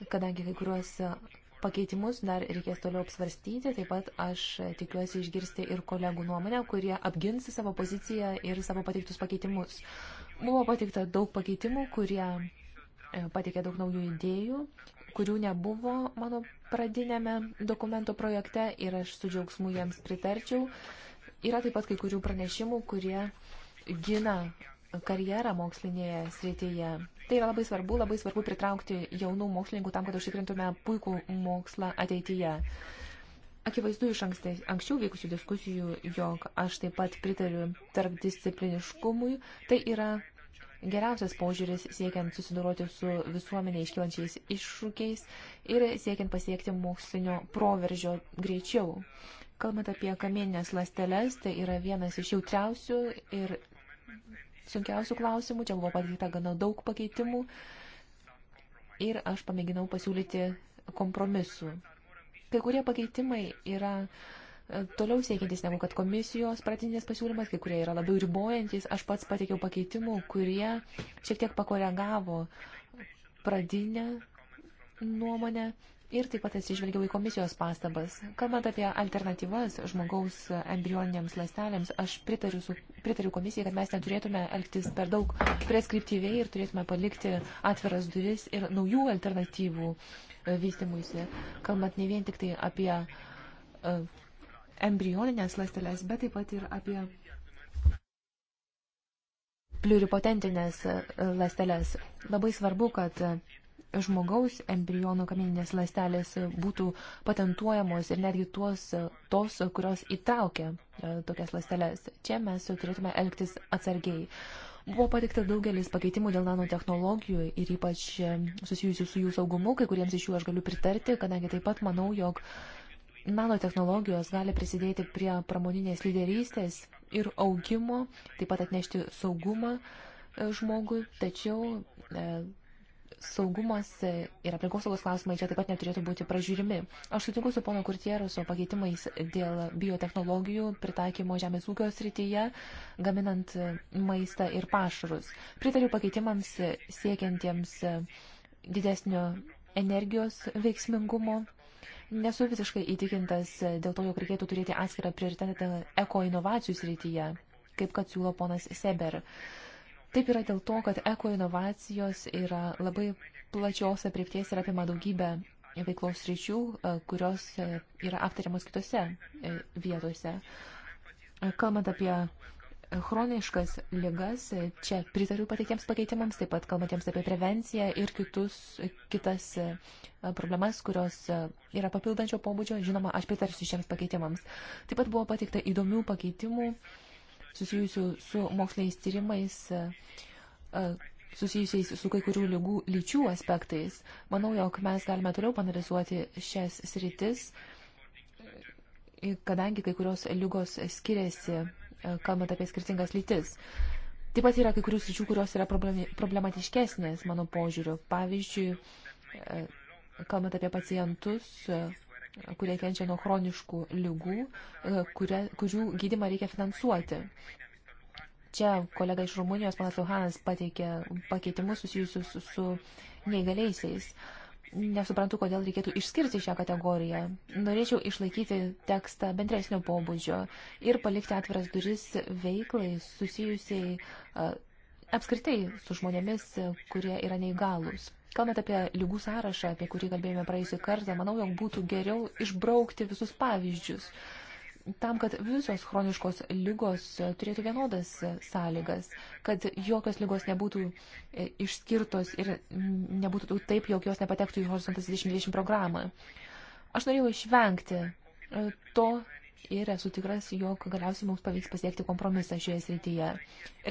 kadangi kai kuriuos pakeitimus dar reikės toliau apsvarstyti. Taip pat aš tikiuosi išgirsti ir kolegų nuomonę, kurie apgins savo poziciją ir savo pateiktus pakeitimus. Buvo pateikta daug pakeitimų, kurie e, pateikė daug naujų idėjų, kurių nebuvo mano pradinėme dokumento projekte ir aš su džiaugsmu jiems pritarčiau. Yra taip pat kai kurių pranešimų, kurie gina karjerą mokslinėje srityje Tai yra labai svarbu, labai svarbu pritraukti jaunų mokslininkų tam, kad užtikrintume puikų mokslą ateityje. Akivaizdu iš ankstė, anksčiau vykusių diskusijų, jog aš taip pat pritariu tarpdiscipliniškumui. Tai yra geriausias požiūris siekiant susidoroti su visuomenė iškilančiais iššūkiais ir siekiant pasiekti mokslinio proveržio greičiau. Kalbant apie kamieninės lasteles, tai yra vienas iš jautriausių ir sunkiausių klausimų, čia buvo padaryta gana daug pakeitimų ir aš pamėginau pasiūlyti kompromisų. Kai kurie pakeitimai yra e, toliau siekiantis negu kad komisijos pratinės pasiūlymas, kai kurie yra labiau ribojantis. Aš pats pateikiau pakeitimų, kurie šiek tiek pakoregavo pradinę nuomonę ir taip pat atsižvelgiau į komisijos pastabas. Kalbant apie alternatyvas žmogaus embrioninėms lastelėms, aš pritariu, su, pritariu komisijai, kad mes neturėtume elgtis per daug preskriptyviai ir turėtume palikti atviras duris ir naujų alternatyvų e, vystimuisi, kalbant ne vien tik tai apie e, embrioninės lastelės, bet taip pat ir apie pliuripotentinės e, lastelės. Labai svarbu, kad žmogaus embriono kamieninės ląstelės būtų patentuojamos ir netgi tuos, tos, kurios įtraukia e, tokias ląsteles. Čia mes turėtume elgtis atsargiai. Buvo patikta daugelis pakeitimų dėl nanotehnologijų ir ypač e, susijusių su jų saugumu, kai kuriems iš jų aš galiu pritarti, kadangi taip pat manau, jog nanotehnologijos gali prisidėti prie pramoninės lyderystės ir augimo, taip pat atnešti saugumą e, žmogui, tačiau saugumas ir aplinkosaugos klausimai čia taip pat neturėtų būti pražiūrimi. Aš sutinku su pono Kurtieruso pakeitimais dėl biotehnologijų pritaikymo žemės ūkio srityje, gaminant maistą ir pašarus. Pritariu pakeitimams siekiantiems didesnio energijos veiksmingumo. Nesu visiškai įtikintas dėl to, jog reikėtų turėti atskirą prioritetą eko inovacijų srityje, kaip kad siūlo ponas Seber. Uh, Taip yra dėl to, kad eko inovacijos yra labai plačios apriepties ir apima daugybę veiklos ryčių, e, kurios e, yra aptariamos kitose e, vietose. Kalbant apie chroniškas ligas, čia pritariu pateikiams pakeitimams, taip pat kalbantiems apie prevenciją ir kitus, kitas problemas, kurios yra papildančio pobūdžio. Žinoma, aš pritarsiu šiems pakeitimams. Taip pat buvo pateikta įdomių pakeitimų, susijusių su moksliniais tyrimais e, e, susijusiais su kai kurių lygų lyčių aspektais. Manau, jog mes galime toliau panalizuoti šias sritis, e, kadangi kai kurios lygos skiriasi, kalbant apie skirtingas lytis. Taip pat yra kai kurių sričių, kurios yra problematiškesnės, mano požiūriu. Pavyzdžiui, kalbant apie pacientus, kurie kenčia nuo chroniškų lygų, e, kuria, kurių gydimą reikia finansuoti. Čia kolega iš Rumunijos, panas Luhanas, pateikė pakeitimus susijusius su, su neįgaliaisiais. Nesuprantu, kodėl reikėtų išskirti šią kategoriją. Norėčiau išlaikyti tekstą bendresnio pobūdžio ir palikti atviras duris veiklai susijusiai e, apskritai su žmonėmis, kurie yra neįgalūs. Kalbant apie lygų sąrašą, apie kurį kalbėjome praėjusį kartą, manau, jog būtų geriau išbraukti visus pavyzdžius tam, kad visos chroniškos lygos turėtų vienodas sąlygas, kad jokios lygos nebūtų e, išskirtos ir nebūtų taip, jog jos nepatektų į Horizontas 2020 programą. Aš norėjau išvengti e, to, ir esu tikras, jog galiausiai mums pavyks pasiekti kompromisą šioje srityje.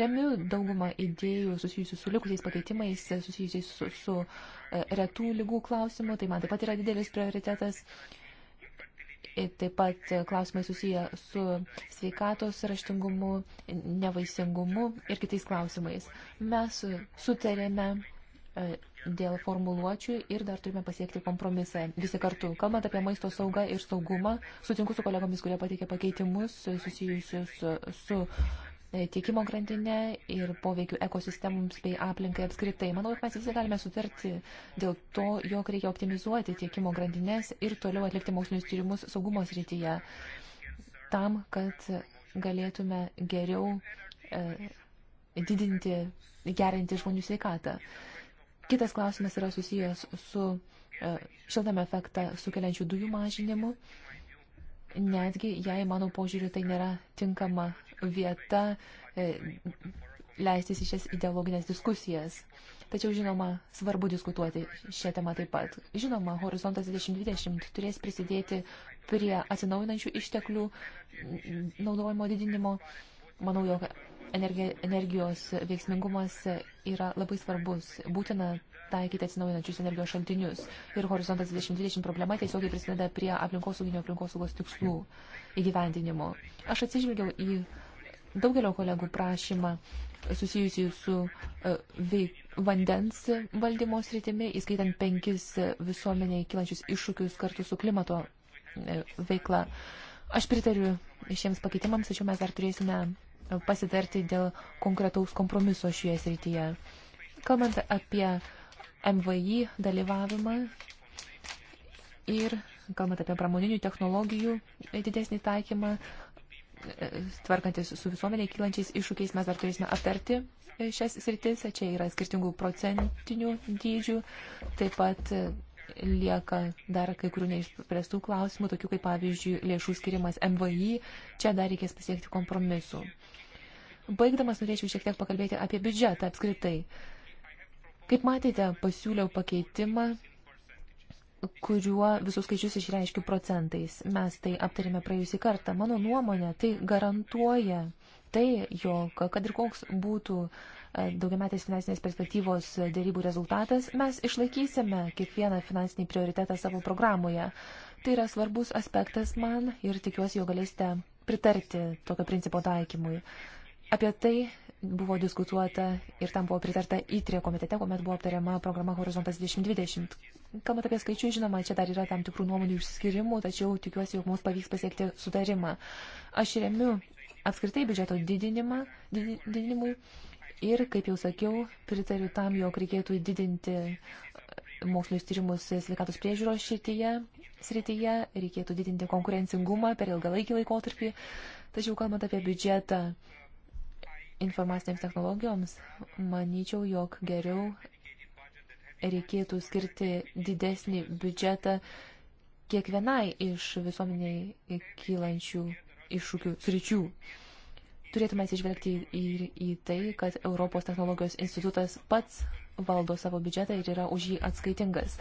Remiu daugumą idėjų susijusių su likusiais pakeitimais, susijusiais su, su e, retų lygų klausimu, tai man taip pat yra didelis prioritetas. Ir e, taip pat e, klausimai susiję su sveikatos raštingumu, nevaisingumu ir kitais klausimais. Mes sutarėme E, dėl formuluočių ir dar turime pasiekti kompromisą visi kartu. Kalbant apie maisto saugą ir saugumą, sutinku su kolegomis, kurie pateikė pakeitimus susijusius su, su e, tiekimo grandinė ir poveikiu ekosistemams bei aplinkai apskritai. Manau, kad mes visi galime sutarti dėl to, jog reikia optimizuoti tiekimo grandinės ir toliau atlikti mokslinius tyrimus saugumo srityje tam, kad galėtume geriau e, didinti, gerinti žmonių sveikatą. E, Kitas klausimas yra susijęs su e, šiltame efektą sukeliančių dujų mažinimu. Netgi jei, mano požiūriu, tai nėra tinkama vieta e, leistis į šias ideologinės diskusijas. Tačiau, žinoma, svarbu diskutuoti šią temą taip pat. Žinoma, Horizontas 2020 turės prisidėti prie atsinaujinančių išteklių naudojimo didinimo. Manau, jog energijos veiksmingumas yra labai svarbus. Būtina taikyti atsinaujinančius energijos šaltinius. Ir horizontas 2020 problema tiesiogiai prisideda prie aplinkosauginio aplinkosaugos tikslų įgyvendinimo. Aš atsižvelgiau į daugelio kolegų prašymą susijusių su e, veik, vandens valdymo sritimi, įskaitant penkis visuomeniai kilančius iššūkius kartu su klimato e, veikla. Aš pritariu šiems pakeitimams, tačiau mes dar turėsime pasitarti dėl konkretaus kompromiso šioje srityje. Kalbant apie MVI dalyvavimą ir kalbant apie pramoninių technologijų didesnį taikymą, tvarkantis su visuomeniai kylančiais iššūkiais, mes dar turėsime aptarti šias sritis. Čia yra skirtingų procentinių dydžių, taip pat lieka dar kai kurių neišspręstų klausimų, tokių kaip pavyzdžiui lėšų skirimas MVI, čia dar reikės pasiekti kompromisų. Baigdamas norėčiau šiek tiek pakalbėti apie biudžetą apskritai. Kaip matėte, pasiūliau pakeitimą, kuriuo visus skaičius išreiškiu procentais. Mes tai aptarėme praėjusį kartą. Mano nuomonė, tai garantuoja tai, jog kad ir koks būtų uh, daugiametės finansinės perspektyvos dėrybų rezultatas, mes išlaikysime kiekvieną finansinį prioritetą savo programoje. Tai yra svarbus aspektas man ir tikiuosi, jo galėsite pritarti tokio principo taikymui. Apie tai buvo diskutuota ir tam buvo pritarta įtrė komitete, kuomet buvo aptariama programa Horizontas 2020. Kalbant apie skaičių, žinoma, čia dar yra tam tikrų nuomonių išskirimų, tačiau tikiuosi, jog mums pavyks pasiekti sutarimą. Aš remiu apskritai biudžeto didinimą, didinimui Ir, kaip jau sakiau, pritariu tam, jog reikėtų didinti e, mokslinius tyrimus sveikatos priežiūros šityje, srityje, reikėtų didinti konkurencingumą per ilgalaikį laikotarpį. Tačiau, kalbant apie biudžetą informacinėms technologijoms, manyčiau, jog geriau reikėtų skirti didesnį biudžetą kiekvienai iš visuomeniai kylančių iššūkių sričių turėtume atsižvelgti ir į tai, kad Europos technologijos institutas pats valdo savo biudžetą ir yra už jį atskaitingas.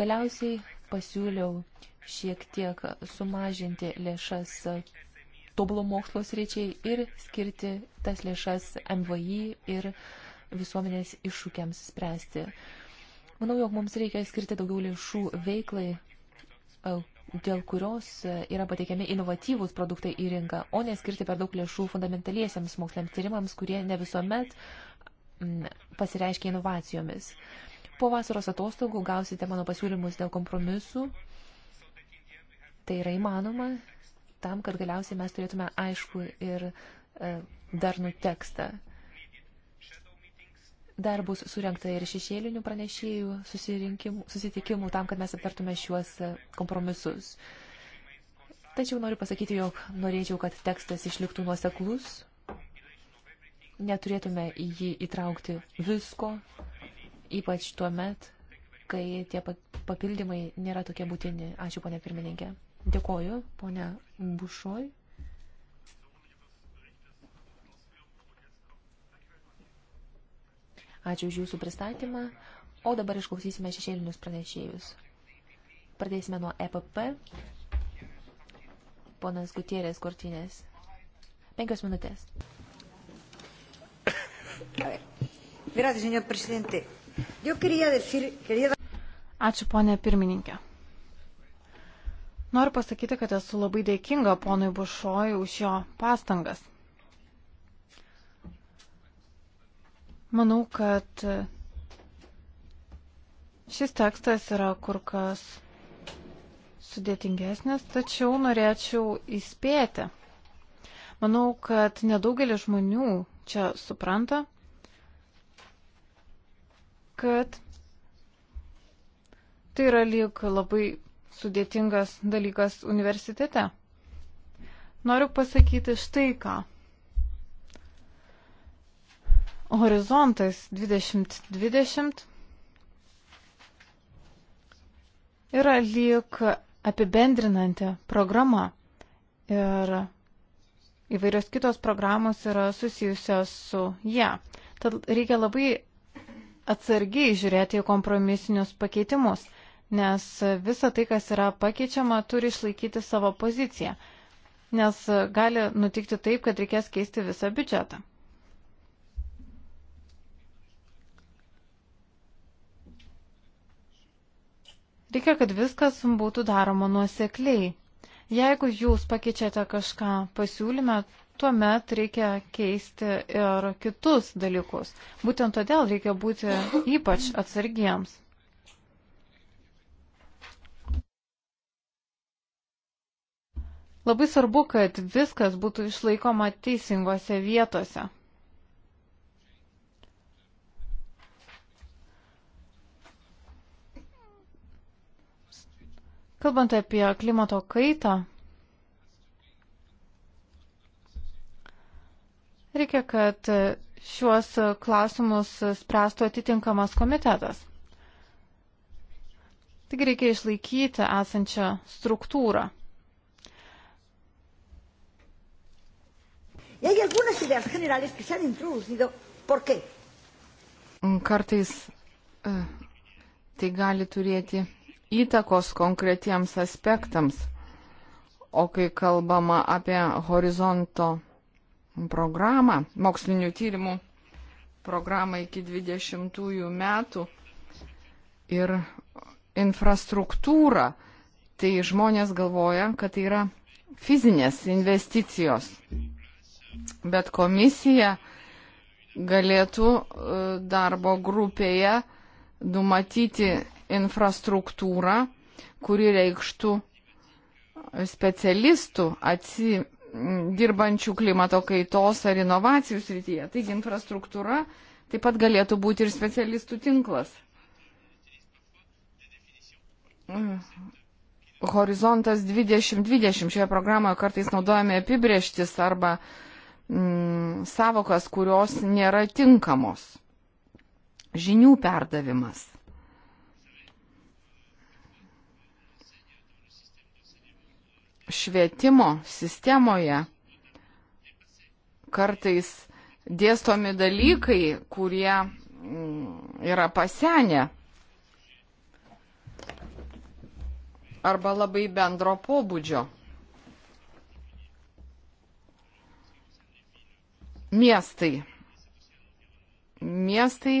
Galiausiai pasiūliau šiek tiek sumažinti lėšas tobulo mokslo sričiai ir skirti tas lėšas MVI ir visuomenės iššūkiams spręsti. Manau, jog mums reikia skirti daugiau lėšų veiklai, dėl kurios e, yra pateikiami inovatyvūs produktai į rinką, o neskirti per daug lėšų fundamentaliesiams moksliniams tyrimams, kurie ne visuomet pasireiškia inovacijomis. Po vasaros atostogų gausite mano pasiūlymus dėl kompromisų. Tai yra įmanoma tam, kad galiausiai mes turėtume aišku ir e, darnų tekstą. Dar bus surinkta ir šešėlinių pranešėjų susitikimų tam, kad mes aptartume šiuos e, kompromisus. Tačiau noriu pasakyti, jog norėčiau, kad tekstas išliktų nuoseklus. Neturėtume į jį įtraukti visko, ypač tuo met, kai tie papildymai nėra tokie būtini. Ačiū, ponė pirmininkė. Dėkoju, ponė Bušoj. Ačiū už jūsų pristatymą, o dabar išklausysime šešėlinius pranešėjus. Pradėsime nuo EPP. Ponas Gutierės Kortinės. Penkios minutės. Gracias, señor presidente. Yo quería decir, quería... Ačiū, ponė pirmininkė. Noriu pasakyti, kad esu labai dėkinga ponui Bušoj už jo pastangas. Manau, kad šis tekstas yra kur kas sudėtingesnis, tačiau norėčiau įspėti. Manau, kad nedaugelis žmonių čia supranta, kad tai yra lyg labai sudėtingas dalykas universitete. Noriu pasakyti štai ką. Horizontas 2020 yra lyg apibendrinanti programa ir įvairios kitos programos yra susijusios su ją. Ja. Tad reikia labai atsargiai žiūrėti į kompromisinius pakeitimus, nes visa tai, kas yra pakeičiama, turi išlaikyti savo poziciją, nes gali nutikti taip, kad reikės keisti visą biudžetą. reikia, kad viskas būtų daroma nuosekliai. Jeigu jūs pakeičiate kažką pasiūlyme, tuomet reikia keisti ir kitus dalykus. Būtent todėl reikia būti ypač atsargiems. Labai svarbu, kad viskas būtų išlaikoma teisingose vietose. Kalbant apie klimato kaitą, reikia, kad šiuos klausimus spręstų atitinkamas komitetas. Tik reikia išlaikyti esančią struktūrą. Kartais e, tai gali turėti įtakos konkretiems aspektams. O kai kalbama apie horizonto programą, mokslinių tyrimų programą iki 20 metų ir infrastruktūrą, tai žmonės galvoja, kad tai yra fizinės investicijos. Bet komisija galėtų e, darbo grupėje numatyti infrastruktūrą, kuri reikštų specialistų atsi, dirbančių klimato kaitos ar inovacijų srityje. Taigi infrastruktūra taip pat galėtų būti ir specialistų tinklas. Horizontas 2020 šioje programoje kartais naudojame apibrieštis arba mm, savokas, kurios nėra tinkamos. Žinių perdavimas. švietimo sistemoje kartais dėstomi dalykai, kurie mm, yra pasenę arba labai bendro pobūdžio. Miestai. Miestai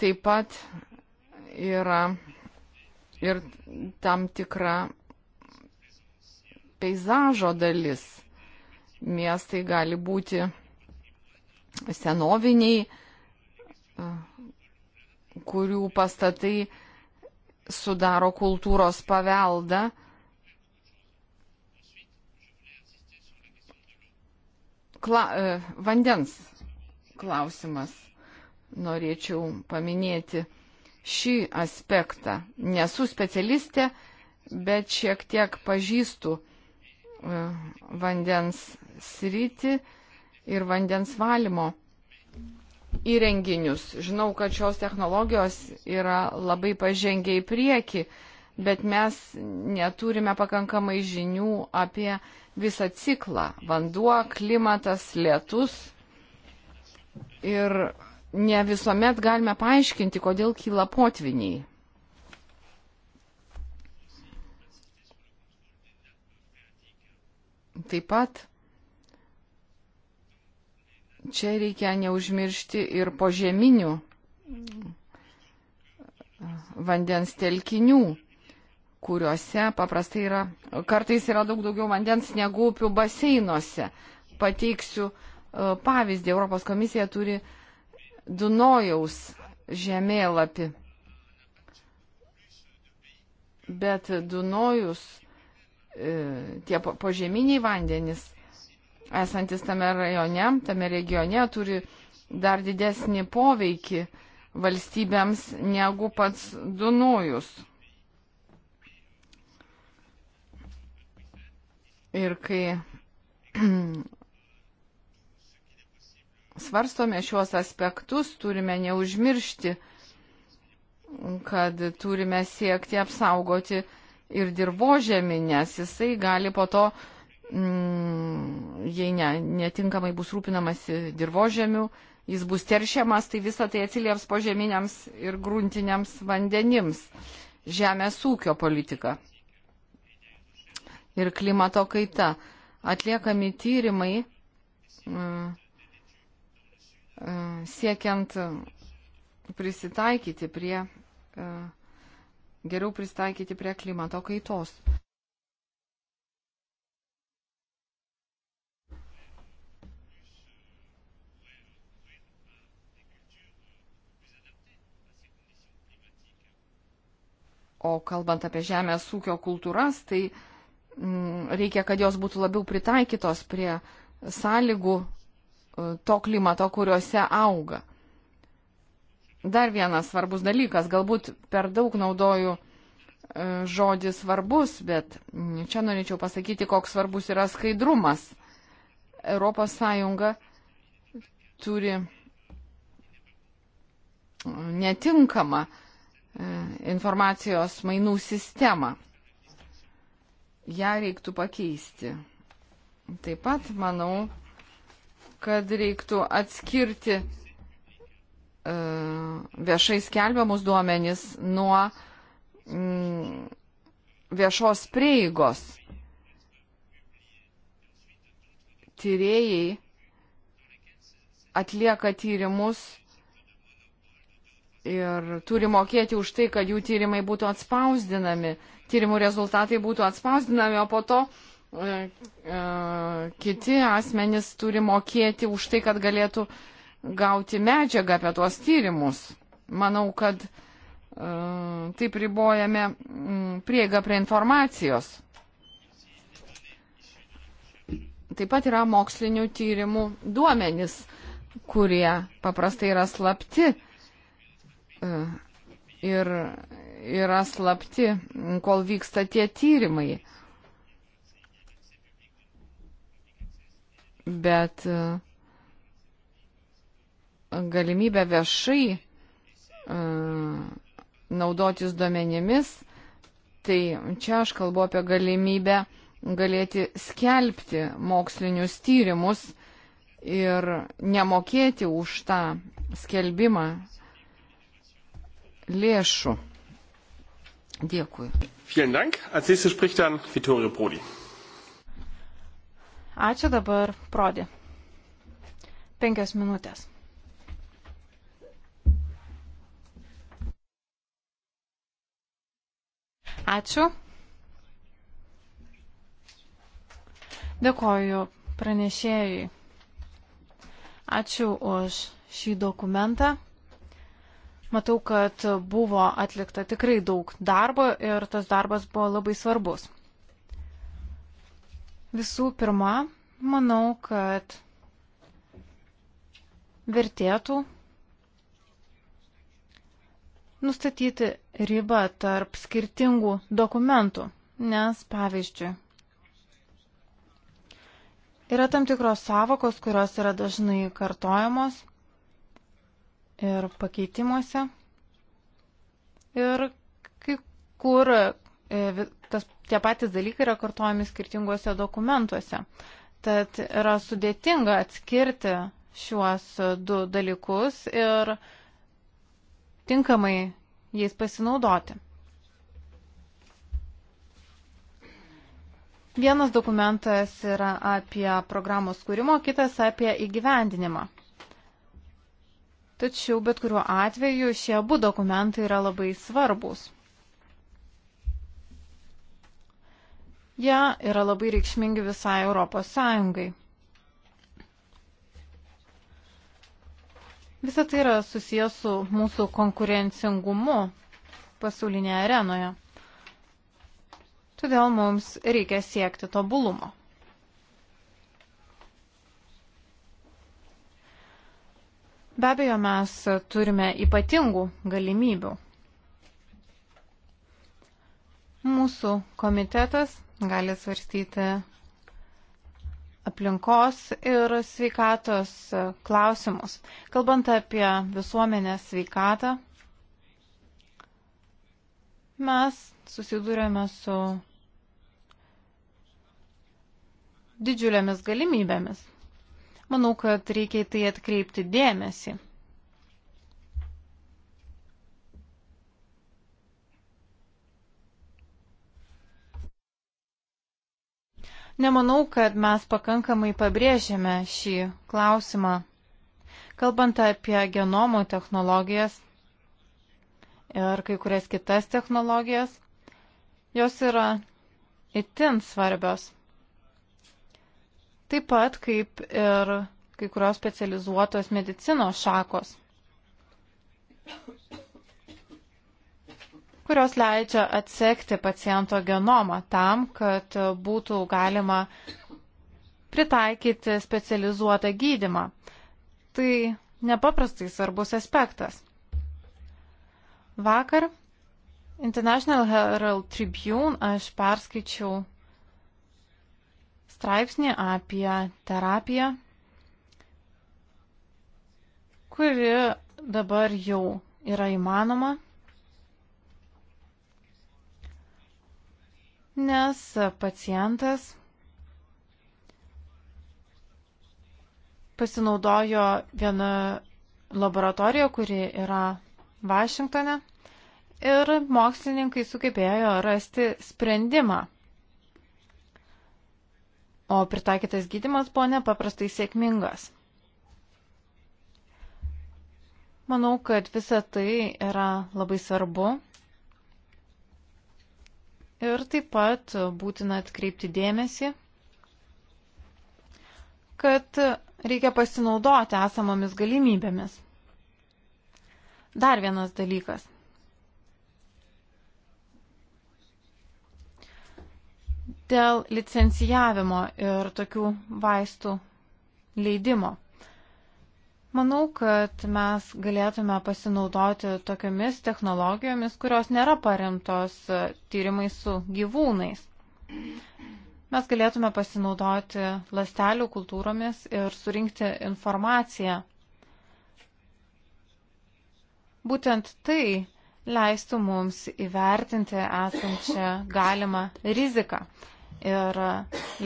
taip pat yra ir tam tikra peizažo dalis. Miestai gali būti senoviniai, kurių pastatai sudaro kultūros paveldą. Kla, e, vandens klausimas. Norėčiau paminėti šį aspektą. Nesu specialistė, bet šiek tiek pažįstu E, vandens sritį ir vandens valymo įrenginius. Žinau, kad šios technologijos yra labai pažengiai į priekį, bet mes neturime pakankamai žinių apie visą ciklą - vanduo, klimatas, lietus. Ir ne visuomet galime paaiškinti, kodėl kyla potviniai. Taip pat čia reikia neužmiršti ir požeminių e, vandens telkinių, kuriuose paprastai yra, kartais yra daug daugiau vandens negu upių baseinuose. Pateiksiu e, pavyzdį, Europos komisija turi Dunojaus žemėlapį. Bet Dunojus E, tie požeminiai vandenys esantis tame rajone, tame regione turi dar didesnį poveikį valstybėms negu pats Dunojus. Ir kai svarstome šiuos aspektus, turime neužmiršti, kad turime siekti apsaugoti ir dirbožėmį, nes jisai gali po to, mm, jei ne, netinkamai bus rūpinamasi dirbožėmiu, jis bus teršiamas, tai visą tai atsilieps požeminiams ir gruntiniams vandenims. Žemės ūkio politika ir klimato kaita. Atliekami tyrimai mm, mm siekiant prisitaikyti prie mm, geriau pristaikyti prie klimato kaitos. O kalbant apie žemės ūkio kultūras, tai m, mm, reikia, kad jos būtų labiau pritaikytos prie sąlygų e, to klimato, kuriuose auga dar vienas svarbus dalykas. Galbūt per daug naudoju e, žodį svarbus, bet čia norėčiau pasakyti, koks svarbus yra skaidrumas. Europos Sąjunga turi e, netinkamą e, informacijos mainų sistemą. Ja reiktų pakeisti. Taip pat manau, kad reiktų atskirti E, viešai skelbiamus duomenis nuo mm, viešos prieigos. Tyrėjai atlieka tyrimus ir turi mokėti už tai, kad jų tyrimai būtų atspausdinami, tyrimų rezultatai būtų atspausdinami, o po to e, e, kiti asmenys turi mokėti už tai, kad galėtų e, gauti medžiagą apie tuos tyrimus. Manau, kad uh, taip ribojame um, prieigą prie informacijos. Taip pat yra mokslinių tyrimų duomenys, kurie paprastai yra slapti. Uh, ir yra slapti, kol vyksta tie tyrimai. Bet uh, galimybę viešai e, naudotis duomenimis, tai čia aš kalbu apie galimybę galėti skelbti mokslinius tyrimus ir nemokėti už tą skelbimą lėšų. Dėkui. Ačiū dabar, Prodi. Penkios minutės. Ačiū. Dėkoju pranešėjui. Ačiū už šį dokumentą. Matau, kad buvo atlikta tikrai daug darbo ir tas darbas buvo labai svarbus. Visų pirma, manau, kad vertėtų nustatyti ribą tarp skirtingų dokumentų, nes pavyzdžiui, yra tam tikros savokos, kurios yra dažnai kartojamos ir pakeitimuose. Ir kai kur e, tas, tie patys dalykai yra kartojami skirtinguose dokumentuose. Tad yra sudėtinga atskirti šiuos e, du dalykus ir uh, tinkamai jais pasinaudoti. Vienas dokumentas yra apie programos kūrimo, kitas apie įgyvendinimą. Tačiau bet kuriuo atveju šie abu dokumentai yra labai svarbus. Jie ja, yra labai reikšmingi visai Europos Sąjungai. Visą tai yra susijęs su mūsų konkurencingumu pasaulinėje arenoje. Todėl mums reikia siekti tobulumo. Be abejo, mes turime ypatingų galimybių. Mūsų komitetas gali svarstyti aplinkos ir sveikatos klausimus. Kalbant apie visuomenės sveikatą, mes susidūrėme su didžiulėmis galimybėmis. Manau, kad reikia į tai atkreipti dėmesį. Nemanau, kad mes pakankamai pabrėžėme šį klausimą. Kalbant apie genomų technologijas ir kai kurias kitas technologijas, jos yra itin svarbios. Taip pat kaip ir kai kurios specializuotos medicinos šakos kurios leidžia atsekti paciento genomą tam, kad būtų galima pritaikyti specializuotą gydimą. Tai nepaprastai svarbus aspektas. Vakar International Herald Tribune aš perskaičiau straipsnį apie terapiją, kuri dabar jau yra įmanoma nes pacientas pasinaudojo vieną laboratoriją, kuri yra Vašingtone ir mokslininkai sugebėjo rasti sprendimą. O pritaikytas gydimas buvo nepaprastai sėkmingas. Manau, kad visa tai yra labai svarbu Ir taip pat būtina atkreipti dėmesį, kad reikia pasinaudoti esamomis galimybėmis. Dar vienas dalykas. Dėl licencijavimo ir tokių vaistų leidimo. Manau, kad mes galėtume pasinaudoti tokiamis technologijomis, kurios nėra paremtos e, tyrimais su gyvūnais. Mes galėtume pasinaudoti lastelių kultūromis ir surinkti informaciją. Būtent tai leistų mums įvertinti esančią galimą riziką ir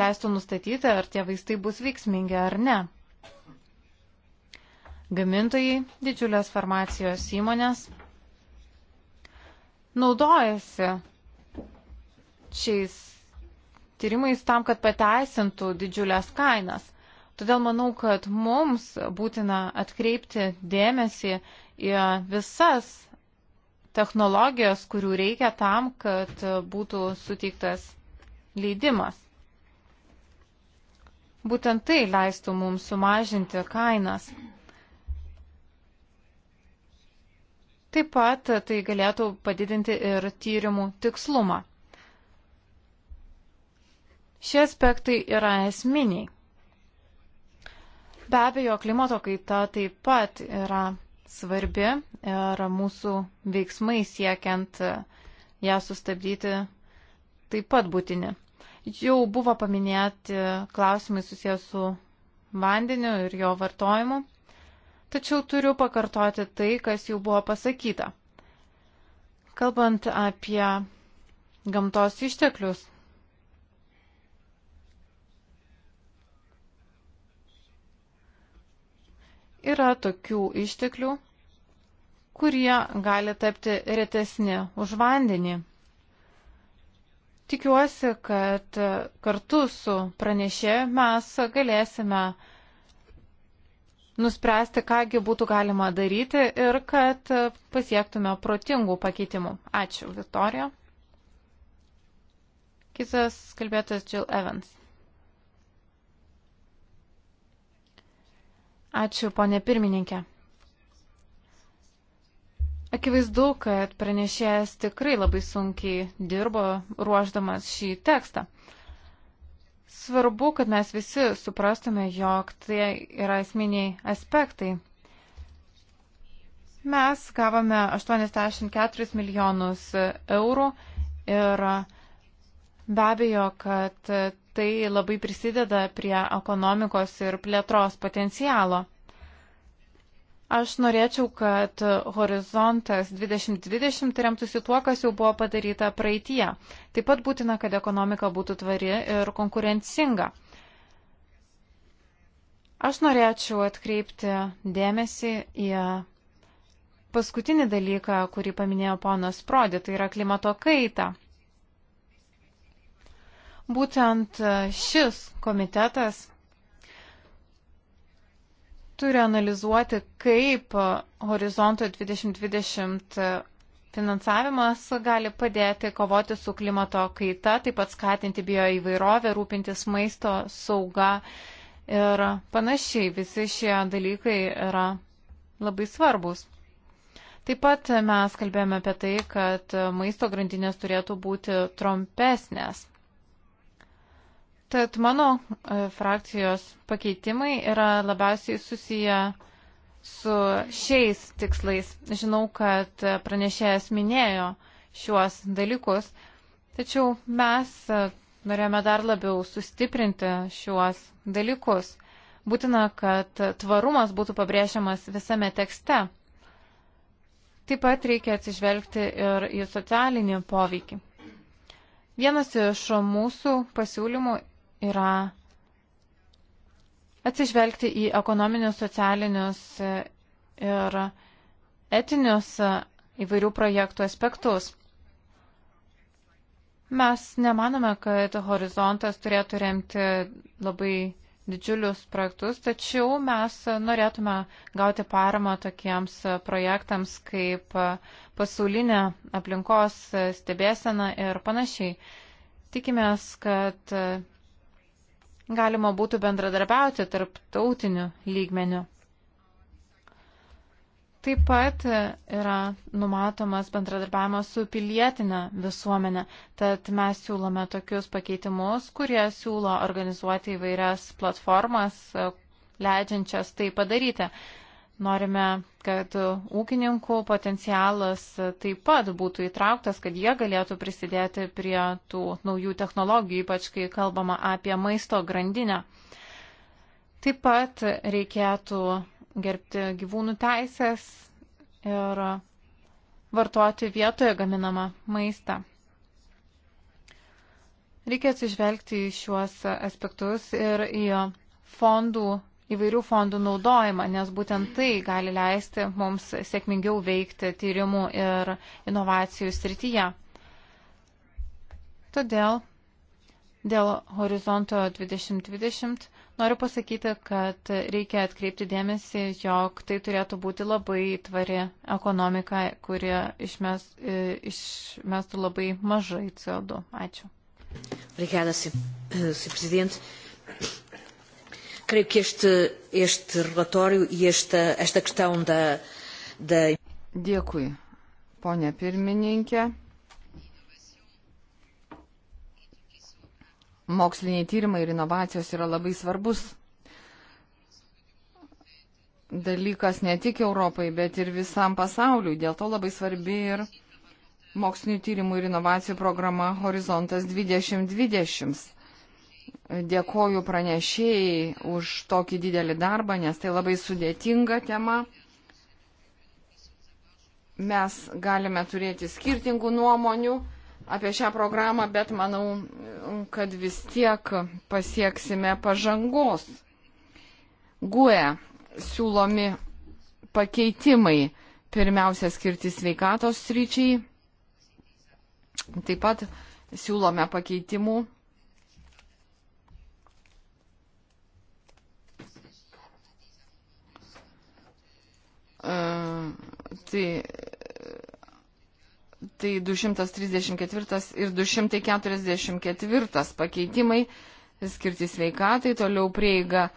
leistų nustatyti, ar tie vaistai bus veiksmingi ar ne. Gamintojai, didžiulės farmacijos įmonės naudojasi šiais tyrimais tam, kad pateisintų didžiulės kainas. Todėl manau, kad mums būtina atkreipti dėmesį į visas technologijos, kurių reikia tam, kad būtų suteiktas leidimas. Būtent tai leistų mums sumažinti kainas. Taip pat tai galėtų padidinti ir tyrimų tikslumą. Šie aspektai yra esminiai. Be abejo, klimato kaita taip pat yra svarbi ir mūsų veiksmai siekiant ją sustabdyti taip pat būtini. Jau buvo paminėti klausimai susijęs su vandeniu ir jo vartojimu. Tačiau turiu pakartoti tai, kas jau buvo pasakyta. Kalbant apie gamtos išteklius. Yra tokių išteklių, kurie gali tapti retesni už vandenį. Tikiuosi, kad kartu su pranešė mes galėsime uh, nuspręsti, kągi būtų galima daryti ir kad pasiektume protingų pakeitimų. Ačiū, Viktorija. Kitas kalbėtas Jill Evans. Ačiū, ponė pirmininkė. Akivaizdu, kad pranešėjas tikrai labai sunkiai dirbo ruoždamas šį tekstą. Svarbu, kad mes visi suprastume, jog tai yra esminiai aspektai. Mes gavome 84 milijonus eurų ir be abejo, kad tai labai prisideda prie ekonomikos ir plėtros potencialo. Aš norėčiau, kad horizontas 2020 remtųsi tuo, kas jau buvo padaryta praeitie. Taip pat būtina, kad ekonomika būtų tvari ir konkurencinga. Aš norėčiau atkreipti dėmesį į paskutinį dalyką, kurį paminėjo ponas Prodė, tai yra klimato kaita. Būtent šis komitetas turi analizuoti, kaip horizonto 2020 finansavimas gali padėti kovoti su klimato kaita, taip pat skatinti bioįvairovę, rūpintis maisto sauga ir panašiai. Visi šie dalykai yra labai svarbus. Taip pat mes kalbėjome apie tai, kad maisto grandinės turėtų būti trumpesnės. Tad mano e, frakcijos pakeitimai yra labiausiai susiję su šiais tikslais. Žinau, kad pranešėjas minėjo šiuos dalykus, tačiau mes e, norėjome dar labiau sustiprinti šiuos dalykus. Būtina, kad tvarumas būtų pabrėžiamas visame tekste. Taip pat reikia atsižvelgti ir į socialinį poveikį. Vienas iš mūsų pasiūlymų yra atsižvelgti į ekonominius, socialinius ir etinius įvairių projektų aspektus. Mes nemanome, kad horizontas turėtų remti labai didžiulius projektus, tačiau mes norėtume gauti paramą tokiems projektams kaip pasaulinė aplinkos stebėsena ir panašiai. Tikimės, kad galima būtų bendradarbiauti tarptautiniu lygmeniu. Taip pat yra numatomas bendradarbiavimas su pilietinė visuomenė, tad mes siūlome tokius pakeitimus, kurie siūlo organizuoti įvairias platformas, leidžiančias tai padaryti. Norime, kad ūkininkų potencialas taip pat būtų įtrauktas, kad jie galėtų prisidėti prie tų naujų technologijų, ypač kai kalbama apie maisto grandinę. Taip pat reikėtų gerbti gyvūnų teisės ir vartoti vietoje gaminamą maistą. Reikia atsižvelgti į šiuos aspektus ir į fondų įvairių fondų naudojimą, nes būtent tai gali leisti mums sėkmingiau veikti tyrimų ir inovacijų srityje. Todėl dėl horizonto 2020 noriu pasakyti, kad reikia atkreipti dėmesį, jog tai turėtų būti labai tvari ekonomika, kurie išmes, e, išmestų labai mažai CO2. Ačiū. Obrigada, Sr. Presidente. Creio que este, este relatório e esta, esta questão da, da. Dėkui, ponia pirmininkė. Moksliniai tyrimai ir inovacijos yra labai svarbus dalykas ne tik Europai, bet ir visam pasauliui. Dėl to labai svarbi ir mokslinių tyrimų ir inovacijų programa Horizontas 2020 Dėkoju pranešėjai už tokį didelį darbą, nes tai labai sudėtinga tema. Mes galime turėti skirtingų nuomonių apie šią programą, bet manau, kad vis tiek pasieksime pažangos. GUE siūlomi pakeitimai pirmiausia skirti sveikatos sryčiai. Taip pat siūlome pakeitimų tai, tai 234 ir 244 pakeitimai skirti sveikatai, toliau prieiga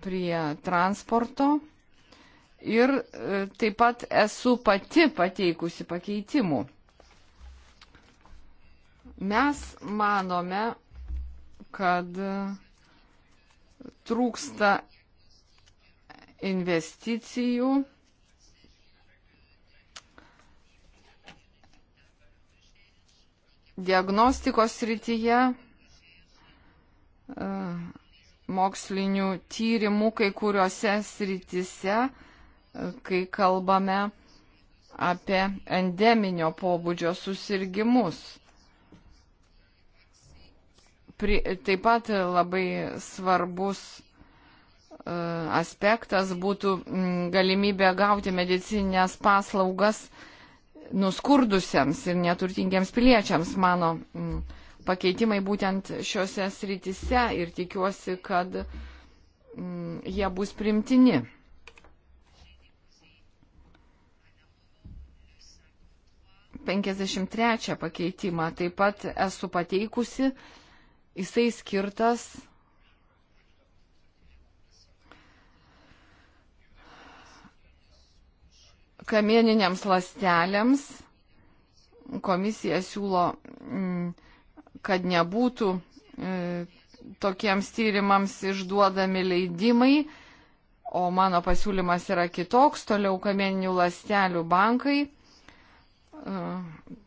prie transporto. Ir e, taip pat esu pati pateikusi pakeitimų. Mes manome, kad e, trūksta investicijų. Diagnostikos srityje e, mokslinių tyrimų kai kuriuose srityse, e, kai kalbame apie endeminio pobūdžio susirgymus. Pri, taip pat labai svarbus E, aspektas būtų galimybė gauti medicinės paslaugas nuskurdusiems ir neturtingiems piliečiams mano pakeitimai būtent šiuose srityse ir tikiuosi, kad jie bus primtini. Penkiasdešimt trečią pakeitimą taip pat esu pateikusi, jisai skirtas kamieninėms lastelėms komisija siūlo, mm, kad nebūtų e, tokiems tyrimams išduodami leidimai, o mano pasiūlymas yra kitoks, toliau kamieninių lastelių bankai. E,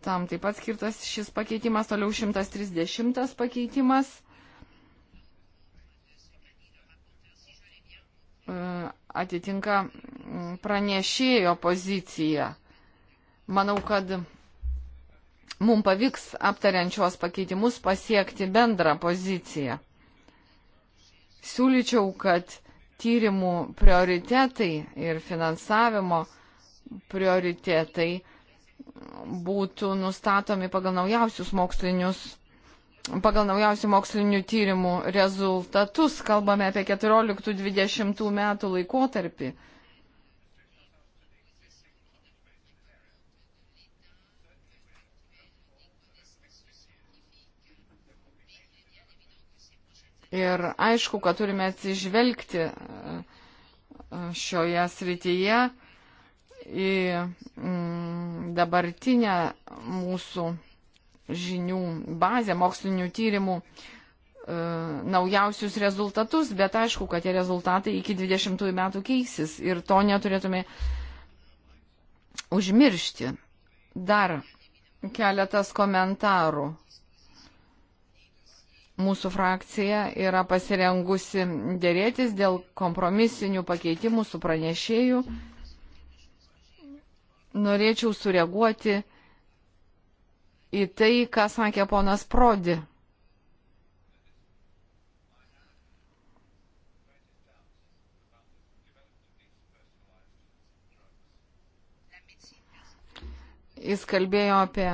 tam taip pat skirtas šis pakeitimas, toliau 130 pakeitimas e, atitinka mm, pranešėjo poziciją. Manau, kad mums pavyks aptariančios pakeitimus pasiekti bendrą poziciją. Siūlyčiau, kad tyrimų prioritetai ir finansavimo prioritetai būtų nustatomi pagal naujausius mokslinius pagal naujausių mokslinių tyrimų rezultatus kalbame apie 14-20 metų laikotarpį. Ir aišku, kad turime atsižvelgti e, šioje srityje į mm, dabartinę mūsų žinių bazę, mokslinių tyrimų e, naujausius rezultatus, bet aišku, kad tie rezultatai iki 20 metų keisis ir to neturėtume užmiršti. Dar keletas komentarų. Mūsų frakcija yra pasirengusi dėrėtis dėl kompromisinių pakeitimų su pranešėju. Norėčiau sureaguoti į tai, ką sakė ponas Prodi. Jis kalbėjo apie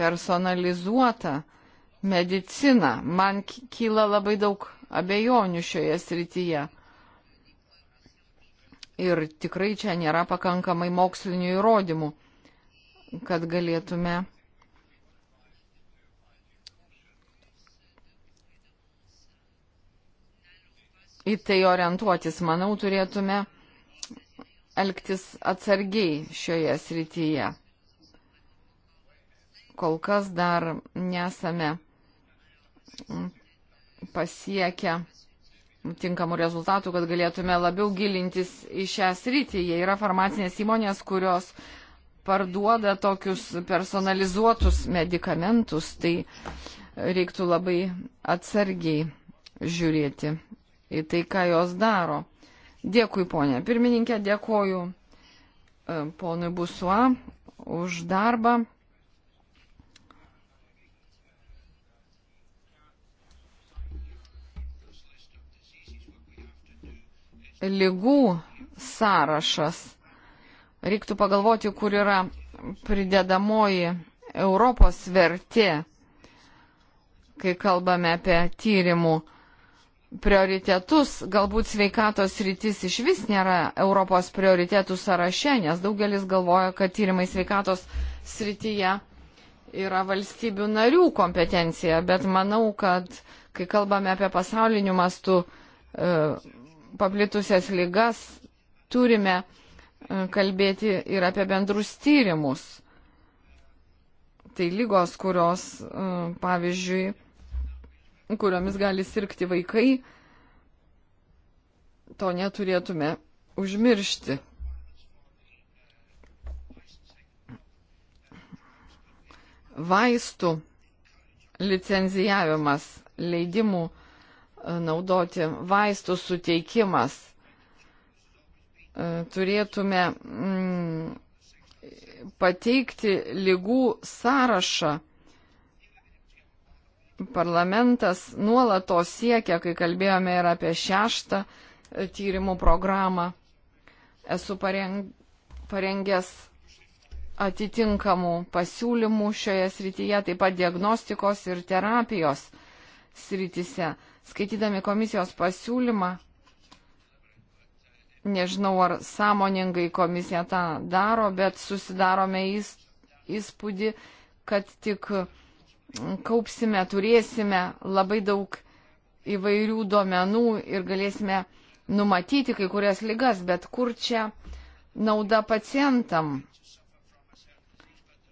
personalizuotą mediciną. Man kyla labai daug abejonių šioje srityje. Ir tikrai čia nėra pakankamai mokslinių įrodymų kad galėtume į tai orientuotis. Manau, turėtume elgtis atsargiai šioje srityje. Kol kas dar nesame pasiekę tinkamų rezultatų, kad galėtume labiau gilintis į šią sritį. Jie yra farmacinės įmonės, kurios parduoda tokius personalizuotus medikamentus, tai reiktų labai atsargiai žiūrėti į tai, ką jos daro. Dėkui, ponė. Pirmininkė, dėkoju e, ponui Busua už darbą. Ligų sąrašas reiktų pagalvoti, kur yra pridedamoji Europos vertė, kai kalbame apie tyrimų prioritetus. Galbūt sveikatos rytis iš vis nėra Europos prioritetų sąraše, nes daugelis galvoja, kad tyrimai sveikatos srityje yra valstybių narių kompetencija, bet manau, kad kai kalbame apie pasaulinių mastų e, paplitusias lygas, turime E, kalbėti ir apie bendrus tyrimus. Tai lygos, kurios, e, pavyzdžiui, kuriomis gali sirgti vaikai, to neturėtume užmiršti. Vaistų licenzijavimas, leidimų e, naudoti vaistų suteikimas – turėtume mm, pateikti lygų sąrašą. Parlamentas nuolato siekia, kai kalbėjome ir apie šeštą e, tyrimų programą. Esu parengęs atitinkamų pasiūlymų šioje srityje, taip pat diagnostikos ir terapijos srityse. Skaitydami komisijos pasiūlymą, Nežinau, ar sąmoningai komisija tą daro, bet susidarome įspūdį, kad tik mm, kaupsime, turėsime labai daug įvairių duomenų ir galėsime numatyti kai kurias lygas, bet kur čia nauda pacientam?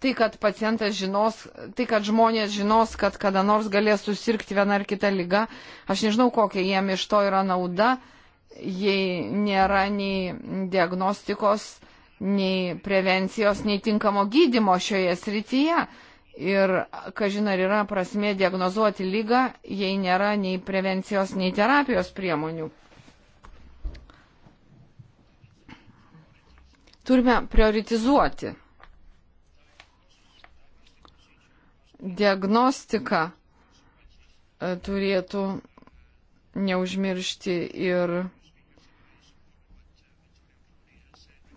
Tai, kad pacientas žinos, tai, kad žmonės žinos, kad kada nors galės susirgti vieną ar kitą lygą, aš nežinau, kokia jiem iš to yra nauda. Uh, jei nėra nei diagnostikos, nei prevencijos, nei tinkamo gydimo šioje srityje. Ir, kažin ar yra prasmė diagnozuoti lygą, jei nėra nei prevencijos, nei terapijos priemonių. Turime prioritizuoti. Diagnostika e, turėtų neužmiršti ir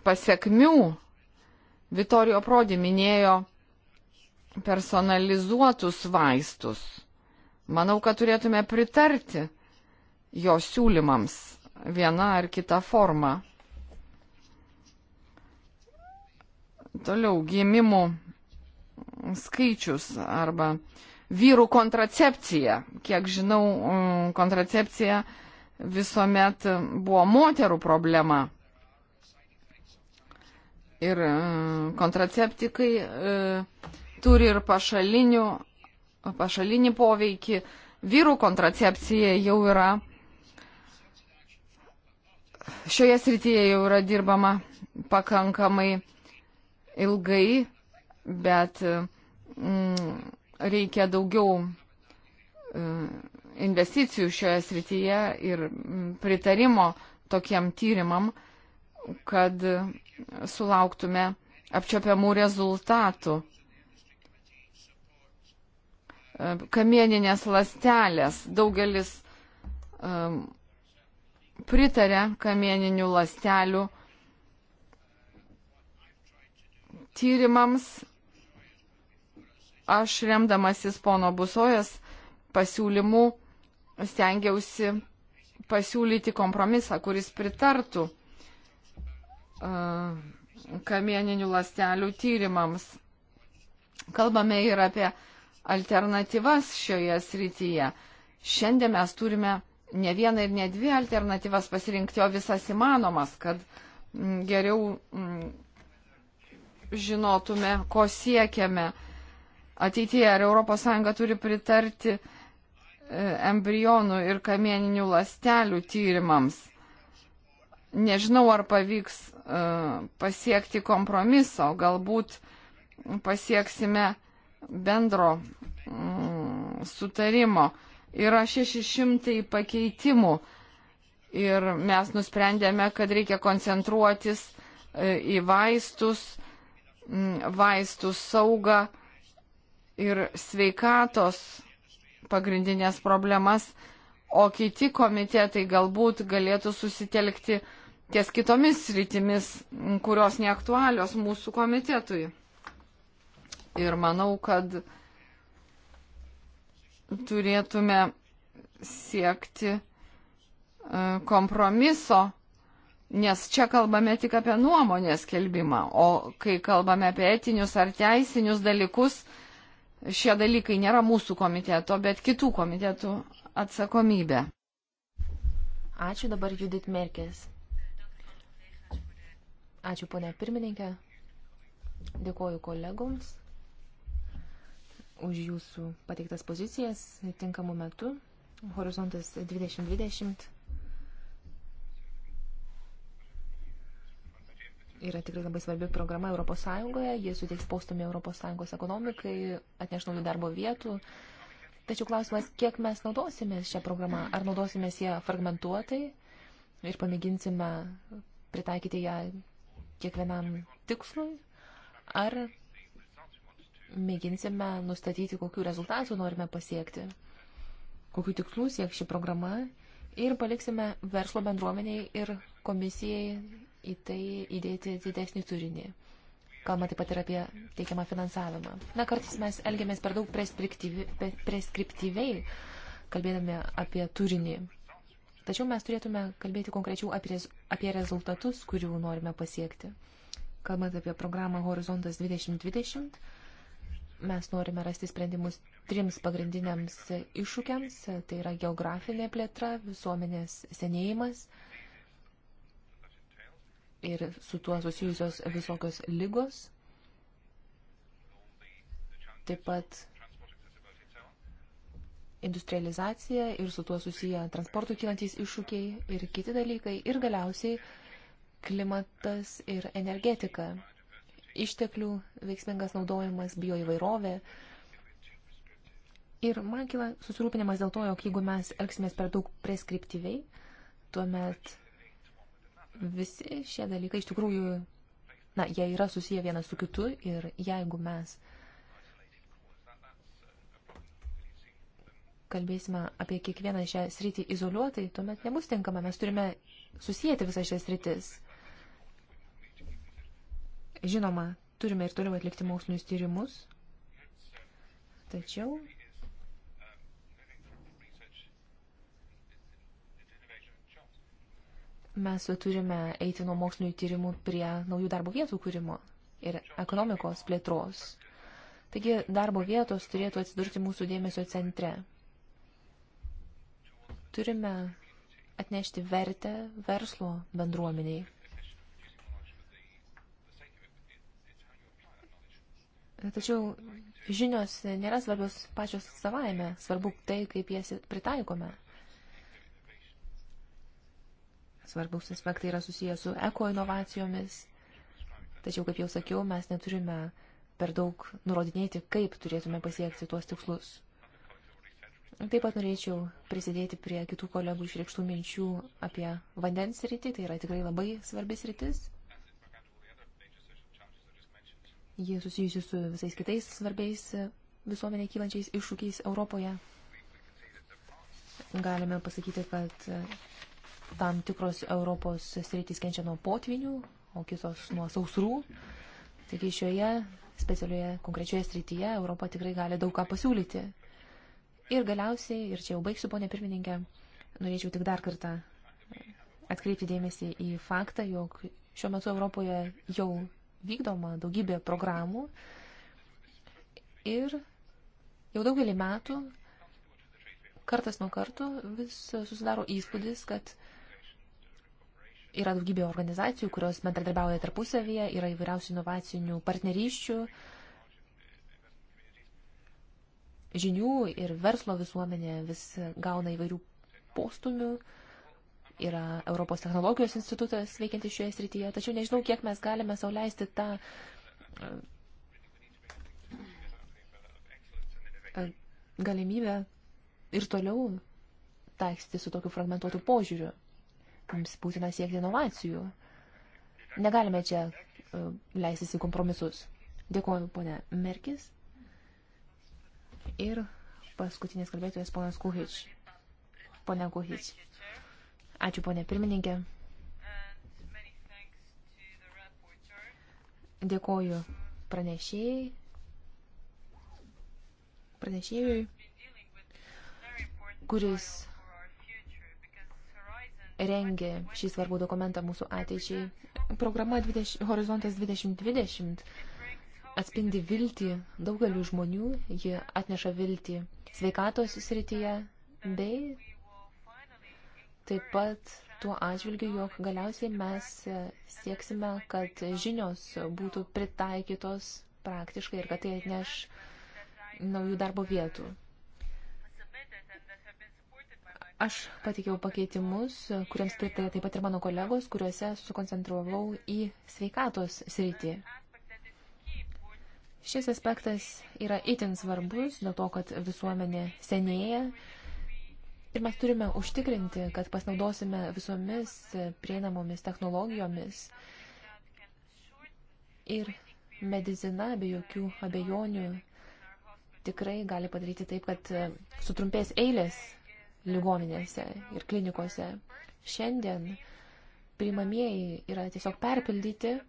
pasiekmių. Vitorijo Prodi minėjo personalizuotus vaistus. Manau, kad turėtume pritarti jo siūlymams viena ar kita forma. Toliau gimimų skaičius arba vyrų kontracepcija. Kiek žinau, kontracepcija visuomet buvo moterų problema ir e, kontraceptikai e, turi ir pašalinių, pašalinį poveikį. Vyrų kontracepcija jau yra, šioje srityje jau yra dirbama pakankamai ilgai, bet mm, reikia daugiau investicijų šioje srityje ir pritarimo tokiem tyrimam kad sulauktume apčiopiamų rezultatų. Kamieninės lastelės. Daugelis um, pritarė kamieninių lastelių tyrimams. Aš remdamasis pono Busojas pasiūlymų stengiausi pasiūlyti kompromisą, kuris pritartų kamieninių lastelių tyrimams. Kalbame ir apie alternatyvas šioje srityje. Šiandien mes turime ne vieną ir ne dvi alternatyvas pasirinkti, o visas įmanomas, kad mm, geriau mm, žinotume, ko siekiame ateityje. Ar ES turi pritarti e, embrionų ir kamieninių lastelių tyrimams? Nežinau, ar pavyks uh, pasiekti kompromiso, galbūt pasieksime bendro mm, sutarimo. Yra 600 pakeitimų ir mes nusprendėme, kad reikia koncentruotis e, į vaistus, mm, vaistų saugą ir sveikatos pagrindinės problemas, o kiti komitetai galbūt galėtų susitelkti uh, ties kitomis rytimis, kurios neaktualios mūsų komitetui. Ir manau, kad turėtume siekti e, kompromiso, nes čia kalbame tik apie nuomonės kelbimą, o kai kalbame apie etinius ar teisinius dalykus, šie dalykai nėra mūsų komiteto, bet kitų komitetų atsakomybė. Ačiū dabar Judith Merkės. Ačiū, ponė pirmininkė. Dėkoju kolegoms už jūsų pateiktas pozicijas tinkamu metu. Horizontas 2020 yra tikrai labai svarbi programa Europos Sąjungoje. Jie suteiks postumį Europos Sąjungos ekonomikai, atneš naujų darbo vietų. Tačiau klausimas, kiek mes naudosimės šią programą? Ar naudosimės ją fragmentuotai ir pamėginsime pritaikyti ją kiekvienam tikslui, ar mėginsime nustatyti, kokiu rezultatu norime pasiekti, kokiu tikslu siek ši programa ir paliksime verslo bendruomeniai ir komisijai į tai įdėti didesnį turinį. Kalbama taip pat ir apie teikiamą finansavimą. Na, kartais mes elgiamės per daug preskriptyviai, kalbėdami apie turinį. Tačiau mes turėtume kalbėti konkrečiau apie, apie rezultatus, kurių norime pasiekti. Kalbant apie programą Horizontas 2020, mes norime rasti sprendimus trims pagrindiniams iššūkiams. Tai yra geografinė plėtra, visuomenės senėjimas ir su tuo susijusios visokios lygos. Taip pat industrializacija ir su tuo susiję transportų kilantys iššūkiai ir kiti dalykai ir galiausiai klimatas ir energetika, išteklių veiksmingas naudojimas, bioįvairovė. Ir man kyla susirūpinimas dėl to, jog jeigu mes elgsimės per daug preskriptyviai, tuomet visi šie dalykai iš tikrųjų, na, jie yra susiję vienas su kitu ir jeigu mes uh, kalbėsime apie kiekvieną šią sritį izoliuotai, tuomet nebus tinkama. Mes turime susijęti visas šias sritis. Žinoma, turime ir toliau atlikti mokslinius tyrimus, tačiau mes turime eiti nuo mokslinių tyrimų prie naujų darbo vietų kūrimo ir ekonomikos plėtros. Taigi darbo vietos turėtų atsidurti mūsų dėmesio centre. Turime atnešti vertę verslo bendruomeniai. Tačiau žinios nėra svarbios pačios savaime, svarbu tai, kaip jas pritaikome. Svarbus aspektai yra susijęs su ekoinovacijomis, tačiau, kaip jau sakiau, mes neturime per daug nurodinėti, kaip turėtume pasiekti tuos tikslus. Taip pat norėčiau prisidėti prie kitų kolegų išreikštų minčių apie vandens rytį. Tai yra tikrai labai svarbis rytis. Ji susijusi su visais kitais svarbiais visuomenė kylančiais iššūkiais Europoje. Galime pasakyti, kad tam tikros Europos sritys kenčia nuo potvinių, o kitos nuo sausrų. Taigi šioje specialioje konkrečioje srityje Europa tikrai gali daug ką pasiūlyti. Ir galiausiai, ir čia jau baigsiu, ponė pirmininkė, norėčiau tik dar kartą atkreipti dėmesį į faktą, jog šiuo metu Europoje jau vykdoma daugybė programų ir jau daugelį metų kartas nuo kartų vis susidaro įspūdis, kad yra daugybė organizacijų, kurios bendradarbiauja tarpusavyje, yra įvairiausių inovacinių partnerysčių, uh, žinių ir verslo visuomenė vis gauna įvairių postumių. Yra Europos technologijos institutas veikiantis šioje srityje, tačiau nežinau, kiek mes galime sauliaisti tą e, galimybę ir toliau taikstyti su tokiu fragmentuotu požiūriu. Mums būtina siekti inovacijų. Negalime čia e, leistis į kompromisus. Dėkuoju, ponė Merkis. Ir paskutinis kalbėtojas ponas Kuhič. Pone Kuhič. Ačiū, ponė pirmininkė. Dėkoju pranešėjai. Pranešėjui, kuris rengė šį svarbų dokumentą mūsų ateičiai. Programa 20, Horizontas 2020 atspindi viltį daugeliu žmonių, ji atneša viltį sveikatos srityje bei taip pat tuo atžvilgiu, jog galiausiai mes sieksime, kad žinios būtų pritaikytos praktiškai ir kad tai atneš naujų darbo vietų. Aš patikėjau pakeitimus, kuriems pritarė taip pat ir mano kolegos, kuriuose sukoncentravau į sveikatos sritį. Šis aspektas yra itin svarbus dėl to, kad visuomenė senėja ir mes turime užtikrinti, kad pasinaudosime visomis prieinamomis technologijomis ir medicina be jokių abejonių tikrai gali padaryti taip, kad sutrumpės eilės ligoninėse ir klinikose. Šiandien priimamieji yra tiesiog perpildyti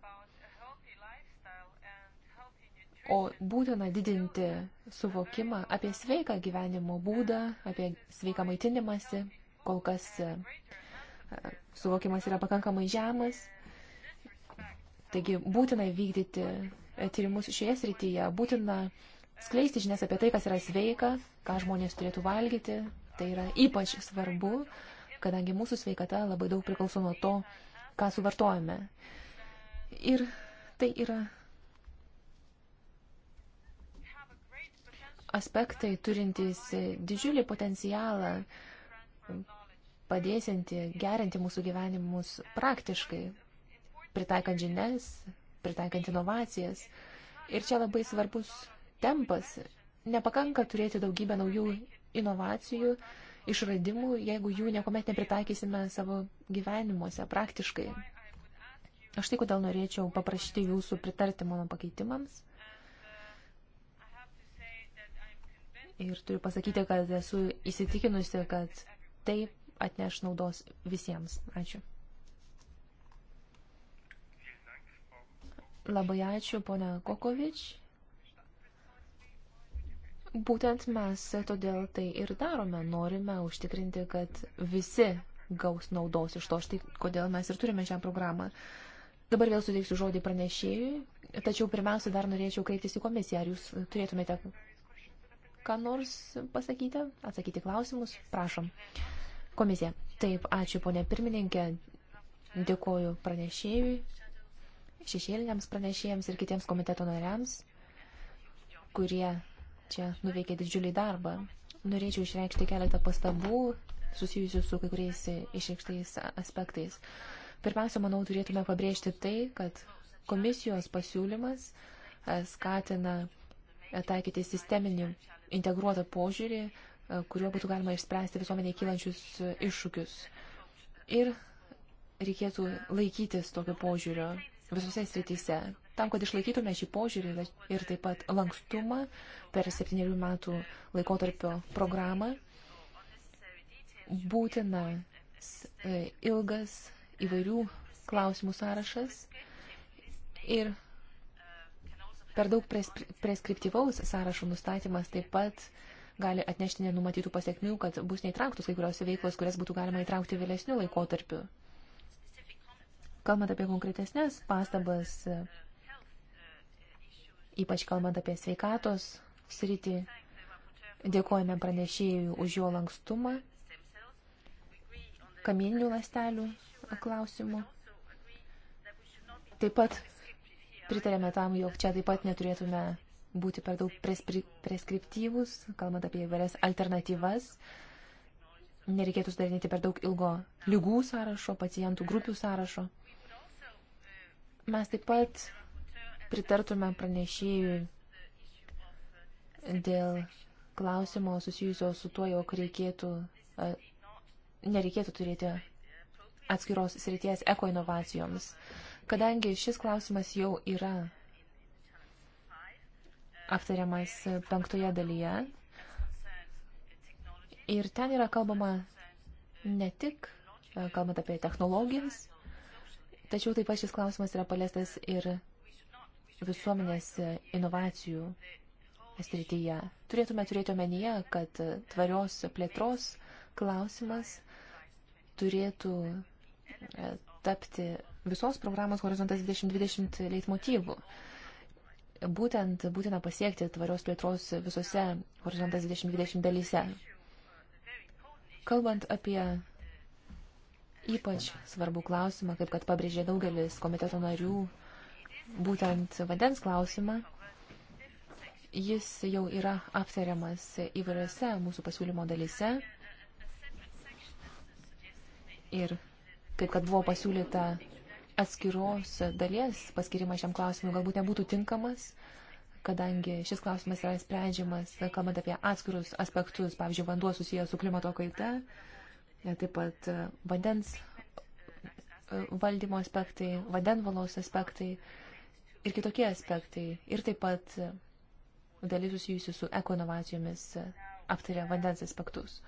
o būtina didinti suvokimą apie sveiką gyvenimo būdą, apie sveiką maitinimąsi. Kol kas e, suvokimas yra pakankamai žemas. Taigi būtina vykdyti e, tyrimus šioje srityje, būtina skleisti žinias apie tai, kas yra sveika, ką žmonės turėtų valgyti. Tai yra ypač svarbu, kadangi mūsų sveikata labai daug priklauso nuo to, ką suvartojame. Ir tai yra aspektai turintys didžiulį potencialą padėsinti, gerinti mūsų gyvenimus praktiškai, pritaikant žinias, pritaikant inovacijas. Ir čia labai svarbus tempas. Nepakanka turėti daugybę naujų inovacijų, išradimų, jeigu jų niekuomet nepritaikysime savo gyvenimuose praktiškai. Aš tai kodėl norėčiau paprašyti jūsų pritarti mano pakeitimams. Ir turiu pasakyti, kad esu įsitikinusi, kad tai atneš naudos visiems. Ačiū. Labai ačiū, ponia Kokovič. Būtent mes todėl tai ir darome. Norime užtikrinti, kad visi gaus naudos iš to. Štai kodėl mes ir turime šią programą. Dabar vėl suteiksiu žodį pranešėjui, tačiau pirmiausia dar norėčiau kreiptis į komisiją. Ar jūs turėtumėte ką nors pasakyti, atsakyti klausimus? Prašom. Komisija. Taip, ačiū ponė pirmininkė. Dėkoju pranešėjui, šešėliniams pranešėjams ir kitiems komiteto nariams, kurie čia nuveikė didžiulį darbą. Norėčiau išreikšti keletą pastabų susijusių su kai kuriais išreikštais aspektais. Pirmiausia, manau, turėtume pabrėžti tai, kad komisijos pasiūlymas e, skatina taikyti sisteminį integruotą požiūrį, e, kuriuo būtų galima išspręsti visuomeniai kylančius e, iššūkius. Ir reikėtų laikytis tokio požiūrio visose srityse. Tam, kad išlaikytume šį požiūrį ir taip pat lankstumą per septyniarių metų laikotarpio programą, būtina e, ilgas įvairių klausimų sąrašas ir Per daug preskriptyvaus sąrašo nustatymas taip pat gali atnešti nenumatytų pasiekmių, kad bus neįtrauktos kai kurios veiklos, kurias būtų galima įtraukti vėlesnių laikotarpių. Kalbant apie konkretesnės pastabas, ypač kalbant apie sveikatos sritį, dėkojame pranešėjui už jo lankstumą, kamieninių lastelių klausimų. Taip pat pritarėme tam, jog čia taip pat neturėtume būti per daug preskriptyvus, kalbant apie įvairias alternatyvas. Nereikėtų sudarinėti per daug ilgo lygų sąrašo, pacientų grupių sąrašo. Mes taip pat pritartume pranešėjui dėl klausimo susijusio su tuo, jog reikėtų, e, nereikėtų turėti atskiros srities ekoinovacijoms. inovacijoms Kadangi šis klausimas jau yra aptariamas penktoje dalyje ir ten yra kalbama ne tik, e, kalbant apie technologijas, tačiau taip pat šis klausimas yra paliestas ir visuomenės inovacijų srityje. Turėtume turėti omenyje, kad tvarios plėtros klausimas turėtų e, tapti visos programos Horizontas 2020 leitmotyvų. Būtent būtina pasiekti tvarios plėtros visose Horizontas 2020 dalyse. Kalbant apie ypač svarbų klausimą, kaip kad pabrėžė daugelis komiteto narių, būtent vandens klausimą, jis jau yra aptariamas įvairiose mūsų pasiūlymo dalyse. Ir kaip kad buvo pasiūlyta atskiros dalies paskirimas šiam klausimui galbūt nebūtų tinkamas, kadangi šis klausimas yra sprendžiamas, kalbant apie atskirus aspektus, pavyzdžiui, vanduo susijęs su klimato kaita, e, taip pat e, vandens e, valdymo aspektai, vandenvalos aspektai ir kitokie aspektai. Ir taip pat dalis susijusi su ekonovacijomis aptarė vandens aspektus.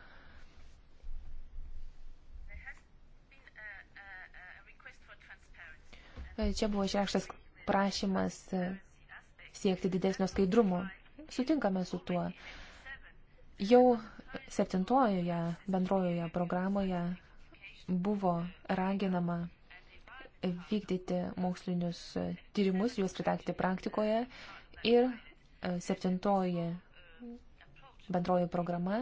Čia buvo išreikštas prašymas siekti didesnio skaidrumo. Sutinkame su tuo. Jau septintojoje bendrojoje programoje buvo raginama vykdyti mokslinius tyrimus, juos pritaikyti praktikoje ir e, septintoji bendroji programa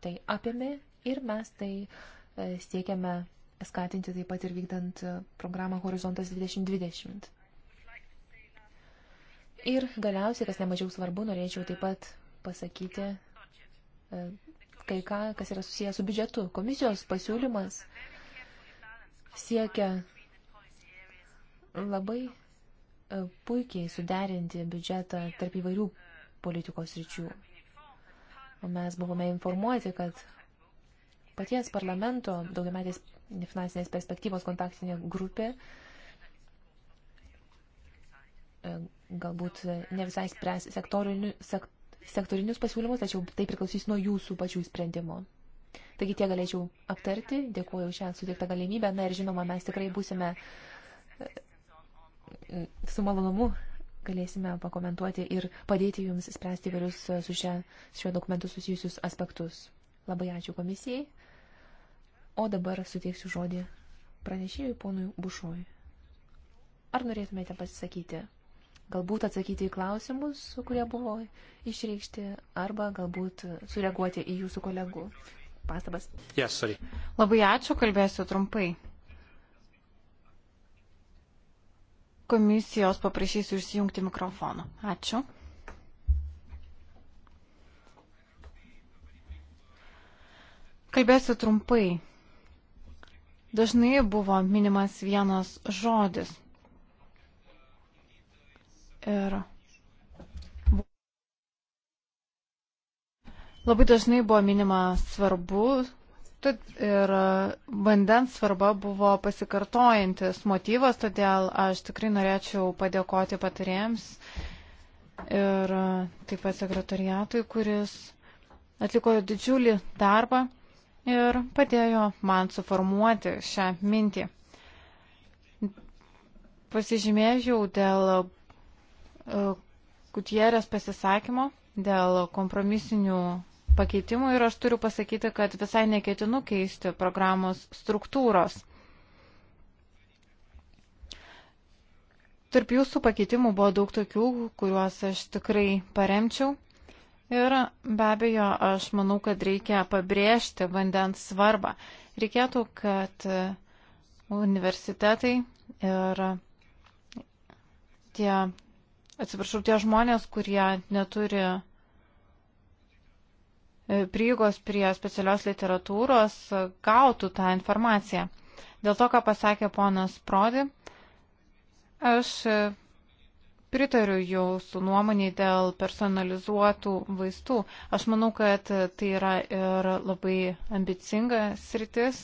tai apėmė ir mes tai e, siekiame skatinti taip pat ir vykdant e, programą Horizontas 2020. Ir galiausiai, kas nemažiau svarbu, norėčiau taip pat pasakyti e, kai ką, kas yra susijęs su biudžetu. Komisijos pasiūlymas siekia labai e, puikiai suderinti biudžetą tarp įvairių politikos ryčių. Mes buvome informuoti, kad paties parlamento daugiametės finansinės perspektyvos kontaktinė grupė e, galbūt ne visai spręs sektoriniu, sek, sektorinius pasiūlymus, tačiau tai priklausys nuo jūsų pačių sprendimo. Taigi tie galėčiau aptarti, dėkuoju šią suteiktą galimybę, na ir žinoma, mes tikrai būsime e, su malonumu galėsime pakomentuoti ir padėti jums spręsti įvairius su, šia, su šiuo dokumentu susijusius aspektus. Labai ačiū komisijai. O dabar suteiksiu žodį pranešėjui ponui Bušojui. Ar norėtumėte pasisakyti? Galbūt atsakyti į klausimus, kurie buvo išreikšti, arba galbūt sureaguoti į jūsų kolegų pastabas. Yes, sorry. Labai ačiū, kalbėsiu trumpai. Komisijos paprašysiu išsijungti mikrofoną. Ačiū. Kalbėsiu trumpai dažnai buvo minimas vienas žodis. Ir labai dažnai buvo minima svarbu Tad ir vandens svarba buvo pasikartojantis motyvas, todėl aš tikrai norėčiau padėkoti patarėjams ir taip pat sekretariatui, kuris atliko didžiulį darbą ir padėjo man suformuoti šią mintį. Pasižymėjau dėl e, Gutierės pasisakymo, dėl kompromisinių pakeitimų ir aš turiu pasakyti, kad visai neketinu keisti programos struktūros. Tarp jūsų pakeitimų buvo daug tokių, kuriuos aš tikrai paremčiau Ir be abejo, aš manau, kad reikia pabrėžti vandens svarbą. Reikėtų, kad universitetai ir tie, atsiprašau, tie žmonės, kurie neturi e, prieigos prie specialios literatūros, gautų tą informaciją. Dėl to, ką pasakė ponas Prodi, aš e, pritariu jūsų nuomonį dėl personalizuotų vaistų. Aš manau, kad tai yra ir labai ambicinga sritis.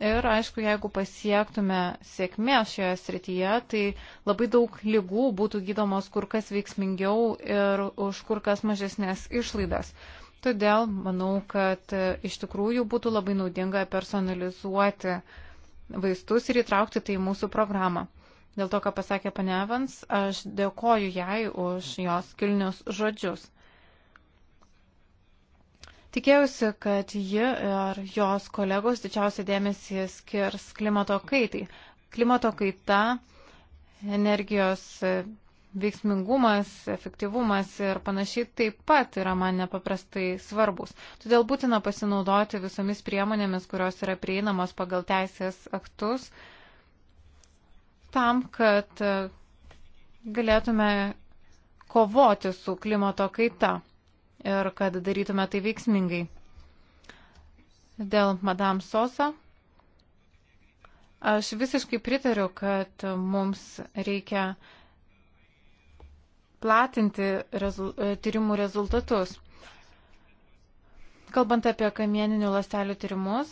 Ir aišku, jeigu pasiektume sėkmės šioje srityje, tai labai daug lygų būtų gydomos kur kas veiksmingiau ir už kur kas mažesnės išlaidas. Todėl manau, kad iš tikrųjų būtų labai naudinga personalizuoti vaistus ir įtraukti tai į mūsų programą. Dėl to, ką pasakė panevans, aš dėkoju jai už jos kilnius žodžius. Tikėjausi, kad ji ir jos kolegos didžiausią dėmesį skirs klimato kaitai. Klimato kaita, energijos veiksmingumas, efektyvumas ir panašiai taip pat yra man nepaprastai svarbus. Todėl būtina pasinaudoti visomis priemonėmis, kurios yra prieinamos pagal teisės aktus, uh, tam, kad e, galėtume kovoti su klimato kaita ir kad darytume tai veiksmingai. Dėl Madame Sosa. Aš visiškai pritariu, kad mums reikia platinti rezu, tyrimų rezultatus. Kalbant apie kamieninių lastelių tyrimus,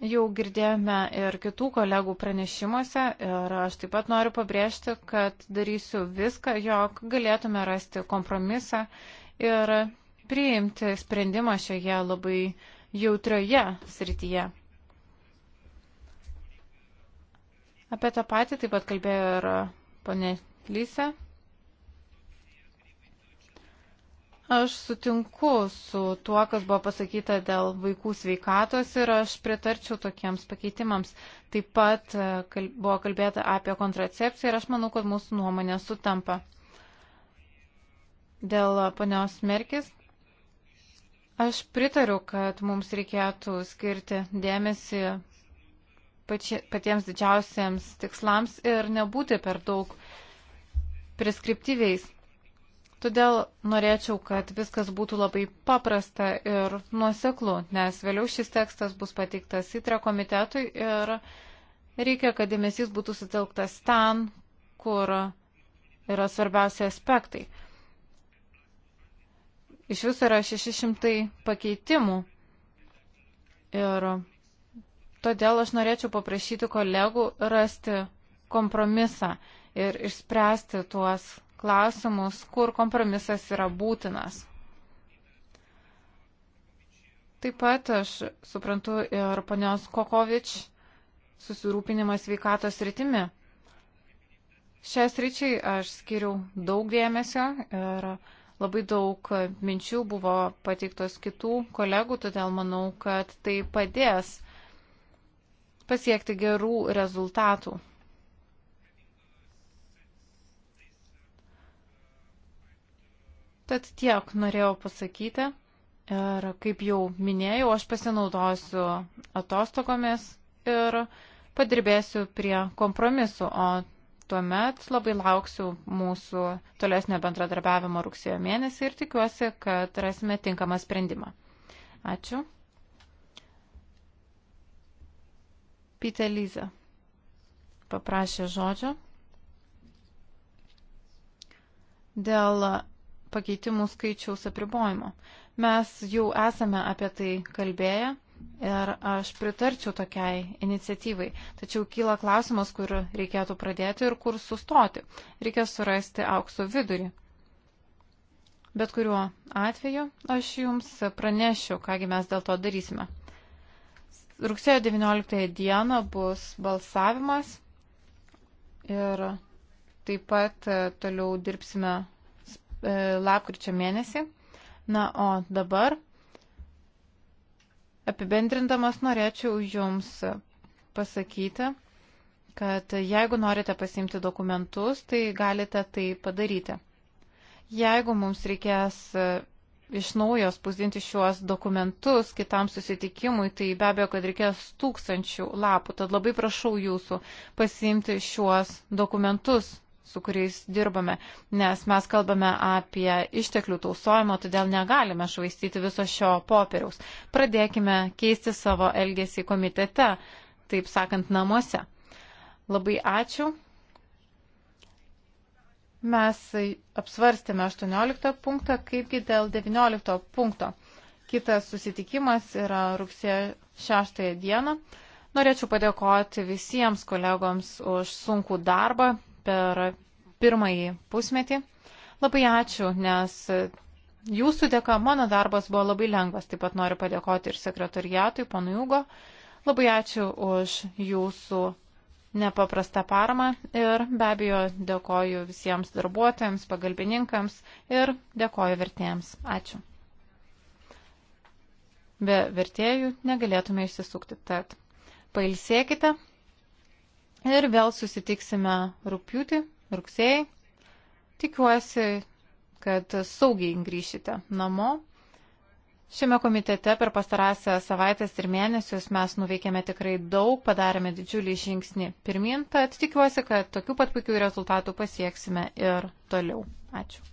Jau girdėjome ir kitų kolegų pranešimuose ir aš taip pat noriu pabrėžti, kad darysiu viską, jog galėtume rasti kompromisą ir priimti sprendimą šioje labai jautrioje srityje. Apie tą patį taip pat kalbėjo ir ponė Lyse. Aš sutinku su tuo, kas buvo pasakyta dėl vaikų sveikatos ir aš pritarčiau tokiems pakeitimams. Taip pat e, buvo kalbėta apie kontracepciją ir aš manau, kad mūsų nuomonė sutampa. Dėl panios Merkis Aš pritariu, kad mums reikėtų skirti dėmesį pači, patiems didžiausiems tikslams ir nebūti per daug preskriptyviais. Todėl norėčiau, kad viskas būtų labai paprasta ir nuoseklu, nes vėliau šis tekstas bus pateiktas įtre komitetui ir reikia, kad dėmesys būtų sutelktas ten, kur yra svarbiausi aspektai. Iš viso yra 600 pakeitimų ir todėl aš norėčiau paprašyti kolegų rasti kompromisą ir išspręsti tuos klausimus, kur kompromisas yra būtinas. Taip pat aš suprantu ir ponios Kokovič susirūpinimas veikatos rytimi. Šią sričiai aš skiriau daug dėmesio ir labai daug minčių buvo pateiktos kitų kolegų, todėl manau, kad tai padės pasiekti gerų rezultatų. Tad tiek norėjau pasakyti. Ir kaip jau minėjau, aš pasinaudosiu atostogomis ir padirbėsiu prie kompromisu, o tuomet labai lauksiu mūsų tolesnio bendradarbiavimo rugsėjo mėnesį ir tikiuosi, kad rasime tinkamą sprendimą. Ačiū. Pite Lyza paprašė žodžio dėl pakeitimų skaičiaus apribojimo. Mes jau esame apie tai kalbėję ir aš pritarčiau tokiai iniciatyvai. Tačiau kyla klausimas, kur reikėtų pradėti ir kur sustoti. Reikia surasti aukso vidurį. Bet kuriuo atveju aš jums pranešiu, kągi mes dėl to darysime. Rugsėjo 19 dieną bus balsavimas ir taip pat toliau dirbsime E, lapkričio mėnesį. Na, o dabar apibendrindamas norėčiau Jums pasakyti, kad jeigu norite pasimti dokumentus, tai galite tai padaryti. Jeigu mums reikės e, iš naujo spausdinti šiuos dokumentus kitam susitikimui, tai be abejo, kad reikės tūkstančių lapų. Tad labai prašau jūsų pasiimti šiuos dokumentus su kuriais dirbame, nes mes kalbame apie išteklių tausojimą, todėl negalime švaistyti viso šio popieriaus. Pradėkime keisti savo elgesį komitete, taip sakant, namuose. Labai ačiū. Mes apsvarstėme 18 punktą, kaipgi dėl 19 punkto. Kitas susitikimas yra rugsėjo 6 dieną. Norėčiau padėkoti visiems kolegoms už sunkų darbą, per pirmąjį pusmetį. Labai ačiū, nes jūsų dėka mano darbas buvo labai lengvas. Taip pat noriu padėkoti ir sekretariatui, panu Jugo. Labai ačiū už jūsų nepaprastą paramą ir be abejo dėkoju visiems darbuotojams, pagalbininkams ir dėkoju vertėjams. Ačiū. Be vertėjų negalėtume išsisukti, tad pailsėkite. Ir vėl susitiksime rūpjūtį, rugsėjai. Tikiuosi, kad saugiai grįšite namo. Šiame komitete per pastarąsią savaitęs ir mėnesius mes nuveikėme tikrai daug, padarėme didžiulį žingsnį pirmin, tad tikiuosi, kad tokių pat puikių rezultatų pasieksime ir toliau. Ačiū.